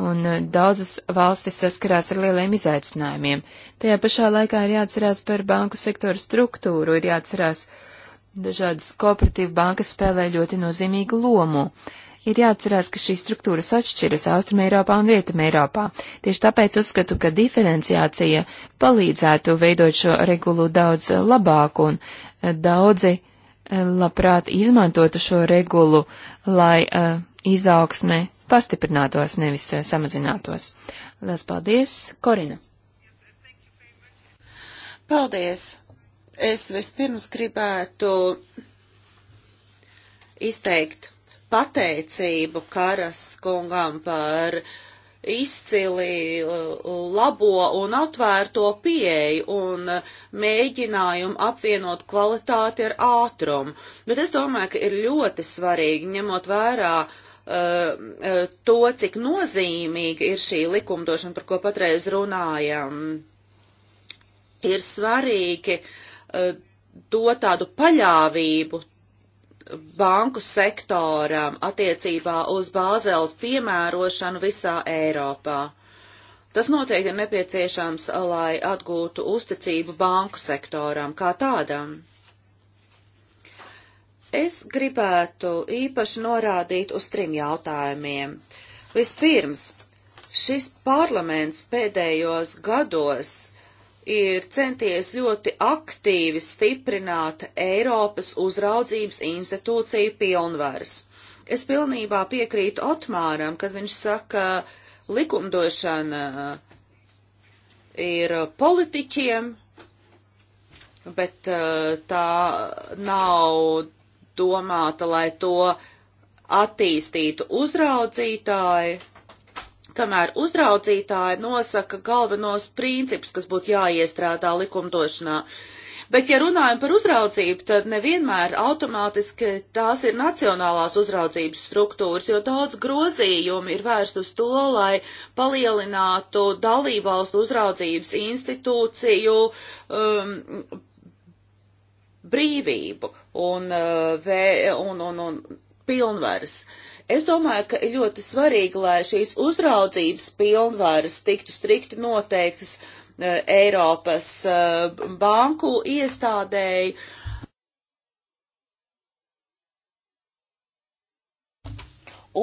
S1: un uh, daudzas valstis saskarās ar lieliem izaicinājumiem. Tajā pašā laikā ir jāatcerās par banku sektoru struktūru, ir jāatcerās dažādas kooperatīva bankas spēlē ļoti nozīmīgu lomu. Uh, ir jāatcerās, ka šīs struktūras atšķiras Austrum Eiropā un Rietum Eiropā. Tieši tāpēc uzskatu, ka diferenciācija palīdzētu veidot šo regulu daudz labāku un eh, daudzi eh, labprāt izmantotu šo regulu, lai uh, izaugsme pastiprinātos, nevis uh, samazinātos. Lielas paldies, Korina!
S2: Paldies! Es vispirms gribētu izteikt pateicību Karas kungam par izcili labo un atvērto pieeju un mēģinājumu apvienot kvalitāti ar ātrumu. Bet es domāju, ka ir ļoti svarīgi ņemot vērā uh, to, cik nozīmīga ir šī likumdošana, par ko patreiz runājam. Ir svarīgi uh, dot tādu paļāvību banku sektoram attiecībā uz bāzēles piemērošanu visā Eiropā. Tas noteikti ir nepieciešams, lai atgūtu uzticību banku sektoram kā tādam. Es gribētu īpaši norādīt uz trim jautājumiem. Vispirms, šis parlaments pēdējos gados ir centies ļoti aktīvi stiprināt Eiropas uzraudzības institūciju pilnvaras. Es pilnībā piekrītu Otmāram, kad viņš saka, likumdošana uh, ir politiķiem, bet uh, tā nav domāta, lai to attīstītu uzraudzītāji kamēr uzraudzītāji nosaka galvenos principus, kas būtu jāiestrādā likumdošanā. Bet, ja runājam par uzraudzību, tad nevienmēr automātiski tās ir nacionālās uzraudzības struktūras, jo daudz grozījumu ir vērst uz to, lai palielinātu dalībvalstu uzraudzības institūciju um, brīvību un, uh, vē, un, un, un pilnvaras. Uh, Es domāju, ka ir ļoti svarīgi, lai šīs uzraudzības pilnvaras tiktu strikti noteiktas eh, Eiropas eh, banku iestādēji,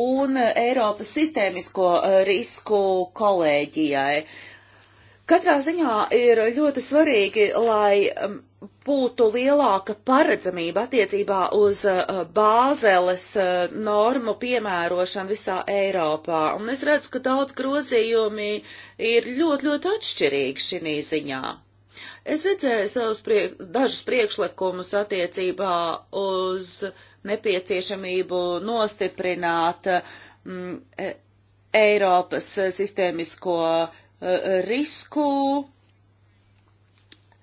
S2: un eh, Eiropas sistēmisko risku kolēģijai. Katrā ziņā ir ļoti svarīgi, lai um, būtu lielāka paredzamība attiecībā uz uh, bāzeles uh, normu piemērošanu visā Eiropā. Un es redzu, ka daudz grozījumi ir ļoti, ļoti atšķirīgi šī ziņā. Es redzēju savus priek dažus priekšlikumus attiecībā uz nepieciešamību nostiprināt mm, e, Eiropas e, sistēmisko uh, Eh, risku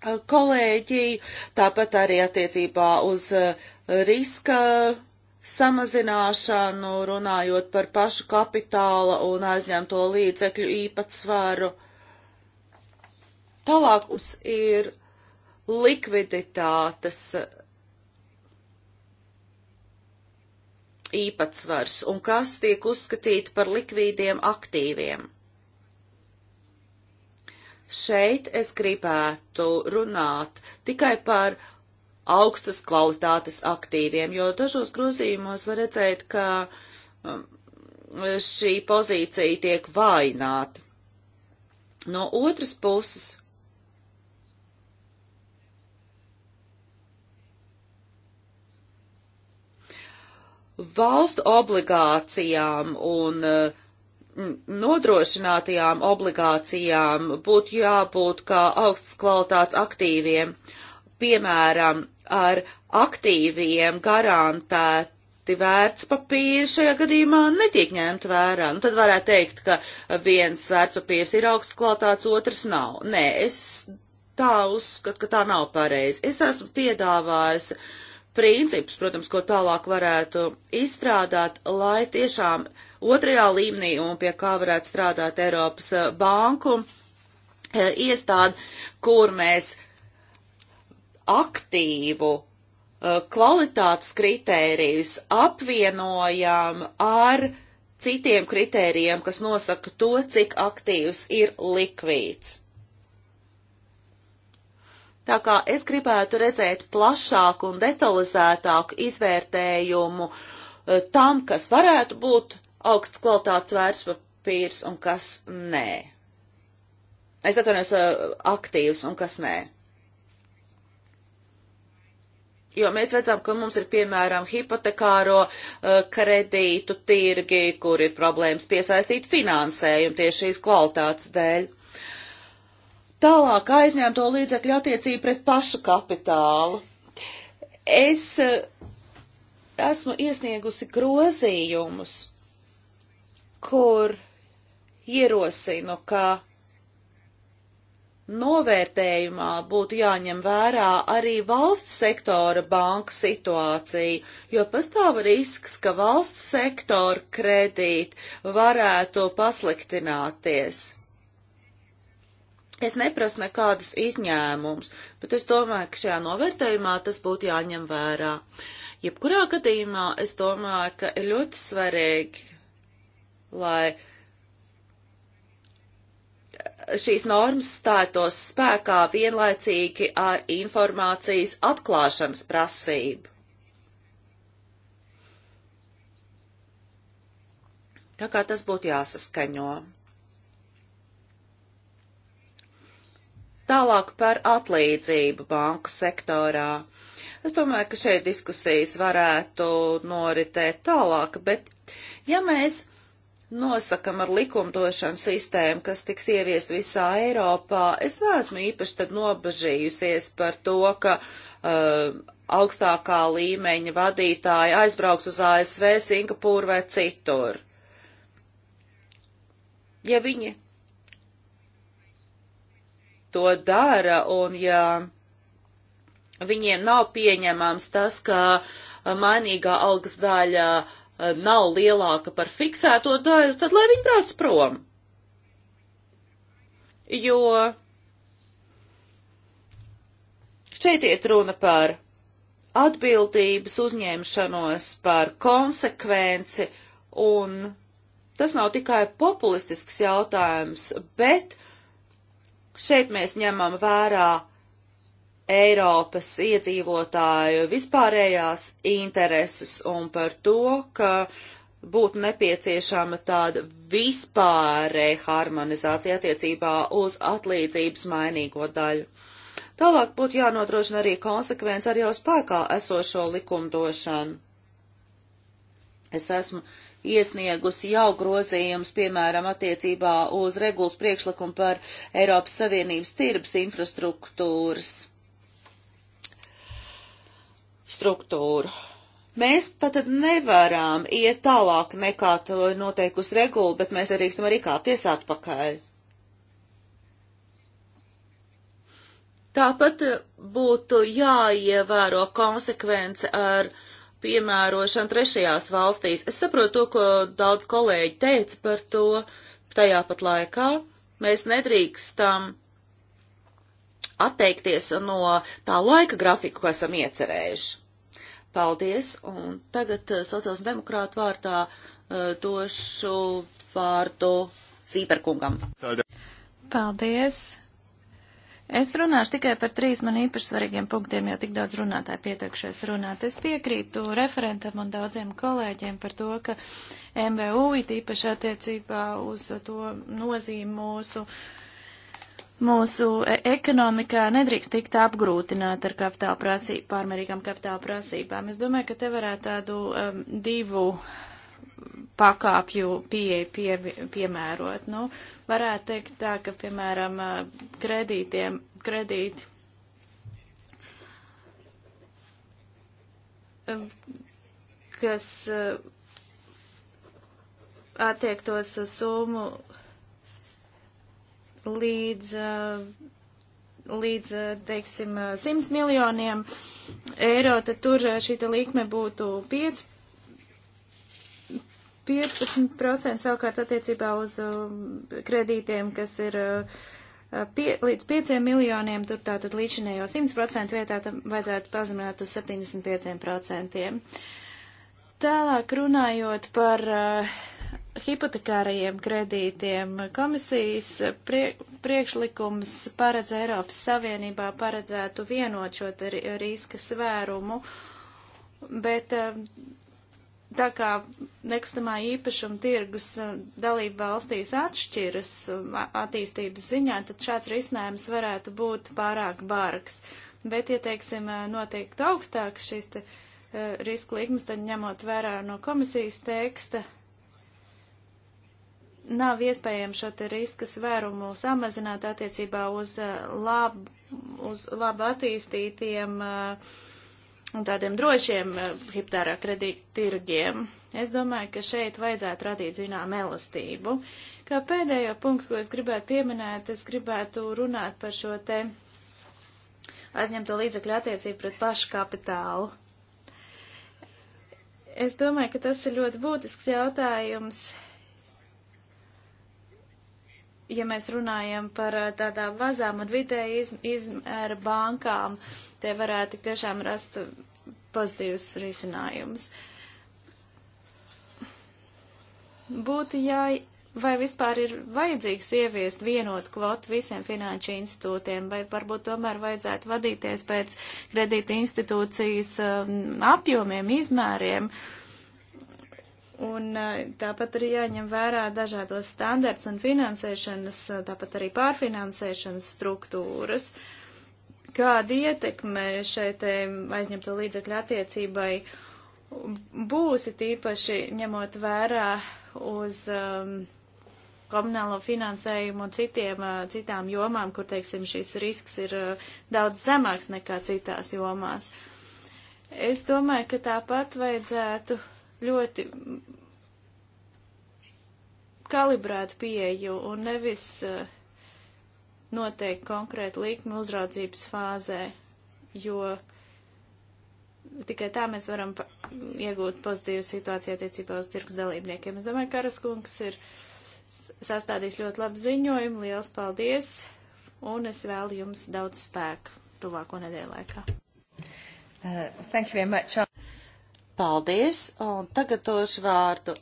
S2: eh, kolēģiju, tāpat arī attiecībā uz eh, riska samazināšanu, runājot par pašu kapitāla un aizņemto līdzekļu īpatsvaru. Tālāk mums ir likviditātes īpatsvars un kas tiek uzskatīti par likvīdiem aktīviem. Šeit es gribētu runāt tikai par augstas kvalitātes aktīviem, jo dažos grozījumos var redzēt, ka um, šī pozīcija tiek vājināta. No otras puses, valstu obligācijām un uh, nodrošinātajām obligācijām būtu jābūt kā augsts kvalitātes aktīviem, piemēram, ar aktīviem garantēti vērtspapīri šajā gadījumā netiek ņemt vērā. Nu, tad varētu teikt, ka viens vērtspapīrs ir augsts kvalitātes, otrs nav. Nē, es tā uzskatu, ka tā nav pareizi. Es esmu piedāvājusi principus, protams, ko tālāk varētu izstrādāt, lai tiešām uh, otrajā līmenī un pie kā varētu strādāt Eiropas eh, banku eh, iestādi, kur mēs aktīvu eh, kvalitātes kritērijus apvienojam ar citiem kritērijiem, kas nosaka to, cik aktīvs ir likvīds. Tā kā es gribētu redzēt plašāku un detalizētāku izvērtējumu tam, kas varētu būt augsts kvalitātes vērtspapīrs un kas nē. Es atvainojos uh, aktīvs un kas nē. Jo mēs redzam, ka mums ir piemēram hipotekāro uh, kredītu tirgi, kur ir problēmas piesaistīt finansējumu tieši šīs kvalitātes dēļ. Tālāk aizņemto līdzekļu attiecību pret pašu kapitālu. Es uh, esmu iesniegusi grozījumus kur ierosinu, ka novērtējumā būtu jāņem vērā arī valsts sektora banka situācija, jo pastāv risks, ka valsts sektora kredīti varētu pasliktināties. Es neprasu nekādus izņēmumus, bet es domāju, ka šajā novērtējumā tas būtu jāņem vērā. Jebkurā gadījumā es domāju, ka ir ļoti svarīgi lai šīs normas stātos spēkā vienlaicīgi ar informācijas atklāšanas prasību. Tā kā tas būtu jāsaskaņo. Tālāk par atlīdzību banku sektorā. Es domāju, ka šeit diskusijas varētu noritēt tālāk, bet ja mēs nosakam ar likumdošanu sistēmu, kas tiks ieviest visā Eiropā, es neesmu īpaši tad nobažījusies par to, ka uh, augstākā līmeņa vadītāji aizbrauks uz ASV, Singapūru vai citur. Ja viņi to dara un ja viņiem nav pieņemams tas, ka mainīgā algas daļa uh, Eh, nav lielāka par fiksēto daļu, tad lai viņi brauc prom. Jo šeit iet runa par atbildības uzņemšanos, par konsekvenci, un tas nav tikai populistisks jautājums, bet šeit mēs ņemam vērā Eiropas iedzīvotāju vispārējās intereses un par to, ka būtu nepieciešama tāda vispārēja harmonizācija attiecībā uz atlīdzības mainīgo daļu. Tālāk būtu jānodrošina arī konsekvence ar jau spēkā esošo likumdošanu. Es esmu iesniegusi jau grozījumus, piemēram, attiecībā uz regulas priekšlikumu par Eiropas Savienības tirbas infrastruktūras struktūru. Mēs tātad nevaram iet tālāk nekā to noteikusi regula, bet mēs arī rīkstam arī kāpties atpakaļ. Tāpat eh, būtu jāievēro konsekvence ar piemērošanu trešajās valstīs. Es saprotu to, ko daudz kolēģi teica par to, tajā pat laikā mēs nedrīkstam atteikties no tā laika grafiku, ko esam iecerējuši. Paldies, un tagad eh, sociāls demokrātu vārtā eh, došu vārdu Zīberkungam.
S3: Paldies! Es runāšu tikai par trīs man īpaši svarīgiem punktiem, jo tik daudz runātāji pieteikšies runāt. Es piekrītu referentam un daudziem kolēģiem par to, ka MVU it īpaši attiecībā uz to nozīmi mūsu uh, Mūsu e- ekonomikā nedrīkst tikt apgrūtināta ar kapitāla prasību, pārmērīgām kapitāla prasībām. Es domāju, ka te varētu tādu um, divu pakāpju pieeja pie, piemērot. Nu, varētu teikt tā, ka, piemēram, uh, kredītiem, kredīti um, kas uh, attiektos uz summu līdz, eh, līdz eh, teiksim, 100 eh, miljoniem eiro, tad tur šī likme būtu 5, 15%, savukārt attiecībā uz kredītiem, kas ir pie, līdz 5 miljoniem, tur tātad līdzinējo 100% vietā tam vajadzētu pazemināt uz 75%. Tālāk runājot par uh, hipotekārajiem kredītiem. Komisijas prie, priekšlikums paredz Eiropas Savienībā paredzētu vienot šo riska svērumu, bet eh, tā kā nekustamā īpašuma tirgus eh, dalība valstīs atšķiras attīstības ziņā, tad šāds risinājums varētu būt pārāk bargs. Bet, ja, teiksim, eh, noteikti augstāks šis te, riska likmes, tad ņemot vērā no komisijas teksta, nav iespējams šo te riska svērumu samazināt attiecībā uz, eh, lab, uz labi attīstītiem eh, un tādiem drošiem eh, hiptārā kredīttirgiem. Es domāju, ka šeit vajadzētu radīt zinām elastību. Kā pēdējo punktu, ko es gribētu pieminēt, es gribētu runāt par šo te aizņemto līdzekļu attiecību pret pašu kapitālu. Es domāju, ka tas ir ļoti būtisks jautājums ja mēs runājam par tādām mazām un vidēji iz, izmēra bankām, tie varētu tiešām rast pozitīvus risinājumus. Būtu jā, vai vispār ir vajadzīgs ieviest vienotu kvotu visiem finanšu institūtiem, vai varbūt tomēr vajadzētu vadīties pēc kredīta institūcijas um, apjomiem, izmēriem. Uh, Un tāpat arī jāņem vērā dažādos standarts un finansēšanas, tāpat arī pārfinansēšanas struktūras, kāda ietekme šeit aizņemto līdzekļu attiecībai būs, tīpaši ņemot vērā uz um, komunālo finansējumu un citiem, citām jomām, kur, teiksim, šis risks ir daudz zemāks nekā citās jomās. Es domāju, ka tāpat vajadzētu ļoti kalibrētu pieeju un nevis eh, noteikti konkrētu likmi uzraudzības fāzē, jo tikai tā mēs varam iegūt pozitīvu situāciju attiecībā uz tirgus dalībniekiem. Es domāju, ka Karaskungs ir sastādījis ļoti labu ziņojumu. Liels paldies! Un es vēlu jums daudz spēku tuvāko nedēļu laikā.
S2: Uh, thank you very much. Paldies, un tagad došu vārdu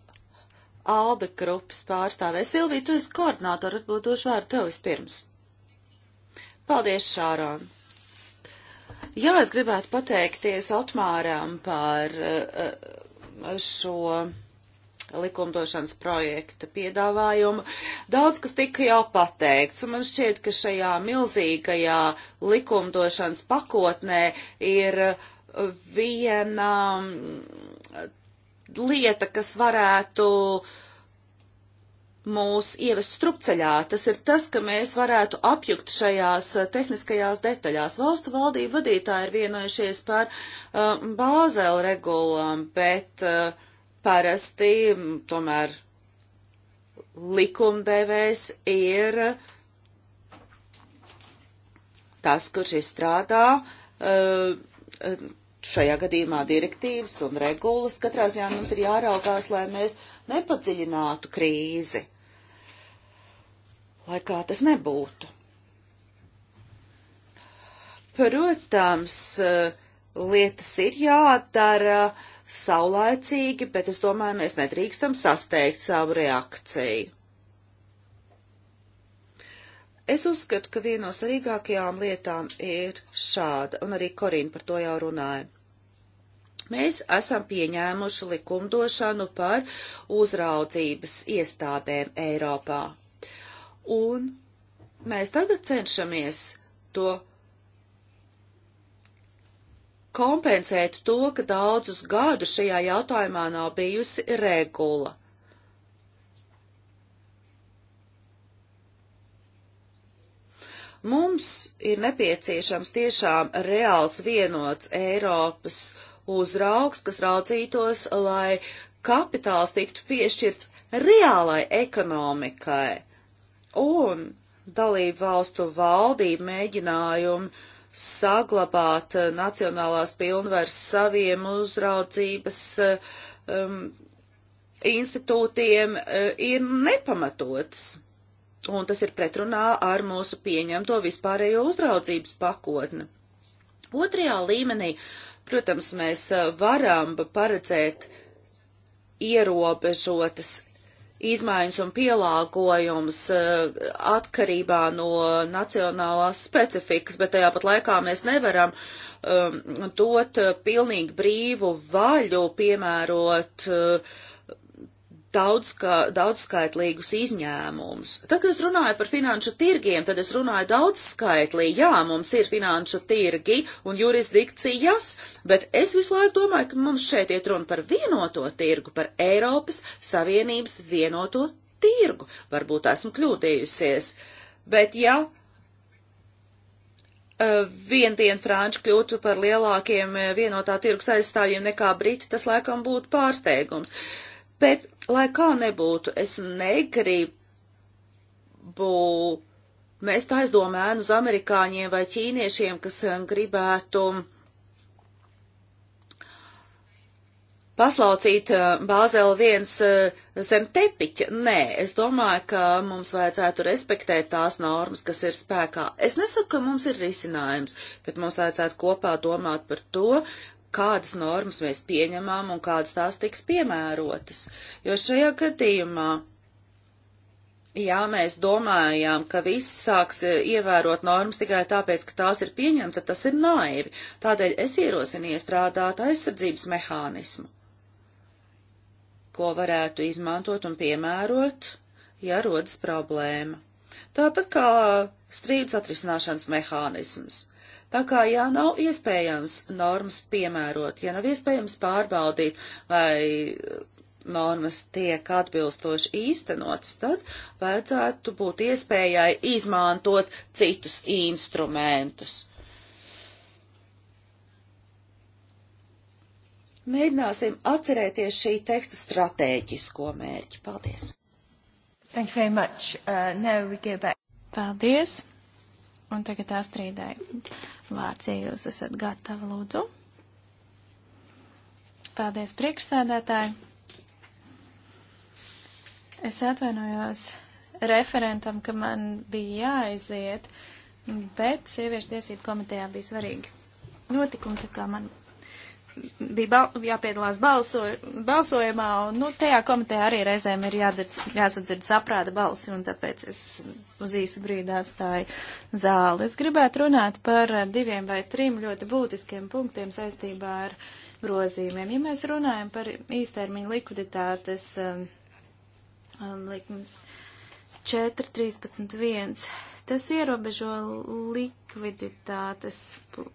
S2: Alde grupas pārstāvē. Silvija, tu esi koordinātori, varbūt došu vārdu tev vispirms. Paldies, Šārona! Jā, es gribētu pateikties Otmāram par eh, šo likumdošanas projekta piedāvājumu. Daudz kas tika jau pateikts, un man šķiet, ka šajā milzīgajā likumdošanas pakotnē ir uh, viena lieta, kas varētu mūs ievest strupceļā, tas ir tas, ka mēs varētu apjukt šajās tehniskajās detaļās. Valstu valdību vadītāji ir vienojušies par uh, bāzēlu regulām, bet uh, parasti tomēr likumdevējs ir tas, kurš izstrādā uh, šajā gadījumā direktīvas un regulas, katrā ziņā mums ir jāraugās, lai mēs nepadziļinātu krīzi, lai kā tas nebūtu. Protams, eh, lietas ir jādara saulaicīgi, bet es domāju, mēs nedrīkstam sasteigt savu reakciju. Es uzskatu, ka viena no svarīgākajām lietām ir šāda, un arī Korīna par to jau runāja. Mēs esam pieņēmuši likumdošanu par uzraudzības iestādēm Eiropā. Un mēs tagad cenšamies to kompensēt to, ka daudzus gadus šajā jautājumā nav bijusi regula. Mums ir nepieciešams tiešām reāls vienots Eiropas uzraugs, kas raucītos, lai kapitāls tiktu piešķirts reālai ekonomikai. Un dalību valstu valdību mēģinājumi saglabāt eh, nacionālās pilnvars saviem uzraudzības eh, um, institūtiem eh, ir nepamatots un tas ir pretrunā ar mūsu pieņemto vispārējo uzraudzības pakotni. Otrajā līmenī, protams, mēs eh, varam paredzēt ierobežotas izmaiņas un pielāgojums eh, atkarībā no nacionālās specifikas, bet tajā pat laikā mēs nevaram um, dot pilnīgi brīvu vaļu piemērot uh, daudz, ka, daudzskaitlīgus izņēmumus. Tad, kad es runāju par finanšu tirgiem, tad es runāju daudzskaitlīgi. Jā, mums ir finanšu tirgi un jurisdikcijas, bet es visu laiku domāju, ka mums šeit iet runa par vienoto tirgu, par Eiropas Savienības vienoto tirgu. Varbūt esmu kļūdījusies, bet jā. Ja eh, viendien franči kļūtu par lielākiem eh, vienotā tirgus aizstāvjiem nekā briti, tas laikam būtu pārsteigums. Uh, Bet, lai kā nebūtu, es negribu mest aizdomēnu uz amerikāņiem vai ķīniešiem, kas eh, gribētu paslaucīt eh, Bāzeli viens eh, zem tepiķa. Nē, es domāju, ka mums vajadzētu respektēt tās normas, kas ir spēkā. Es nesaku, ka mums ir risinājums, bet mums vajadzētu kopā domāt par to, kādas normas mēs pieņemām un kādas tās tiks piemērotas. Jo šajā gadījumā, ja mēs domājām, ka visi sāks e, ievērot normas tikai tāpēc, ka tās ir pieņemtas, tas ir naivi. Tādēļ es ierosinu iestrādāt aizsardzības mehānismu, ko varētu izmantot un piemērot, ja rodas problēma. Tāpat kā strīdus atrisināšanas mehānisms. Tā kā, ja nav iespējams normas piemērot, ja nav iespējams pārbaudīt, vai normas tiek atbilstoši īstenotas, tad vajadzētu būt iespējai izmantot citus instrumentus. Mēģināsim atcerēties šī teksta stratēģisko mērķi. Paldies! Thank you very much. Uh, now we go back.
S3: Paldies! Un tagad astrīdēju vārds, ja jūs esat gatavi, lūdzu. Paldies, priekšsēdētāji. Es atvainojos referentam, ka man bija jāaiziet, bet sieviešu tiesību komitejā bija svarīgi notikumi, tā kā man bija bal jāpiedalās balso balsojumā, un nu, tajā komitejā arī reizēm ir jādzird, jāsadzird saprāta balsi, un tāpēc es uz īsu brīdi atstāju zāli. Es gribētu runāt par diviem vai trim ļoti būtiskiem punktiem saistībā ar grozījumiem. Ja mēs runājam par īstermiņu likuditātes um, um, likmi 4.13.1, tas ierobežo likviditātes. Pu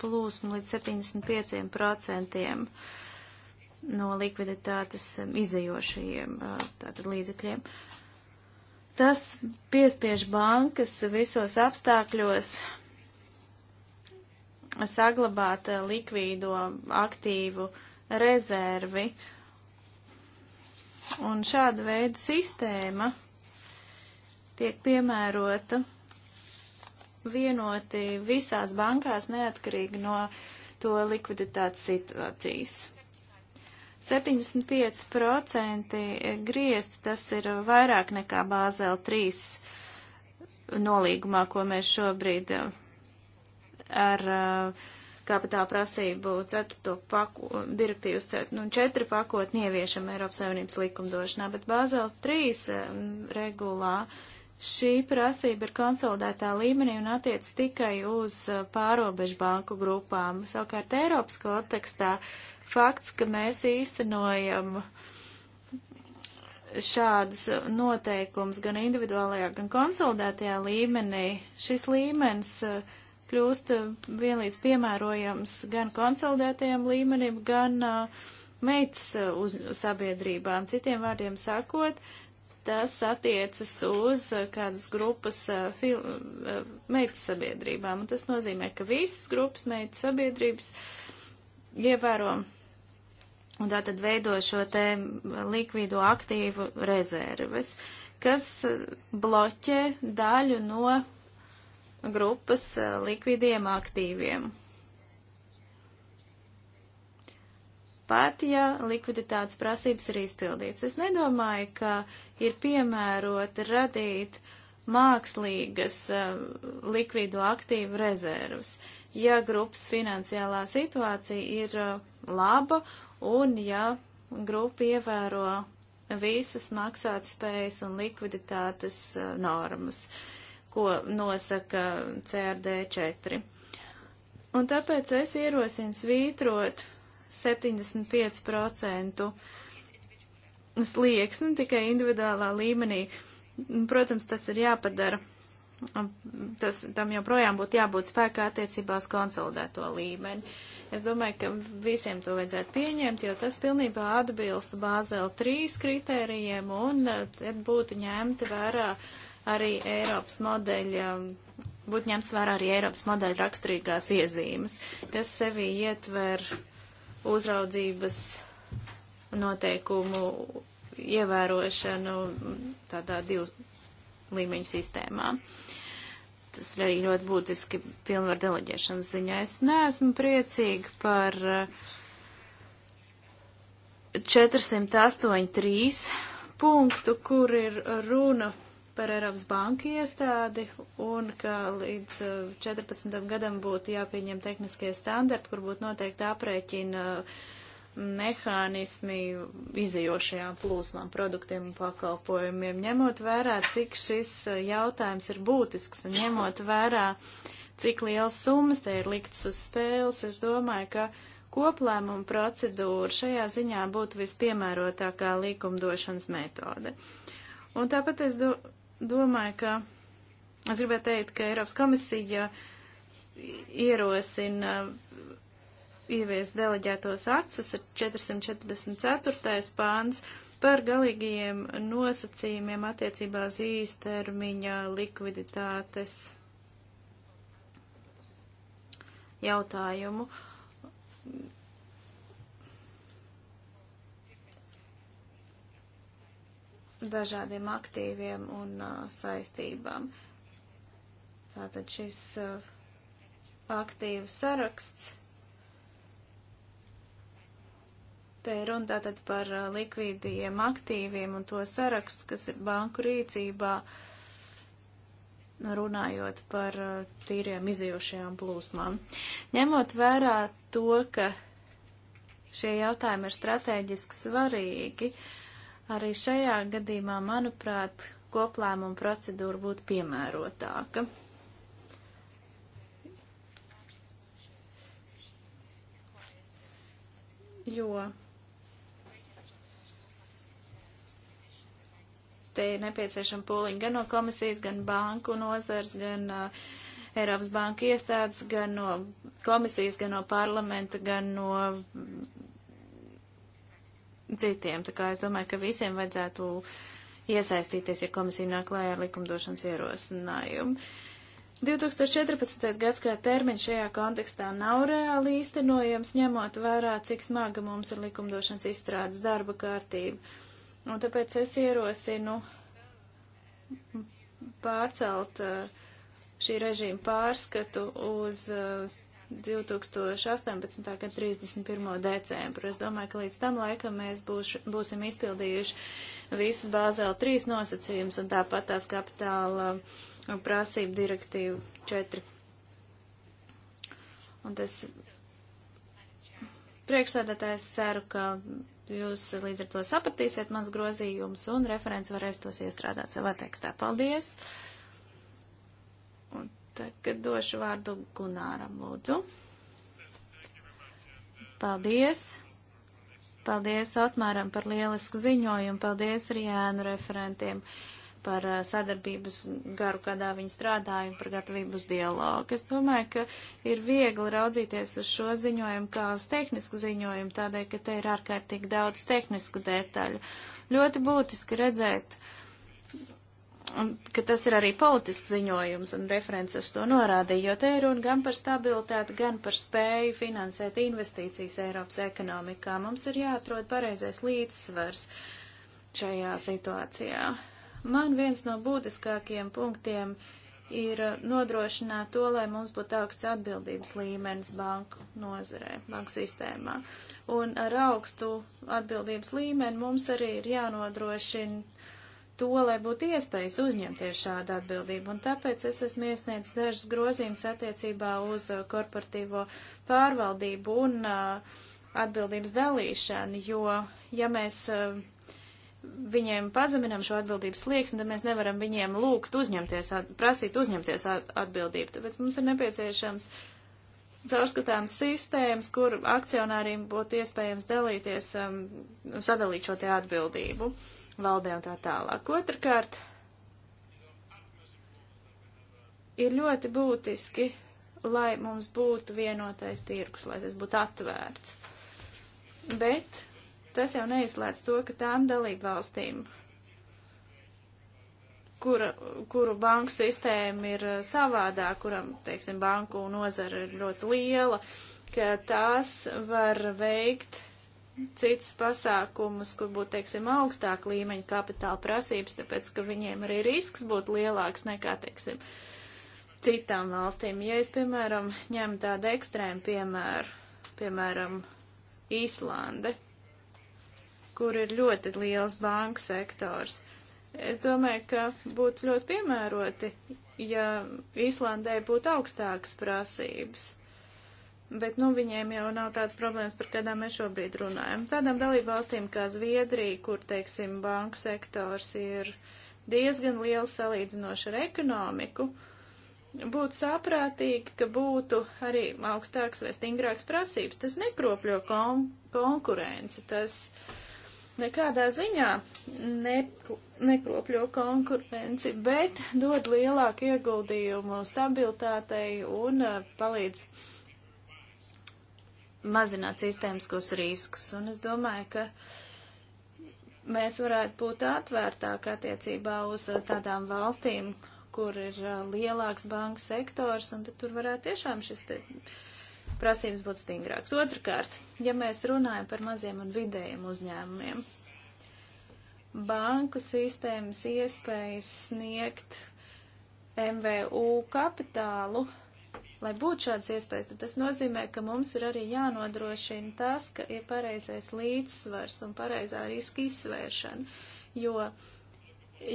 S3: plūsmu līdz 75% no likviditātes um, izdejošajiem uh, tātad līdzekļiem. Tas piespiež bankas visos apstākļos saglabāt uh, likvīdo aktīvu rezervi. Un šāda veida sistēma tiek piemērota vienoti visās bankās neatkarīgi no to likviditātes situācijas. 75% griezti tas ir vairāk nekā Bāzēla 3 nolīgumā, ko mēs šobrīd eh, ar eh, kapitāla prasību 4. Paku, direktīvas 4, nu, 4 pakotni ieviešam Eiropas Savienības likumdošanā, bet Bāzēla 3 eh, regulā uh, Šī prasība ir konsolidētā līmenī un attiec tikai uz uh, pārobežu banku grupām. Savukārt Eiropas kontekstā fakts, ka mēs īstenojam šādus noteikums gan individuālajā, gan konsolidētajā līmenī, šis līmenis uh, kļūst uh, vienlīdz piemērojams gan konsolidētajam līmenim, gan meitas uz sabiedrībām. Citiem vārdiem sakot, uh, tas attiecas uz eh, kādas grupas eh, eh, meitas sabiedrībām. Un tas nozīmē, ka visas grupas meitas sabiedrības ievēro un tā tad veido šo te likvido aktīvu rezerves, kas bloķē daļu no grupas likvidiem aktīviem. pat ja likviditātes prasības ir izpildīts. Es nedomāju, ka ir piemēroti radīt mākslīgas uh, eh, likvidu aktīvu rezervas, ja grupas finansiālā situācija ir uh, laba un ja grupa ievēro visas maksātspējas un likviditātes uh, normas, ko nosaka CRD 4. Un tāpēc es ierosinu svītrot 75% slieksni tikai individuālā līmenī. Protams, tas ir jāpadara. Tas, tam joprojām būtu jābūt spēkā attiecībās konsolidēto līmeni. Es domāju, ka visiem to vajadzētu pieņemt, jo tas pilnībā atbilst Bāzela 3 kritērijiem un eh, tad būtu ņemta vērā arī Eiropas modeļa būtu ņemts vērā arī Eiropas modeļa raksturīgās iezīmes, kas sevī ietver uh, uzraudzības noteikumu ievērošanu tādā divu līmeņu sistēmā. Tas ir arī ļoti būtiski pilnvaru deleģēšanas ziņā. Es neesmu priecīga par 408.3 eh, punktu, kur ir runa par Eiropas banku iestādi un ka līdz 14. Uh, gadam būtu jāpieņem tehniskie standarti, kur būtu noteikti aprēķina uh, mehānismi izējošajām plūsmām, produktiem un pakalpojumiem, ņemot vērā, cik šis uh, jautājums ir būtisks un ņemot vērā, cik liels summas te ir liktas uz spēles, es domāju, ka koplēmuma procedūra šajā ziņā būtu vispiemērotākā likumdošanas metode. Un tāpat es do, domāju, ka es gribētu teikt, ka Eiropas komisija ierosina ievies deleģētos aktus, tas ir 444. pāns par galīgajiem nosacījumiem attiecībā uz īstermiņa likviditātes jautājumu. dažādiem aktīviem un uh, saistībām. Tātad šis uh, aktīvu saraksts. Te ir runa tātad par uh, likvīdiem aktīviem un to sarakstu, kas ir banku rīcībā, runājot par uh, tīriem izjūšajām plūsmām. Ņemot vērā to, ka šie jautājumi ir strateģiski svarīgi, uh, Arī šajā gadījumā, manuprāt, koplēmuma procedūra būtu piemērotāka. Jo te ir nepieciešama pūliņa gan no komisijas, gan banku nozars, gan uh, Eiropas banka iestādes, gan no komisijas, gan no parlamenta, gan no citiem. Tā kā es domāju, ka visiem vajadzētu iesaistīties, ja komisija nāk klājā ar likumdošanas ierosinājumu. 2014. gads kā termiņš šajā kontekstā nav reāli īstenojams, ņemot vērā, cik smaga mums ir likumdošanas izstrādes darba kārtība. Un tāpēc es ierosinu pārcelt uh, šī režīma pārskatu uz uh, 2018. gada 31. decembru. Es domāju, ka līdz tam laikam mēs būš, būsim izpildījuši visas Bāzēla 3 nosacījumus un tāpat tās kapitāla prasību direktīvu 4. Un tas priekšsēdētājs ceru, ka jūs līdz ar to sapratīsiet mans grozījumus un referents varēs tos iestrādāt savā tekstā. Paldies! Tagad došu vārdu Gunāram Lūdzu. Paldies! Paldies Otmāram par lielisku ziņojumu, paldies arī ēnu referentiem par sadarbības garu, kādā viņi strādāja un par gatavības dialogu. Es domāju, ka ir viegli raudzīties uz šo ziņojumu kā uz tehnisku ziņojumu, tādēļ, ka te ir ārkārtīgi daudz tehnisku detaļu. Ļoti būtiski redzēt, uh, ka tas ir arī politisks ziņojums, un referents uz to norādīja, jo te ir runa gan par stabilitāti, gan par spēju finansēt investīcijas Eiropas ekonomikā. Mums ir jāatrod pareizais līdzsvars šajā situācijā. Man viens no būtiskākajiem punktiem ir nodrošināt to, lai mums būtu augsts atbildības līmenis banku nozarē, banku sistēmā. Un ar augstu atbildības līmeni mums arī ir jānodrošina to, lai būtu iespējas uzņemties šādu atbildību, un tāpēc es esmu iesniedzis dažas grozījumus attiecībā uz uh, korporatīvo pārvaldību un uh, atbildības dalīšanu, jo, ja mēs uh, viņiem pazeminam šo atbildības slieksni, tad mēs nevaram viņiem lūgt uzņemties, prasīt uzņemties atbildību, tāpēc mums ir nepieciešams caurskatāms sistēmas, kur akcionāriem būtu iespējams dalīties, um, sadalīt šo te atbildību. Uh, valdē un tā tālāk. Otrakārt, ir ļoti būtiski, lai mums būtu vienotais tirgus, lai tas būtu atvērts. Bet tas jau neizslēdz to, ka tām dalību valstīm, kura, kuru banku sistēma ir eh, savādā, kuram, teiksim, banku nozara ir ļoti liela, ka tās var veikt citus pasākumus, kur būtu, teiksim, augstāk līmeņa kapitāla prasības, tāpēc, ka viņiem arī risks būtu lielāks nekā, teiksim, citām valstīm. Ja es, piemēram, ņemu tādu ekstrēmu piemēru, piemēram, Īslande, kur ir ļoti liels banku sektors, es domāju, ka būtu ļoti piemēroti, ja Īslandē būtu augstākas prasības. Bet, nu, viņiem jau nav tāds problēmas, par kādām mēs šobrīd runājam. Tādām dalībvalstīm kā Zviedrija, kur, teiksim, banku sektors ir diezgan liels salīdzinoši ar ekonomiku, būtu saprātīgi, ka būtu arī augstāks vai stingrāks prasības. Tas nekropļo kon konkurenci, tas nekādā ziņā ne nekropļo konkurenci, bet dod lielāku ieguldījumu stabilitātei un uh, palīdz mazināt sistēmiskos riskus. Un es domāju, ka mēs varētu būt atvērtāk attiecībā uz eh, tādām valstīm, kur ir eh, lielāks banka sektors, un tad tur varētu tiešām šis te prasības būt stingrāks. Otrakārt, ja mēs runājam par maziem un vidējiem uzņēmumiem, banku sistēmas iespējas sniegt MVU kapitālu lai būtu šādas iespējas, tad tas nozīmē, ka mums ir arī jānodrošina tas, ka ir pareizais līdzsvars un pareizā riska izsvēršana, jo,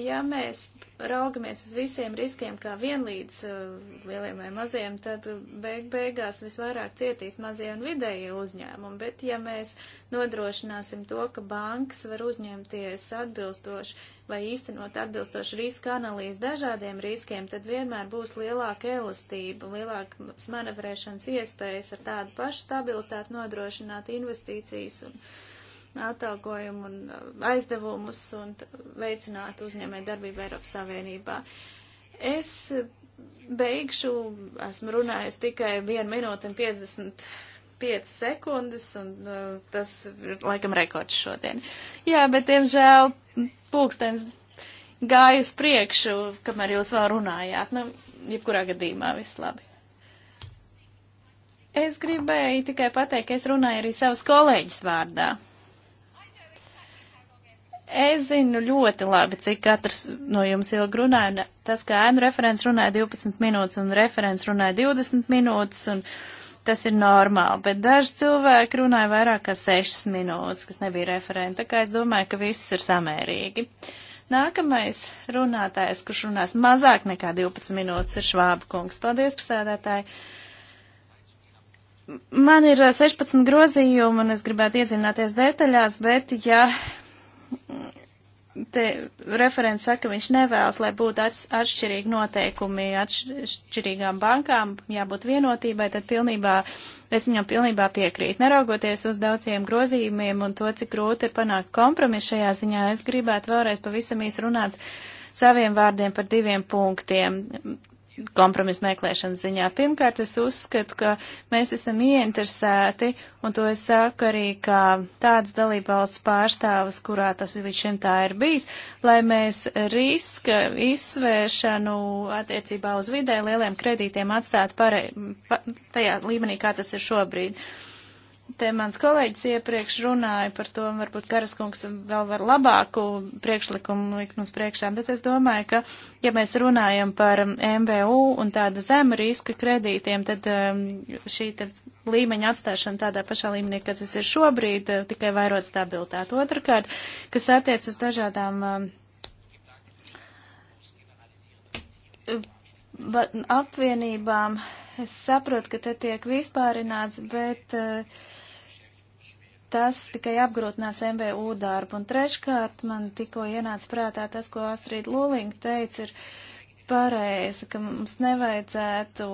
S3: ja mēs raugamies uz visiem riskiem kā vienlīdz eh, lieliem vai maziem, tad beig beigās visvairāk cietīs mazie un vidējie uzņēmumi. Bet ja mēs nodrošināsim to, ka bankas var uzņemties atbilstoši vai īstenot atbilstoši riska analīzi dažādiem riskiem, tad vienmēr būs lielāka elastība, lielākas manevrēšanas iespējas ar tādu pašu stabilitāti nodrošināt investīcijas un investīcijas atalgojumu un uh, aizdevumus un veicināt uzņēmē darbību Eiropas Savienībā. Es uh, beigšu, esmu runājis tikai 1 minūte un 50 5 sekundes, un uh, tas ir laikam rekords šodien. Jā, bet, diemžēl, pulkstens gāja uz priekšu, kamēr jūs vēl runājāt. Nu, jebkurā gadījumā viss labi. Es gribēju tikai pateikt, ka es runāju arī savas kolēģis vārdā. Es zinu ļoti labi, cik katrs no jums ilgi runāja. Tas, kā ēnu referents runāja 12 minūtes un referents runāja 20 minūtes, un tas ir normāli. Bet daži cilvēki runāja vairāk kā 6 minūtes, kas nebija referenta, tā kā es domāju, ka viss ir samērīgi. Nākamais runātājs, kurš runās mazāk nekā 12 minūtes, ir Švāba kungs. Paldies, prasēdētāji! Man ir 16 eh, grozījumi, un es gribētu iedzināties detaļās, bet ja te referents saka, viņš nevēlas, lai būtu atšķirīgi noteikumi atšķirīgām bankām, jābūt vienotībai, tad pilnībā, es viņam pilnībā piekrītu. Neraugoties uz daudziem grozījumiem un to, cik grūti ir panākt kompromisu šajā ziņā, es gribētu vēlreiz pavisam īsi runāt saviem vārdiem par diviem punktiem kompromisu meklēšanas ziņā. Pirmkārt, es uzskatu, ka mēs esam ieinteresēti, un to es saku arī kā tāds dalībvalsts pārstāvis, kurā tas līdz šim tā ir bijis, lai mēs riska izsvēršanu attiecībā uz vidē lieliem kredītiem atstātu pare, pa, tajā līmenī, kā tas ir šobrīd. Uh, Te mans kolēģis iepriekš runāja par to, varbūt Karaskungs vēl var labāku priekšlikumu likt mums priekšā, bet es domāju, ka, ja mēs runājam par MVU um, un tāda zema riska kredītiem, tad um, šī te līmeņa atstāšana tādā pašā līmenī, kā tas ir šobrīd, uh, tikai vairot stabilitāti. Otrakārt, kas attiec uz dažādām um, apvienībām, es saprotu, ka te tiek vispārināts, bet uh, tas tikai apgrūtinās MBU darbu. Un treškārt man tikko ienāca prātā tas, ko Astrid Lulinga teica, ir pareizi, ka mums nevajadzētu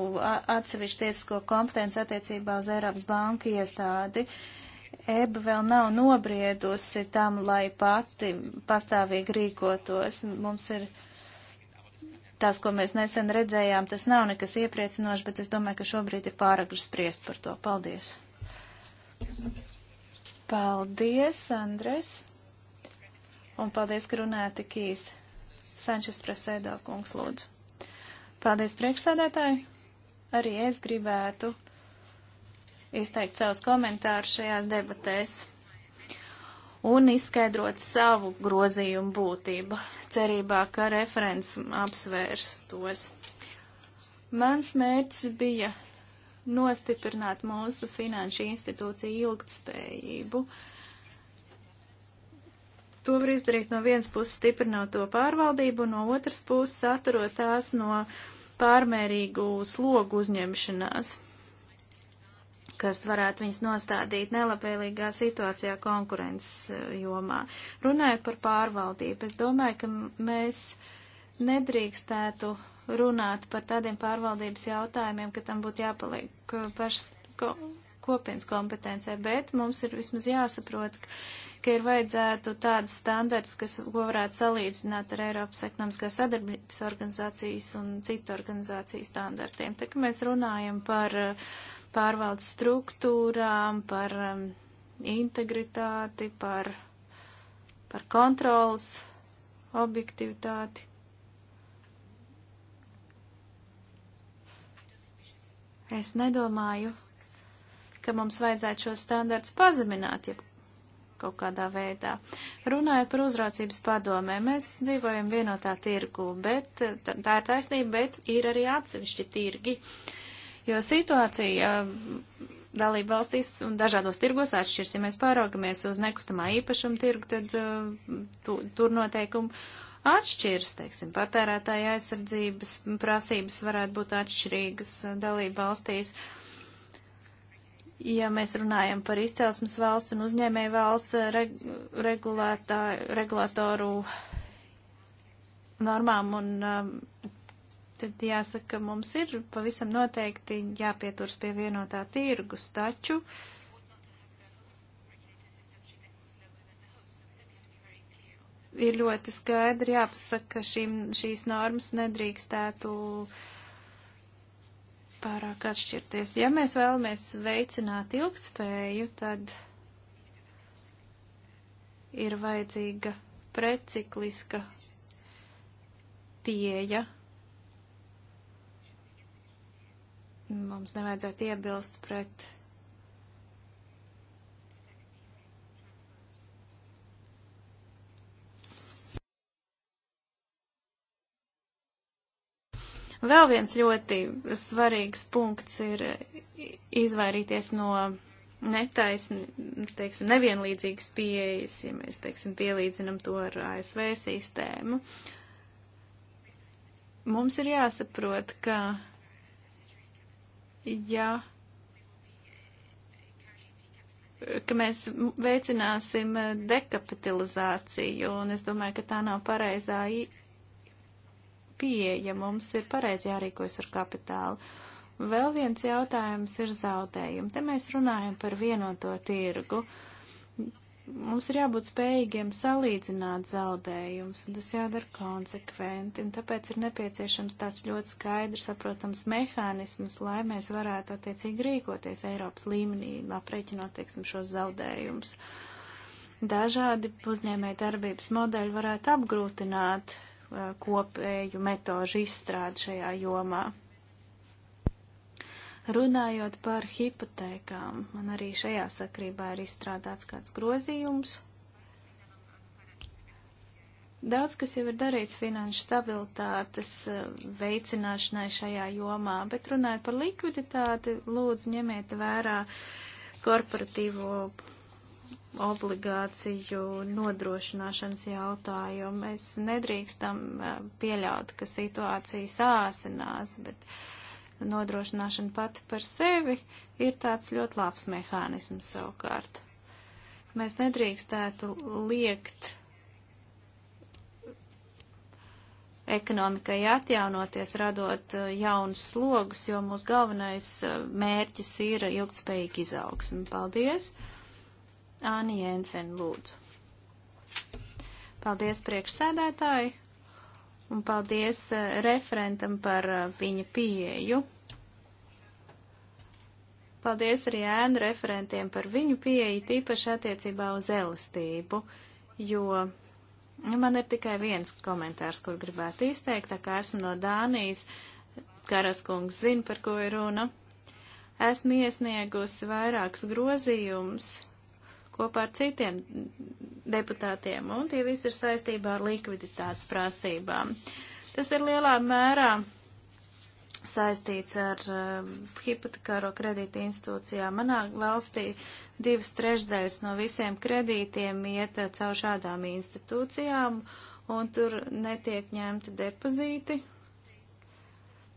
S3: atsevišķi tiesisko kompetenci attiecībā uz Eiropas banku iestādi. EBA vēl nav nobriedusi tam, lai pati pastāvīgi rīkotos. Mums ir tās, ko mēs nesen redzējām, tas nav nekas iepriecinošs, bet es domāju, ka šobrīd ir pārāk grūti spriest par to. Paldies! Thank you. Paldies, Andres! Un paldies, ka runājāt tik īsti. Sančes Prasēdā kungs lūdzu. Paldies, priekšsādētāji! Arī es gribētu izteikt savus komentārus šajās debatēs un izskaidrot savu grozījumu būtību, cerībā, ka referents apsvērs tos. Mans mērķis bija nostiprināt mūsu finanšu institūciju ilgtspējību. To var izdarīt no vienas puses stiprinot to pārvaldību, no otras puses atturot tās no pārmērīgu slogu uzņemšanās, kas varētu viņus nostādīt nelabvēlīgā situācijā konkurences eh, jomā. Runājot par pārvaldību, es domāju, ka mēs nedrīkstētu runāt par tādiem pārvaldības jautājumiem, ka tam būtu jāpaliek pašas ko, kopienas kompetencē, bet mums ir vismaz jāsaprot, ka, ka ir vajadzētu tādas standartas, kas, ko varētu salīdzināt ar Eiropas ekonomiskās sadarbības organizācijas un citu organizāciju standartiem. Tā kā mēs runājam par eh, pārvaldes struktūrām, par um, integritāti, par, par kontrolas objektivitāti. Es nedomāju, ka mums vajadzētu šo standarts pazemināt, ja kaut kādā veidā. Runājot par uzraucības padomē, mēs dzīvojam vienotā tirgu, bet tā ir taisnība, bet ir arī atsevišķi tirgi, jo situācija dalība valstīs un dažādos tirgos atšķirs. Ja mēs pāraugamies uz nekustamā īpašuma tirgu, tad tu, tur noteikumi atšķiras, teiksim, patērētāja aizsardzības prasības varētu būt atšķirīgas eh, dalība valstīs. Ja mēs runājam par izcelsmes valsts un uzņēmēju valsts eh, reg regulētā, regulatoru normām, un um, tad jāsaka, mums ir pavisam noteikti jāpieturs pie vienotā tirgus, taču uh, ir ļoti skaidri jāpasaka, ka šīm, šīs normas nedrīkstētu pārāk atšķirties. Ja mēs vēlamies veicināt ilgtspēju, tad ir vajadzīga precikliska pieeja. Mums nevajadzētu iebilst pret Vēl viens ļoti svarīgs punkts ir izvairīties no netaisni, teiksim, nevienlīdzīgas pieejas, ja mēs, teiksim, pielīdzinam to ar ASV sistēmu. Mums ir jāsaprot, ka, ja, ka mēs veicināsim dekapitalizāciju, un es domāju, ka tā nav pareizā pieeja, mums ir pareizi jārīkojas ar kapitālu. Vēl viens jautājums ir zaudējumi. Te mēs runājam par vienoto tirgu. Mums ir jābūt spējīgiem salīdzināt zaudējumus, un tas jādara konsekventi, un tāpēc ir nepieciešams tāds ļoti skaidrs, saprotams, mehānisms, lai mēs varētu attiecīgi rīkoties Eiropas līmenī, aprēķinot, teiksim, šos zaudējumus. Dažādi uzņēmē darbības modeļi varētu apgrūtināt kopēju metožu izstrādi šajā jomā. Runājot par hipotekām, man arī šajā sakrībā ir izstrādāts kāds grozījums. Daudz, kas jau ir darīts finanšu stabilitātes veicināšanai šajā jomā, bet runājot par likviditāti, lūdzu ņemiet vērā korporatīvo obligāciju nodrošināšanas jautājumu. Mēs nedrīkstam eh, pieļaut, ka situācija sāsinās, bet nodrošināšana pati par sevi ir tāds ļoti labs mehānisms savukārt. Mēs nedrīkstētu liekt ekonomikai atjaunoties, radot eh, jaunus slogus, jo mūsu galvenais eh, mērķis ir ilgtspējīga izaugsme. Paldies! Āni Jensen, lūdzu. Paldies priekšsēdētāji un paldies eh, referentam par eh, viņa pieeju. Paldies arī ēnu referentiem par viņu pieeju, tīpaši attiecībā uz elastību, jo nu, man ir tikai viens komentārs, kur gribētu izteikt, tā kā esmu no Dānijas, Karaskungs zina, par ko ir runa. Esmu iesniegusi vairākus grozījumus kopā ar citiem deputātiem, un tie visi ir saistībā ar likviditātes prasībām. Tas ir lielā mērā saistīts ar uh, hipotekāro kredītu institūcijām. Manā valstī divas trešdaļas no visiem kredītiem iet uh, caur šādām institūcijām, un tur netiek ņemti depozīti,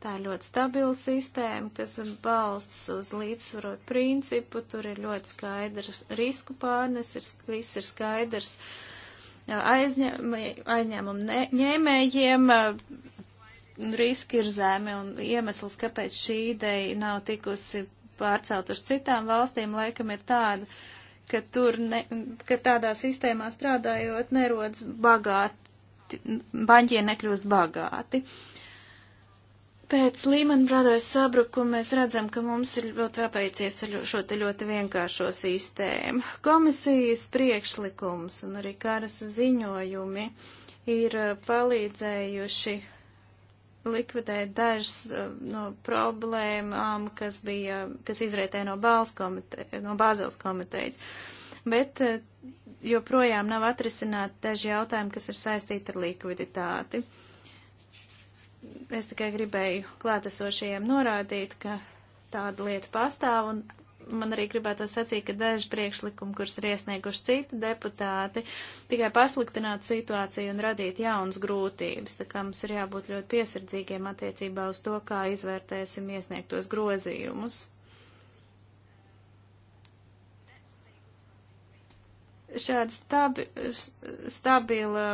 S3: Tā ir ļoti stabila sistēma, kas balstas uz līdzsvarot principu, tur ir ļoti skaidrs risku pārnes, ir, viss ir skaidrs aizņem, aizņēmumu ne, ņēmējiem, riski ir zemi un iemesls, kāpēc šī ideja nav tikusi pārcelt uz citām valstīm, laikam ir tāda, ka tur, ne, ka tādā sistēmā strādājot, nerodas bagāti, baņķie nekļūst bagāti. Uh, Pēc Lehman Brothers sabrukuma mēs redzam, ka mums ir ļoti apeicies ar šo te ļoti vienkāršo sistēmu. Komisijas priekšlikums un arī karas ziņojumi ir uh, palīdzējuši likvidēt dažas uh, no problēmām, kas bija, kas izrietē no, komite, no Bāzels komitejas. Bet uh, joprojām nav atrisināti daži jautājumi, kas ir saistīti ar likviditāti. Uh, es tikai gribēju klātesošajiem norādīt, ka tāda lieta pastāv, un man arī gribētu sacīt, ka daži priekšlikumi, kurus ir iesnieguši citi deputāti, tikai pasliktinātu situāciju un radītu jaunas grūtības. Tā kā mums ir jābūt ļoti piesardzīgiem attiecībā uz to, kā izvērtēsim iesniegtos grozījumus. Šāda stabi, stabila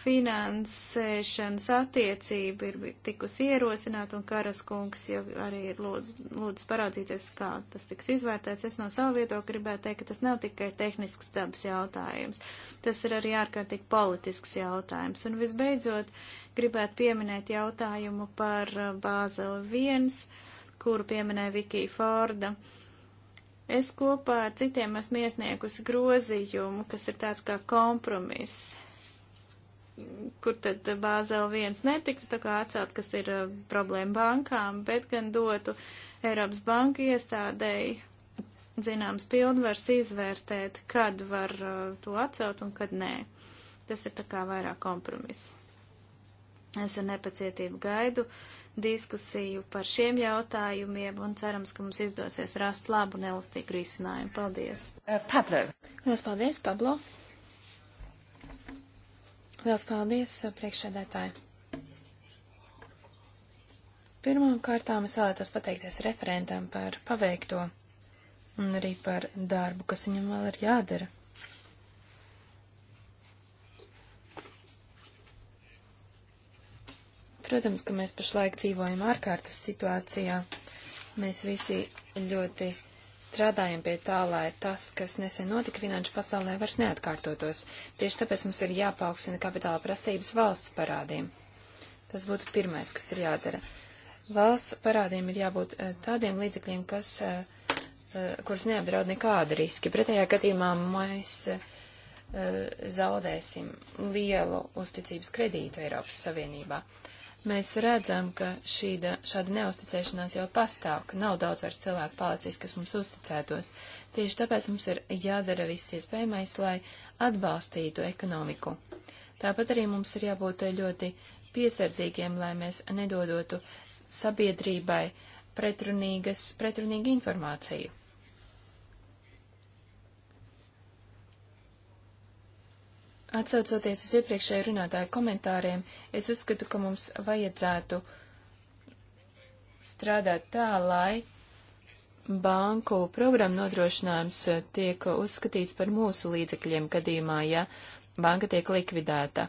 S3: finansēšanas attiecība ir tikusi ierosināta, un Karas kungs jau arī ir lūdzu, lūdzu paraudzīties, kā tas tiks izvērtēts. Es no savu viedokļu gribētu teikt, ka tas nav tikai tehnisks dabas jautājums, tas ir arī ārkārtīgi politisks jautājums. Un visbeidzot, gribētu pieminēt jautājumu par uh, Bāzeli 1, kuru pieminēja Vikija Forda. Es kopā ar citiem esmu iesniegusi grozījumu, kas ir tāds kā kompromiss kur tad Bāzela viens netiktu tā kā atcelt, kas ir uh, problēma bankām, bet gan dotu Eiropas banku iestādēji zināms pilnvars izvērtēt, kad var uh, to atcelt un kad nē. Tas ir tā kā vairāk kompromiss. Es ar nepacietību gaidu diskusiju par šiem jautājumiem un cerams, ka mums izdosies rast labu un elastīgu risinājumu.
S1: Paldies! Uh, Pablo! Lielas paldies, Pablo! Lielas paldies, eh, priekšsēdētāji! Pirmām kārtām es vēlētos pateikties referentam par paveikto un arī par darbu, kas viņam vēl ir jādara. Protams, ka mēs pašlaik dzīvojam ārkārtas situācijā. Mēs visi ļoti strādājam pie tā, lai tas, kas nesen notika finanšu pasaulē, vairs neatkārtotos. Tieši tāpēc mums ir jāpaukstina kapitāla prasības valsts parādiem. Tas būtu pirmais, kas ir jādara. Valsts parādiem ir jābūt eh, tādiem līdzekļiem, kas, eh, eh, kurus neapdraud nekāda riski. Pretējā gadījumā mēs zaudēsim lielu uzticības kredītu Eiropas Savienībā. Uh, Mēs redzam, ka šīda, šāda neusticēšanās jau pastāv, ka nav daudz vairs cilvēku palicis, kas mums uzticētos. Tieši tāpēc mums ir jādara viss iespējamais, lai atbalstītu ekonomiku. Tāpat arī mums ir jābūt ļoti piesardzīgiem, lai mēs nedodotu sabiedrībai pretrunīgas, pretrunīgu informāciju. Atsaucoties uz iepriekšēju runātāju komentāriem, es uzskatu, ka mums vajadzētu strādāt tā, lai banku programmu nodrošinājums tiek uzskatīts par mūsu līdzekļiem gadījumā, ja banka tiek likvidēta.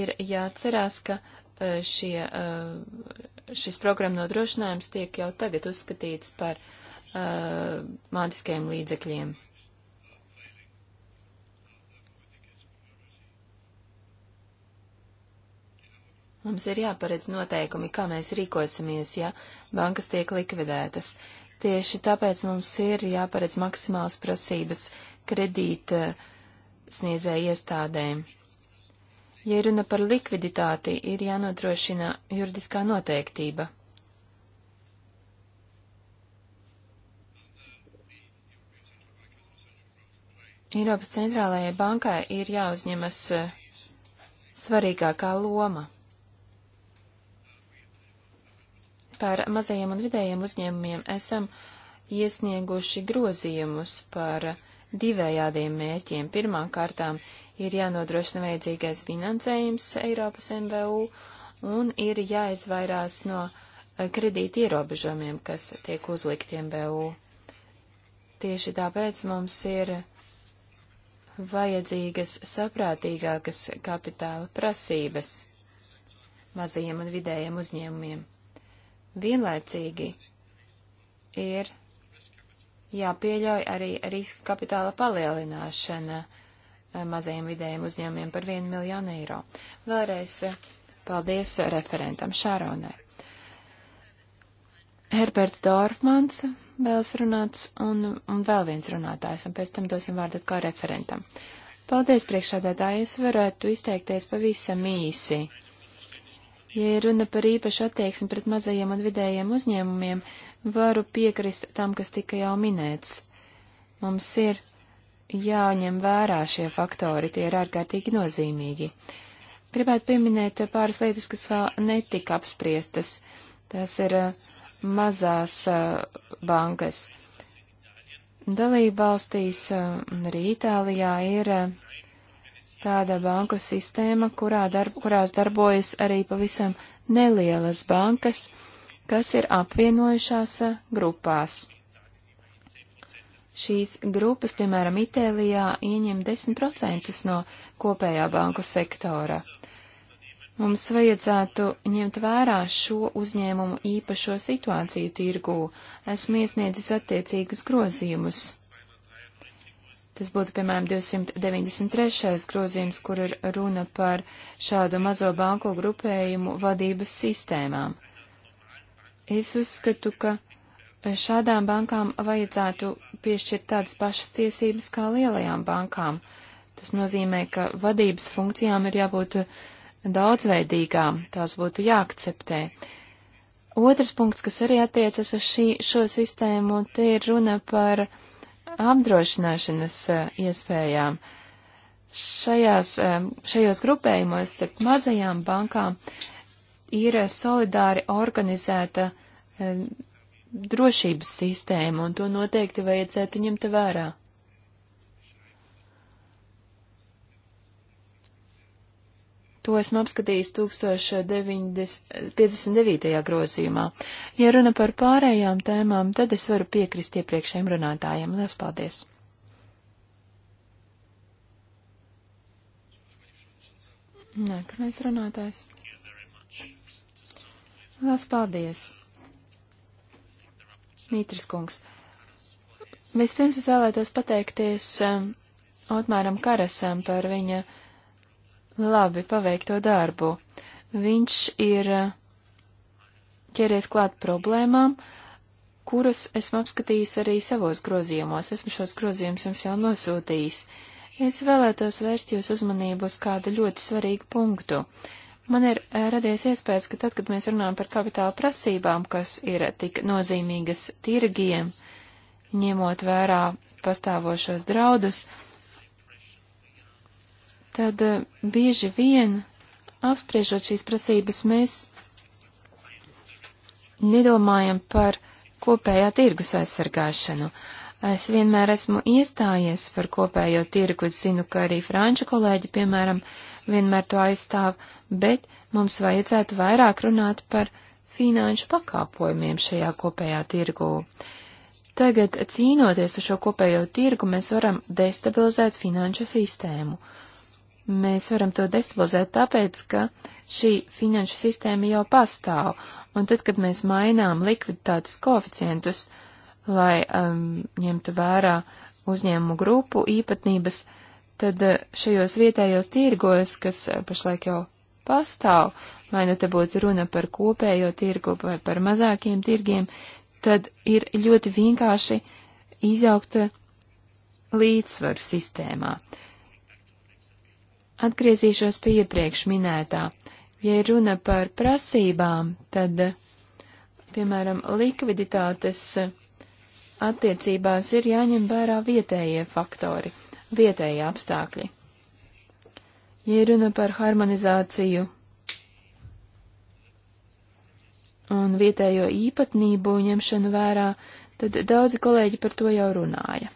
S1: Ir jāatcerās, ka e, šie, e, šis programmu nodrošinājums tiek jau tagad uzskatīts par uh, mātiskajiem līdzekļiem. Mums ir jāparedz noteikumi, kā mēs rīkosimies, ja bankas tiek likvidētas. Tieši tāpēc mums ir jāparedz maksimāls prasības kredīta sniedzēja iestādēm. Ja runa par likviditāti, ir jānodrošina juridiskā noteiktība. Eiropas centrālajai bankai ir jāuzņemas eh, svarīgākā loma. par mazajiem un vidējiem uzņēmumiem esam iesnieguši grozījumus par divējādiem mērķiem. Pirmām kārtām ir jānodrošina vajadzīgais finansējums Eiropas MVU un ir jāizvairās no eh, kredīti ierobežojumiem, kas tiek uzlikti MBU. Tieši tāpēc mums ir vajadzīgas saprātīgākas kapitāla prasības mazajiem un vidējiem uzņēmumiem. Vienlaicīgi ir jāpieļauj arī riska kapitāla palielināšana eh, mazajiem vidējiem uzņēmumiem par 1 miljonu eiro. Vēlreiz eh, paldies eh, referentam Šāronai. Herberts Dorfmans vēlas runāts un, un vēl viens runātājs, un pēc tam dosim vārdu atkal referentam. Paldies priekšādētāji, es varētu izteikties pavisam īsi. Ja runa par īpašu attieksmi pret mazajiem un vidējiem uzņēmumiem, varu piekrist tam, kas tika jau minēts. Mums ir jāņem vērā šie faktori, tie ir ārkārtīgi nozīmīgi. Gribētu pieminēt pāris lietas, kas vēl netika apspriestas. Tas ir eh, mazās eh, bankas. Dalība valstīs eh, un arī Itālijā ir tāda banku sistēma, kurā darb, kurās darbojas arī pavisam nelielas bankas, kas ir apvienojušās eh, grupās. Šīs grupas, piemēram, Itālijā ieņem 10% no kopējā banku sektora. Mums vajadzētu ņemt vērā šo uzņēmumu īpašo situāciju tirgū. Esmu iesniedzis attiecīgus grozījumus. Tas būtu, piemēram, 293. grozījums, kur ir runa par šādu mazo banku grupējumu vadības sistēmām. Es uzskatu, ka šādām bankām vajadzētu piešķirt tādas pašas tiesības kā lielajām bankām. Tas nozīmē, ka vadības funkcijām ir jābūt daudzveidīgām, tās būtu jāakceptē. Otrs punkts, kas arī attiecas uz šī, šo sistēmu, te ir runa par uh, apdrošināšanas e, iespējām. Šajās, e, šajos grupējumos starp mazajām bankām ir solidāri organizēta e, drošības sistēma, un to noteikti vajadzētu ņemt vērā. To esmu apskatījis 1059. grozījumā. Ja runa par pārējām tēmām, tad es varu piekrist iepriekšējiem runātājiem. Lielas paldies! Nākamais runātājs. Lielas paldies! Mītris kungs. Vispirms es vēlētos pateikties um, Otmāram Karasam par viņa uh, labi paveikto darbu. Viņš ir eh, ķeries klāt problēmām, kurus esmu apskatījis arī savos grozījumos. Esmu šos grozījumus jums jau nosūtījis. Es vēlētos vērst jūs uzmanību uz kādu ļoti svarīgu punktu. Man ir eh, radies iespējas, ka tad, kad mēs runājam par kapitāla prasībām, kas ir tik nozīmīgas tirgiem, ņemot vērā pastāvošos draudus, uh, tad eh, bieži vien, apspriežot šīs prasības, mēs nedomājam par kopējā tirgus aizsargāšanu. Es vienmēr esmu iestājies par kopējo tirgu, es zinu, ka arī franču kolēģi, piemēram, vienmēr to aizstāv, bet mums vajadzētu vairāk runāt par finanšu pakāpojumiem šajā kopējā tirgū. Tagad, cīnoties par šo kopējo tirgu, mēs varam destabilizēt finanšu sistēmu. Mēs varam to destabilizēt tāpēc, ka šī finanšu sistēma jau pastāv, un tad, kad mēs mainām likviditātes koeficientus, lai um, ņemtu vērā uzņēmumu grupu īpatnības, tad uh, šajos vietējos tirgos, kas uh, pašlaik jau pastāv, vai nu te būtu runa par kopējo tirgu vai par mazākiem tirgiem, tad ir ļoti vienkārši izjaukt uh, līdzsvaru sistēmā. Atgriezīšos pie iepriekš minētā. Ja runa par prasībām, tad, piemēram, likviditātes attiecībās ir jāņem vērā vietējie faktori, vietējie apstākļi. Ja runa par harmonizāciju un vietējo īpatnību ņemšanu vērā, tad daudzi kolēģi par to jau runāja.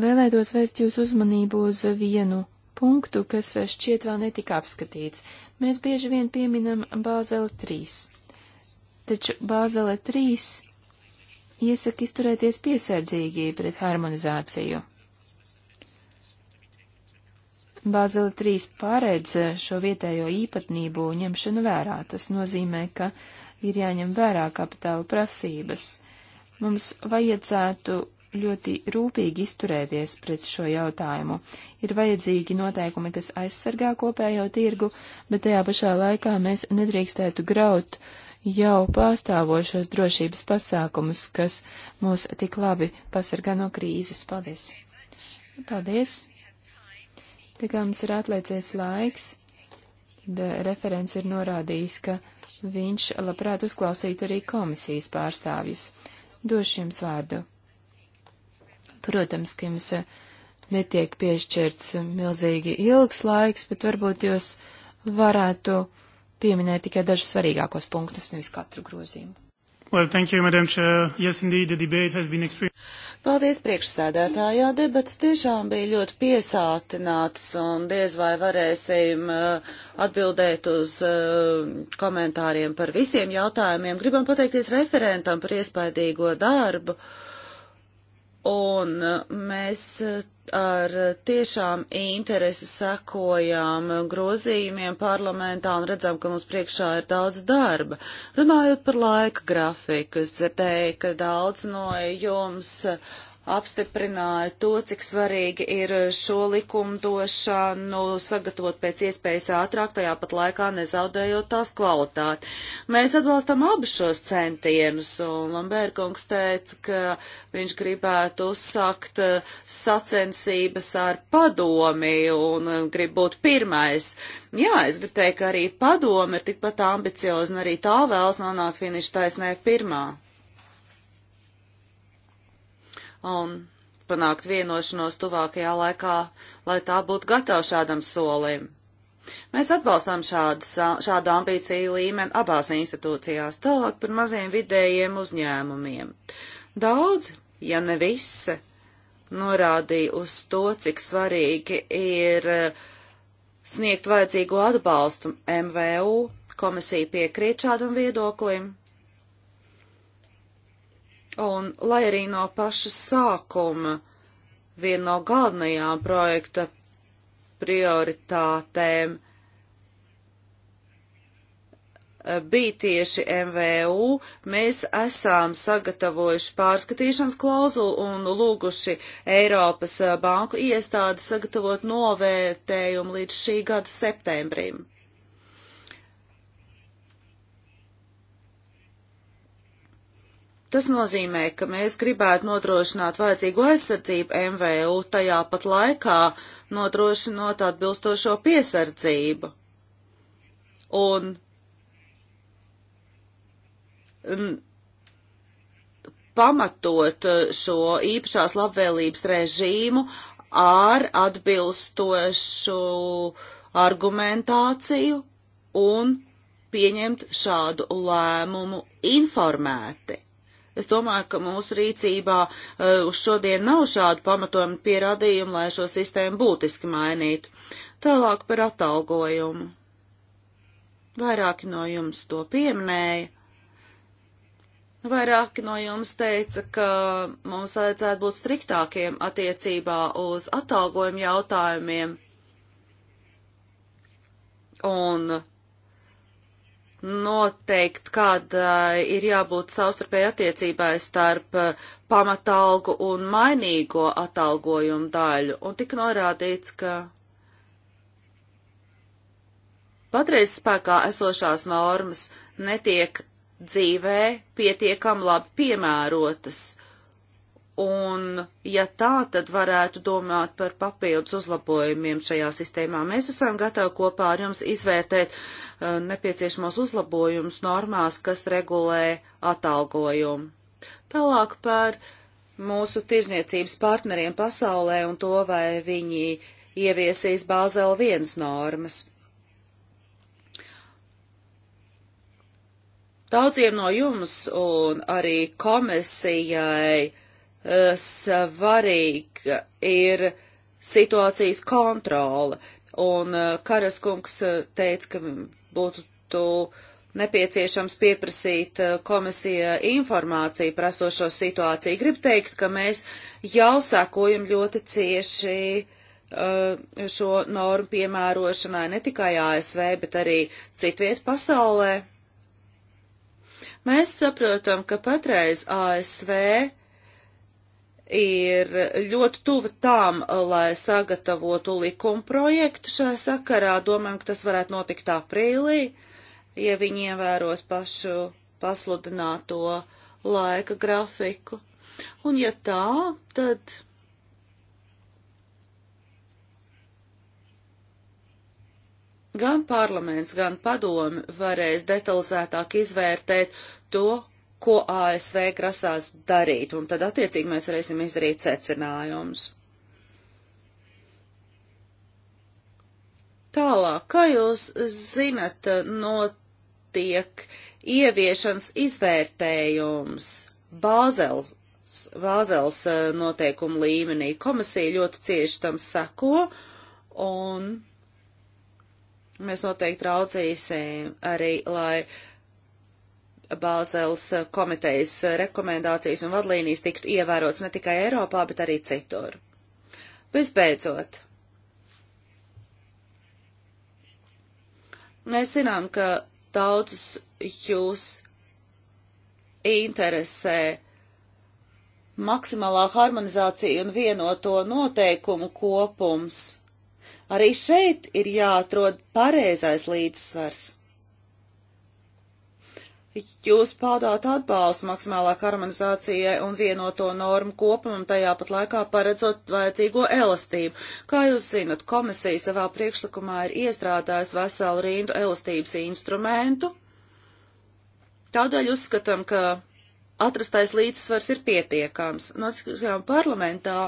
S1: Vēlētos vēst jūsu uzmanību uz vienu punktu, kas šķiet vēl netika apskatīts. Mēs bieži vien pieminam Bāzele 3. Taču Bāzele 3 iesaka izturēties piesardzīgi pret harmonizāciju. Bāzele 3 paredz šo vietējo īpatnību ņemšanu vērā. Tas nozīmē, ka ir jāņem vērā kapitāla prasības. Mums vajadzētu ļoti rūpīgi izturēties pret šo jautājumu. Ir vajadzīgi noteikumi, kas aizsargā kopējo tirgu, bet tajā pašā laikā mēs nedrīkstētu graut jau pastāvošos drošības pasākumus, kas mūs tik labi pasargā no krīzes. Paldies! Paldies! Tā kā mums ir atlaicies laiks, tad eh, referents ir norādījis, ka viņš labprāt uzklausītu arī komisijas pārstāvjus. Došu jums vārdu. Protams, ka jums eh, netiek piešķirts eh, milzīgi ilgs laiks, bet varbūt jūs varētu pieminēt tikai dažus svarīgākos punktus, nevis katru grozījumu. Well, thank you, Madam Chair. Yes, indeed, the debate has been extreme.
S2: Paldies priekšsēdētājā. Debats tiešām bija ļoti piesātināts un diez vai varēsim uh, atbildēt uz uh, komentāriem par visiem jautājumiem. Gribam pateikties referentam par iespaidīgo darbu. Uh, Un uh, mēs uh, ar tiešām interesi sekojām grozījumiem parlamentā un redzam, ka mums priekšā ir daudz darba. Runājot par laika grafiku, es dzirdēju, ka daudz no jums apstiprināja to, cik svarīgi ir šo likumdošanu sagatavot pēc iespējas ātrāk, tajā pat laikā nezaudējot tās kvalitāti. Mēs atbalstam abus šos centienus, un Lamberkungs teica, ka viņš gribētu uzsākt eh, sacensības ar padomi un eh, grib būt pirmais. Jā, es gribu teikt, ka arī padomi ir tikpat ambiciozi, un arī tā vēlas nonākt finiša taisnē pirmā un panākt vienošanos tuvākajā laikā, lai tā būtu gatava šādam solim. Mēs atbalstām šādas, šādu ambīciju līmeni abās institūcijās, tālāk par maziem vidējiem uzņēmumiem. Daudz, ja ne visi, norādīja uz to, cik svarīgi ir eh, sniegt vajadzīgo atbalstu MVU. Komisija piekrīt šādam viedoklim. Un, lai arī no paša sākuma viena no galvenajām projekta prioritātēm eh, bija tieši MVU, mēs esam sagatavojuši pārskatīšanas klauzulu un lūguši Eiropas eh, banku iestādi sagatavot novērtējumu līdz šī gada septembrim. Tas nozīmē, ka mēs gribētu nodrošināt vajadzīgo aizsardzību MVU, tajā pat laikā nodrošinot atbilstošo piesardzību. Un pamatot šo īpašās labvēlības režīmu ar atbilstošu argumentāciju un pieņemt šādu lēmumu informēti. Es domāju, ka mūsu rīcībā eh, uz šodien nav šādu pamatojumu pierādījumu, lai šo sistēmu būtiski mainītu. Tālāk par atalgojumu. Vairāki no jums to pieminēja. Vairāki no jums teica, ka mums vajadzētu būt striktākiem attiecībā uz atalgojumu jautājumiem. Un noteikt, kāda ir jābūt savstarpēji attiecībai starp eh, pamatalgu un mainīgo atalgojumu daļu, un tika norādīts, ka patreiz spēkā esošās normas netiek dzīvē pietiekam labi piemērotas, Un, ja tā, tad varētu domāt par papildus uzlabojumiem šajā sistēmā. Mēs esam gatavi kopā ar jums izvērtēt uh, nepieciešamos uzlabojumus normās, kas regulē atalgojumu. Tālāk par mūsu tirzniecības partneriem pasaulē un to, vai viņi ieviesīs Bāzela 1 normas. Daudziem no jums un arī komisijai Eh, svarīga ir situācijas kontrole. Un eh, Karaskungs eh, teica, ka būtu tu nepieciešams pieprasīt komisija informāciju prasošo situāciju. Gribu teikt, ka mēs jau sākojam ļoti cieši šo normu piemērošanai ne tikai ASV, bet arī citviet pasaulē. Mēs saprotam, ka patreiz ASV ir ļoti tuva tām, lai sagatavotu likuma projektu šajā sakarā. Domājam, ka tas varētu notikt aprīlī, ja viņi ievēros pašu pasludināto laika grafiku. Un ja tā, tad. Gan parlaments, gan padomi varēs detalizētāk izvērtēt to, ko ASV grasās darīt, un tad attiecīgi mēs varēsim izdarīt secinājumus. Tālāk, kā jūs zinat, notiek ieviešanas izvērtējums Bāzels, Bāzels eh, noteikumu līmenī. Komisija ļoti cieši tam seko, un mēs noteikti raucīsim arī, lai uh, Bāzeles eh, komitejas eh, rekomendācijas un vadlīnijas tiktu ievērots ne tikai Eiropā, bet arī citur. Visbeidzot, mēs zinām, ka daudzus jūs interesē maksimālā harmonizācija un vienoto noteikumu kopums. Arī šeit ir jāatrod pareizais līdzsvars jūs paudāt atbalstu maksimālā harmonizācijai un vienoto normu kopumam, tajā pat laikā paredzot vajadzīgo elastību. Kā jūs zinat, komisija savā priekšlikumā ir iestrādājusi veselu rindu elastības instrumentu. Tādēļ uzskatām, ka atrastais līdzsvars ir pietiekams. Notiskajām parlamentā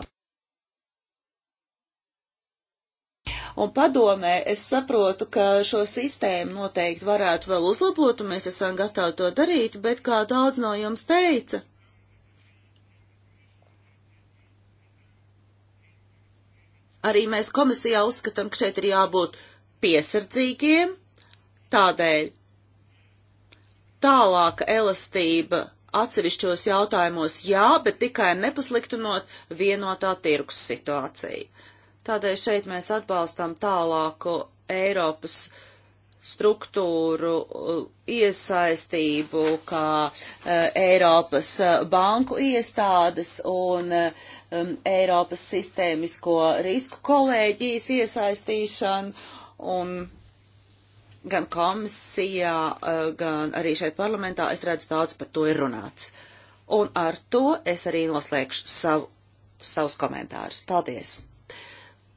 S2: Un padomē, es saprotu, ka šo sistēmu noteikti varētu vēl uzlabot, un mēs esam gatavi to darīt, bet kā daudz no jums teica, arī mēs komisijā uzskatām, ka šeit ir jābūt piesardzīgiem, tādēļ tālāka elastība atsevišķos jautājumos jā, bet tikai nepasliktinot vienotā tirgus situāciju. Tādēļ šeit mēs atbalstam tālāku Eiropas struktūru uh, iesaistību, kā uh, Eiropas uh, banku iestādes un um, Eiropas sistēmisko risku kolēģijas iesaistīšanu un gan komisijā, gan arī šeit parlamentā es redzu daudz par to ir runāts. Un ar to es arī noslēgšu savu, savus komentārus. Paldies!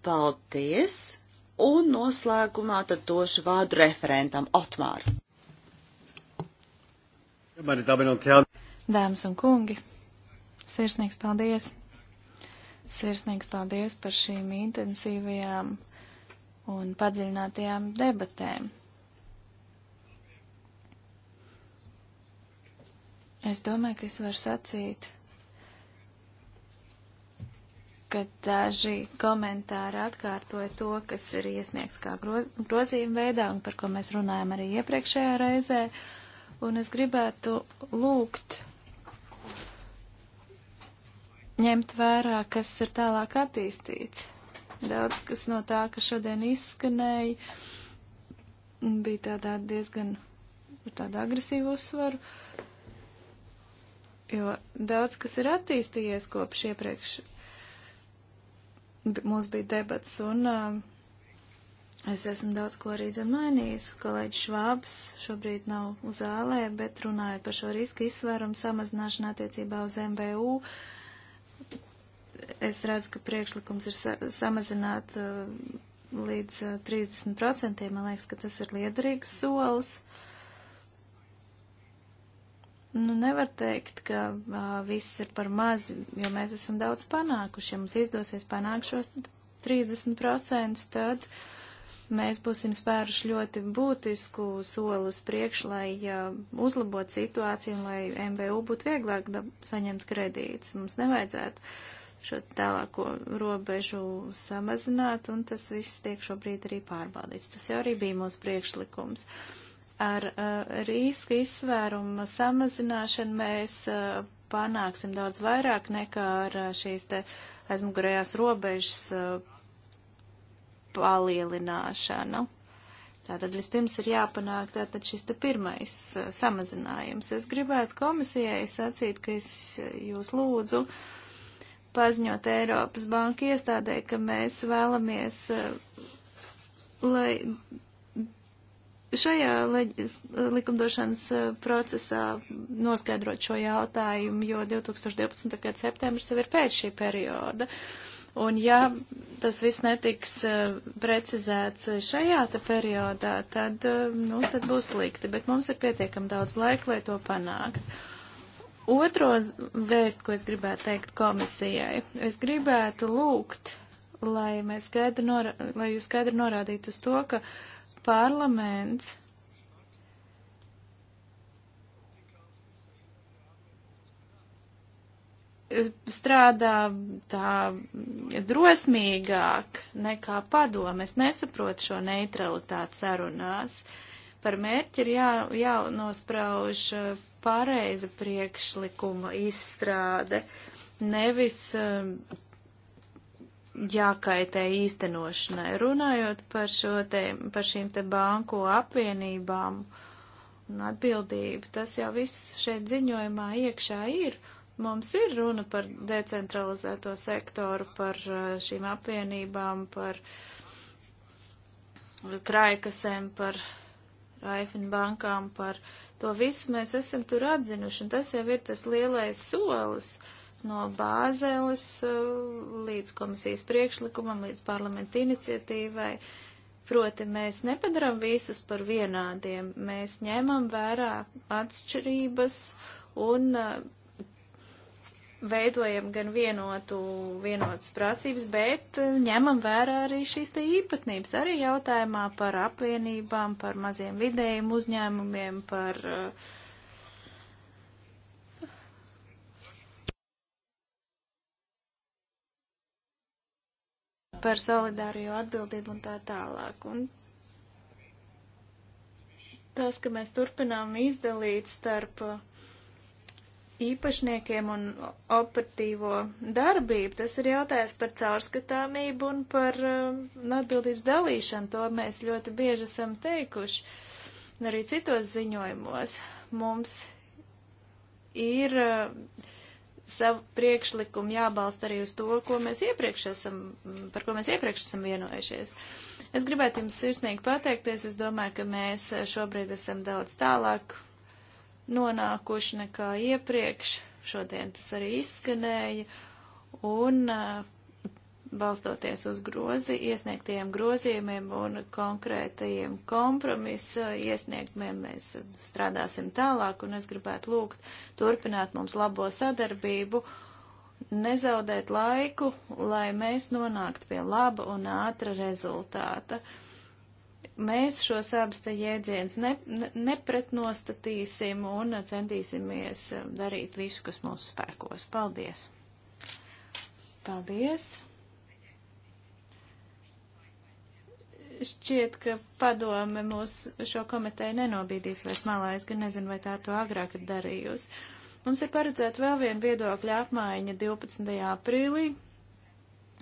S2: Paldies! Un noslēgumā tad došu vārdu referentam Otmāru. Dāmas un
S3: kungi, sirsnīgs paldies! Sirsnīgs paldies par šīm intensīvajām un padziļinātajām debatēm. Es domāju, ka es varu sacīt ka daži komentāri atkārtoja to, kas ir iesniegts kā groz, grozījuma veidā un par ko mēs runājam arī iepriekšējā reizē. Un es gribētu lūgt ņemt vērā, kas ir tālāk attīstīts. Daudz kas no tā, kas šodien izskanēja, bija tādā diezgan ar tādu agresīvu uzsvaru, jo daudz kas ir attīstījies kopš iepriekš mums bija debats, un uh, es esmu daudz ko arī dzem mainījis. Kolēģis Švābs šobrīd nav zālē, bet runāja par šo riska izsvērumu samazināšanu attiecībā uz MVU. Es redzu, ka priekšlikums ir sa samazināt uh, līdz uh, eh, 30%. Man liekas, ka tas ir liederīgs solis. Uh, Nu, nevar teikt, ka uh, viss ir par maz, jo mēs esam daudz panākuši. Ja mums izdosies panākt šos 30%, tad mēs būsim spēruši ļoti būtisku soli uz priekšu, lai uh, uzlabotu situāciju un lai MVU būtu vieglāk saņemt kredītus. Mums nevajadzētu šo tālāko robežu samazināt, un tas viss tiek šobrīd arī pārbaudīts. Tas jau arī bija mūsu priekšlikums. Uh, ar uh, riska izsvērumu samazināšanu mēs uh, panāksim daudz vairāk nekā ar uh, šīs te aizmugurējās robežas uh, palielināšanu. Tātad vispirms ir jāpanāk tātad šis te pirmais uh, samazinājums. Es gribētu komisijai sacīt, ka es jūs lūdzu paziņot Eiropas banku iestādē, ka mēs vēlamies, uh, lai šajā leģis, likumdošanas eh, procesā noskaidrot šo jautājumu, jo 2012. gada septembris jau ir pēc šī perioda. Un ja tas viss netiks eh, precizēts šajā te periodā, tad, eh, nu, tad būs slikti, bet mums ir pietiekami daudz laika, lai to panākt. Otro vēstu, ko es gribētu teikt komisijai, es gribētu lūgt, lai, mēs skaidri norā, lai jūs skaidri norādītu uz to, ka uh, parlaments strādā tā drosmīgāk nekā padome. Es nesaprotu šo neutralitāti sarunās. Par mērķi ir jā, jānosprauž pareiza priekšlikuma izstrāde, nevis uh, jākaitē īstenošanai. Runājot par, šo te, par šīm te banku apvienībām un atbildību, tas jau viss šeit ziņojumā iekšā ir. Mums ir runa par decentralizēto sektoru, par eh, šīm apvienībām, par krājkasēm, par raifinbankām, par to visu mēs esam tur atzinuši, un tas jau ir tas lielais solis. Uh, no Bāzeles eh, līdz komisijas priekšlikumam, līdz parlamenta iniciatīvai. Proti, mēs nepadaram visus par vienādiem, mēs ņemam vērā atšķirības un eh, veidojam gan vienotu, vienotas prasības, bet eh, ņemam vērā arī šīs te īpatnības, arī jautājumā par apvienībām, par maziem vidējiem uzņēmumiem, par uh, par solidāro atbildību un tā tālāk. Un tas, ka mēs turpinām izdalīt starp īpašniekiem un operatīvo darbību, tas ir jautājums par caurskatāmību un par um, atbildības dalīšanu. To mēs ļoti bieži esam teikuši arī citos ziņojumos. Mums ir uh, savu priekšlikumu jābalsta arī uz to, ko mēs iepriekš esam, par ko mēs iepriekš esam vienojušies. Es gribētu jums sirsnīgi pateikties, es domāju, ka mēs šobrīd esam daudz tālāk nonākuši nekā iepriekš, šodien tas arī izskanēja, un uh, balstoties uz grozi, iesniegtiem grozījumiem un konkrētajiem kompromisa iesniegumiem mēs strādāsim tālāk, un es gribētu lūgt turpināt mums labo sadarbību, nezaudēt laiku, lai mēs nonāktu pie laba un ātra rezultāta. Mēs šos abus te jēdzienus ne, ne, nepretnostatīsim un centīsimies darīt visu, kas mūsu spēkos. Paldies! Paldies! šķiet, ka padome mūs šo komiteju nenobīdīs vairs malā. Es gan nezinu, vai tā to agrāk ir darījusi. Mums ir paredzēta vēl viena viedokļa apmaiņa 12. aprīlī,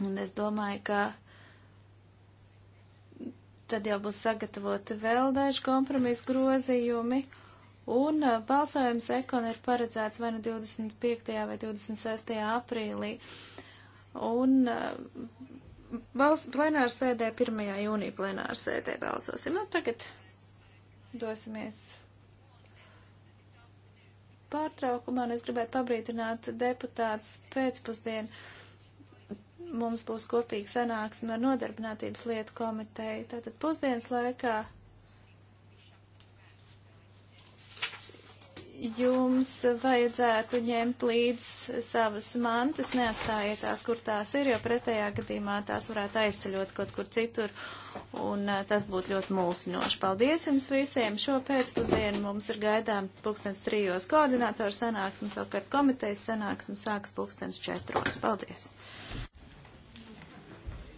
S3: un es domāju, ka tad jau būs sagatavoti vēl daži kompromisu grozījumi, un uh, balsojums ekon ir paredzēts vai nu 25. vai 26. aprīlī. Un uh, Balsts plenāra sēdē 1. jūnija plenāra sēdē balsosim. Nu, tagad dosimies pārtraukumā, un es gribētu pabrīdināt deputāts pēcpusdien. Mums būs kopīga sanāksme ar nodarbinātības lietu komiteju. Tātad pusdienas laikā jums vajadzētu ņemt līdz savas mantas, neatstājiet tās, kur tās ir, jo pretējā gadījumā tās varētu aizceļot kaut kur citur, un tas būtu ļoti mulsinoši. Paldies jums visiem! Šo pēcpusdienu mums ir gaidām pulkstens trijos koordinātoru sanāksmes, savukārt komitejas sanāksmes sāks pulkstens četros. Paldies!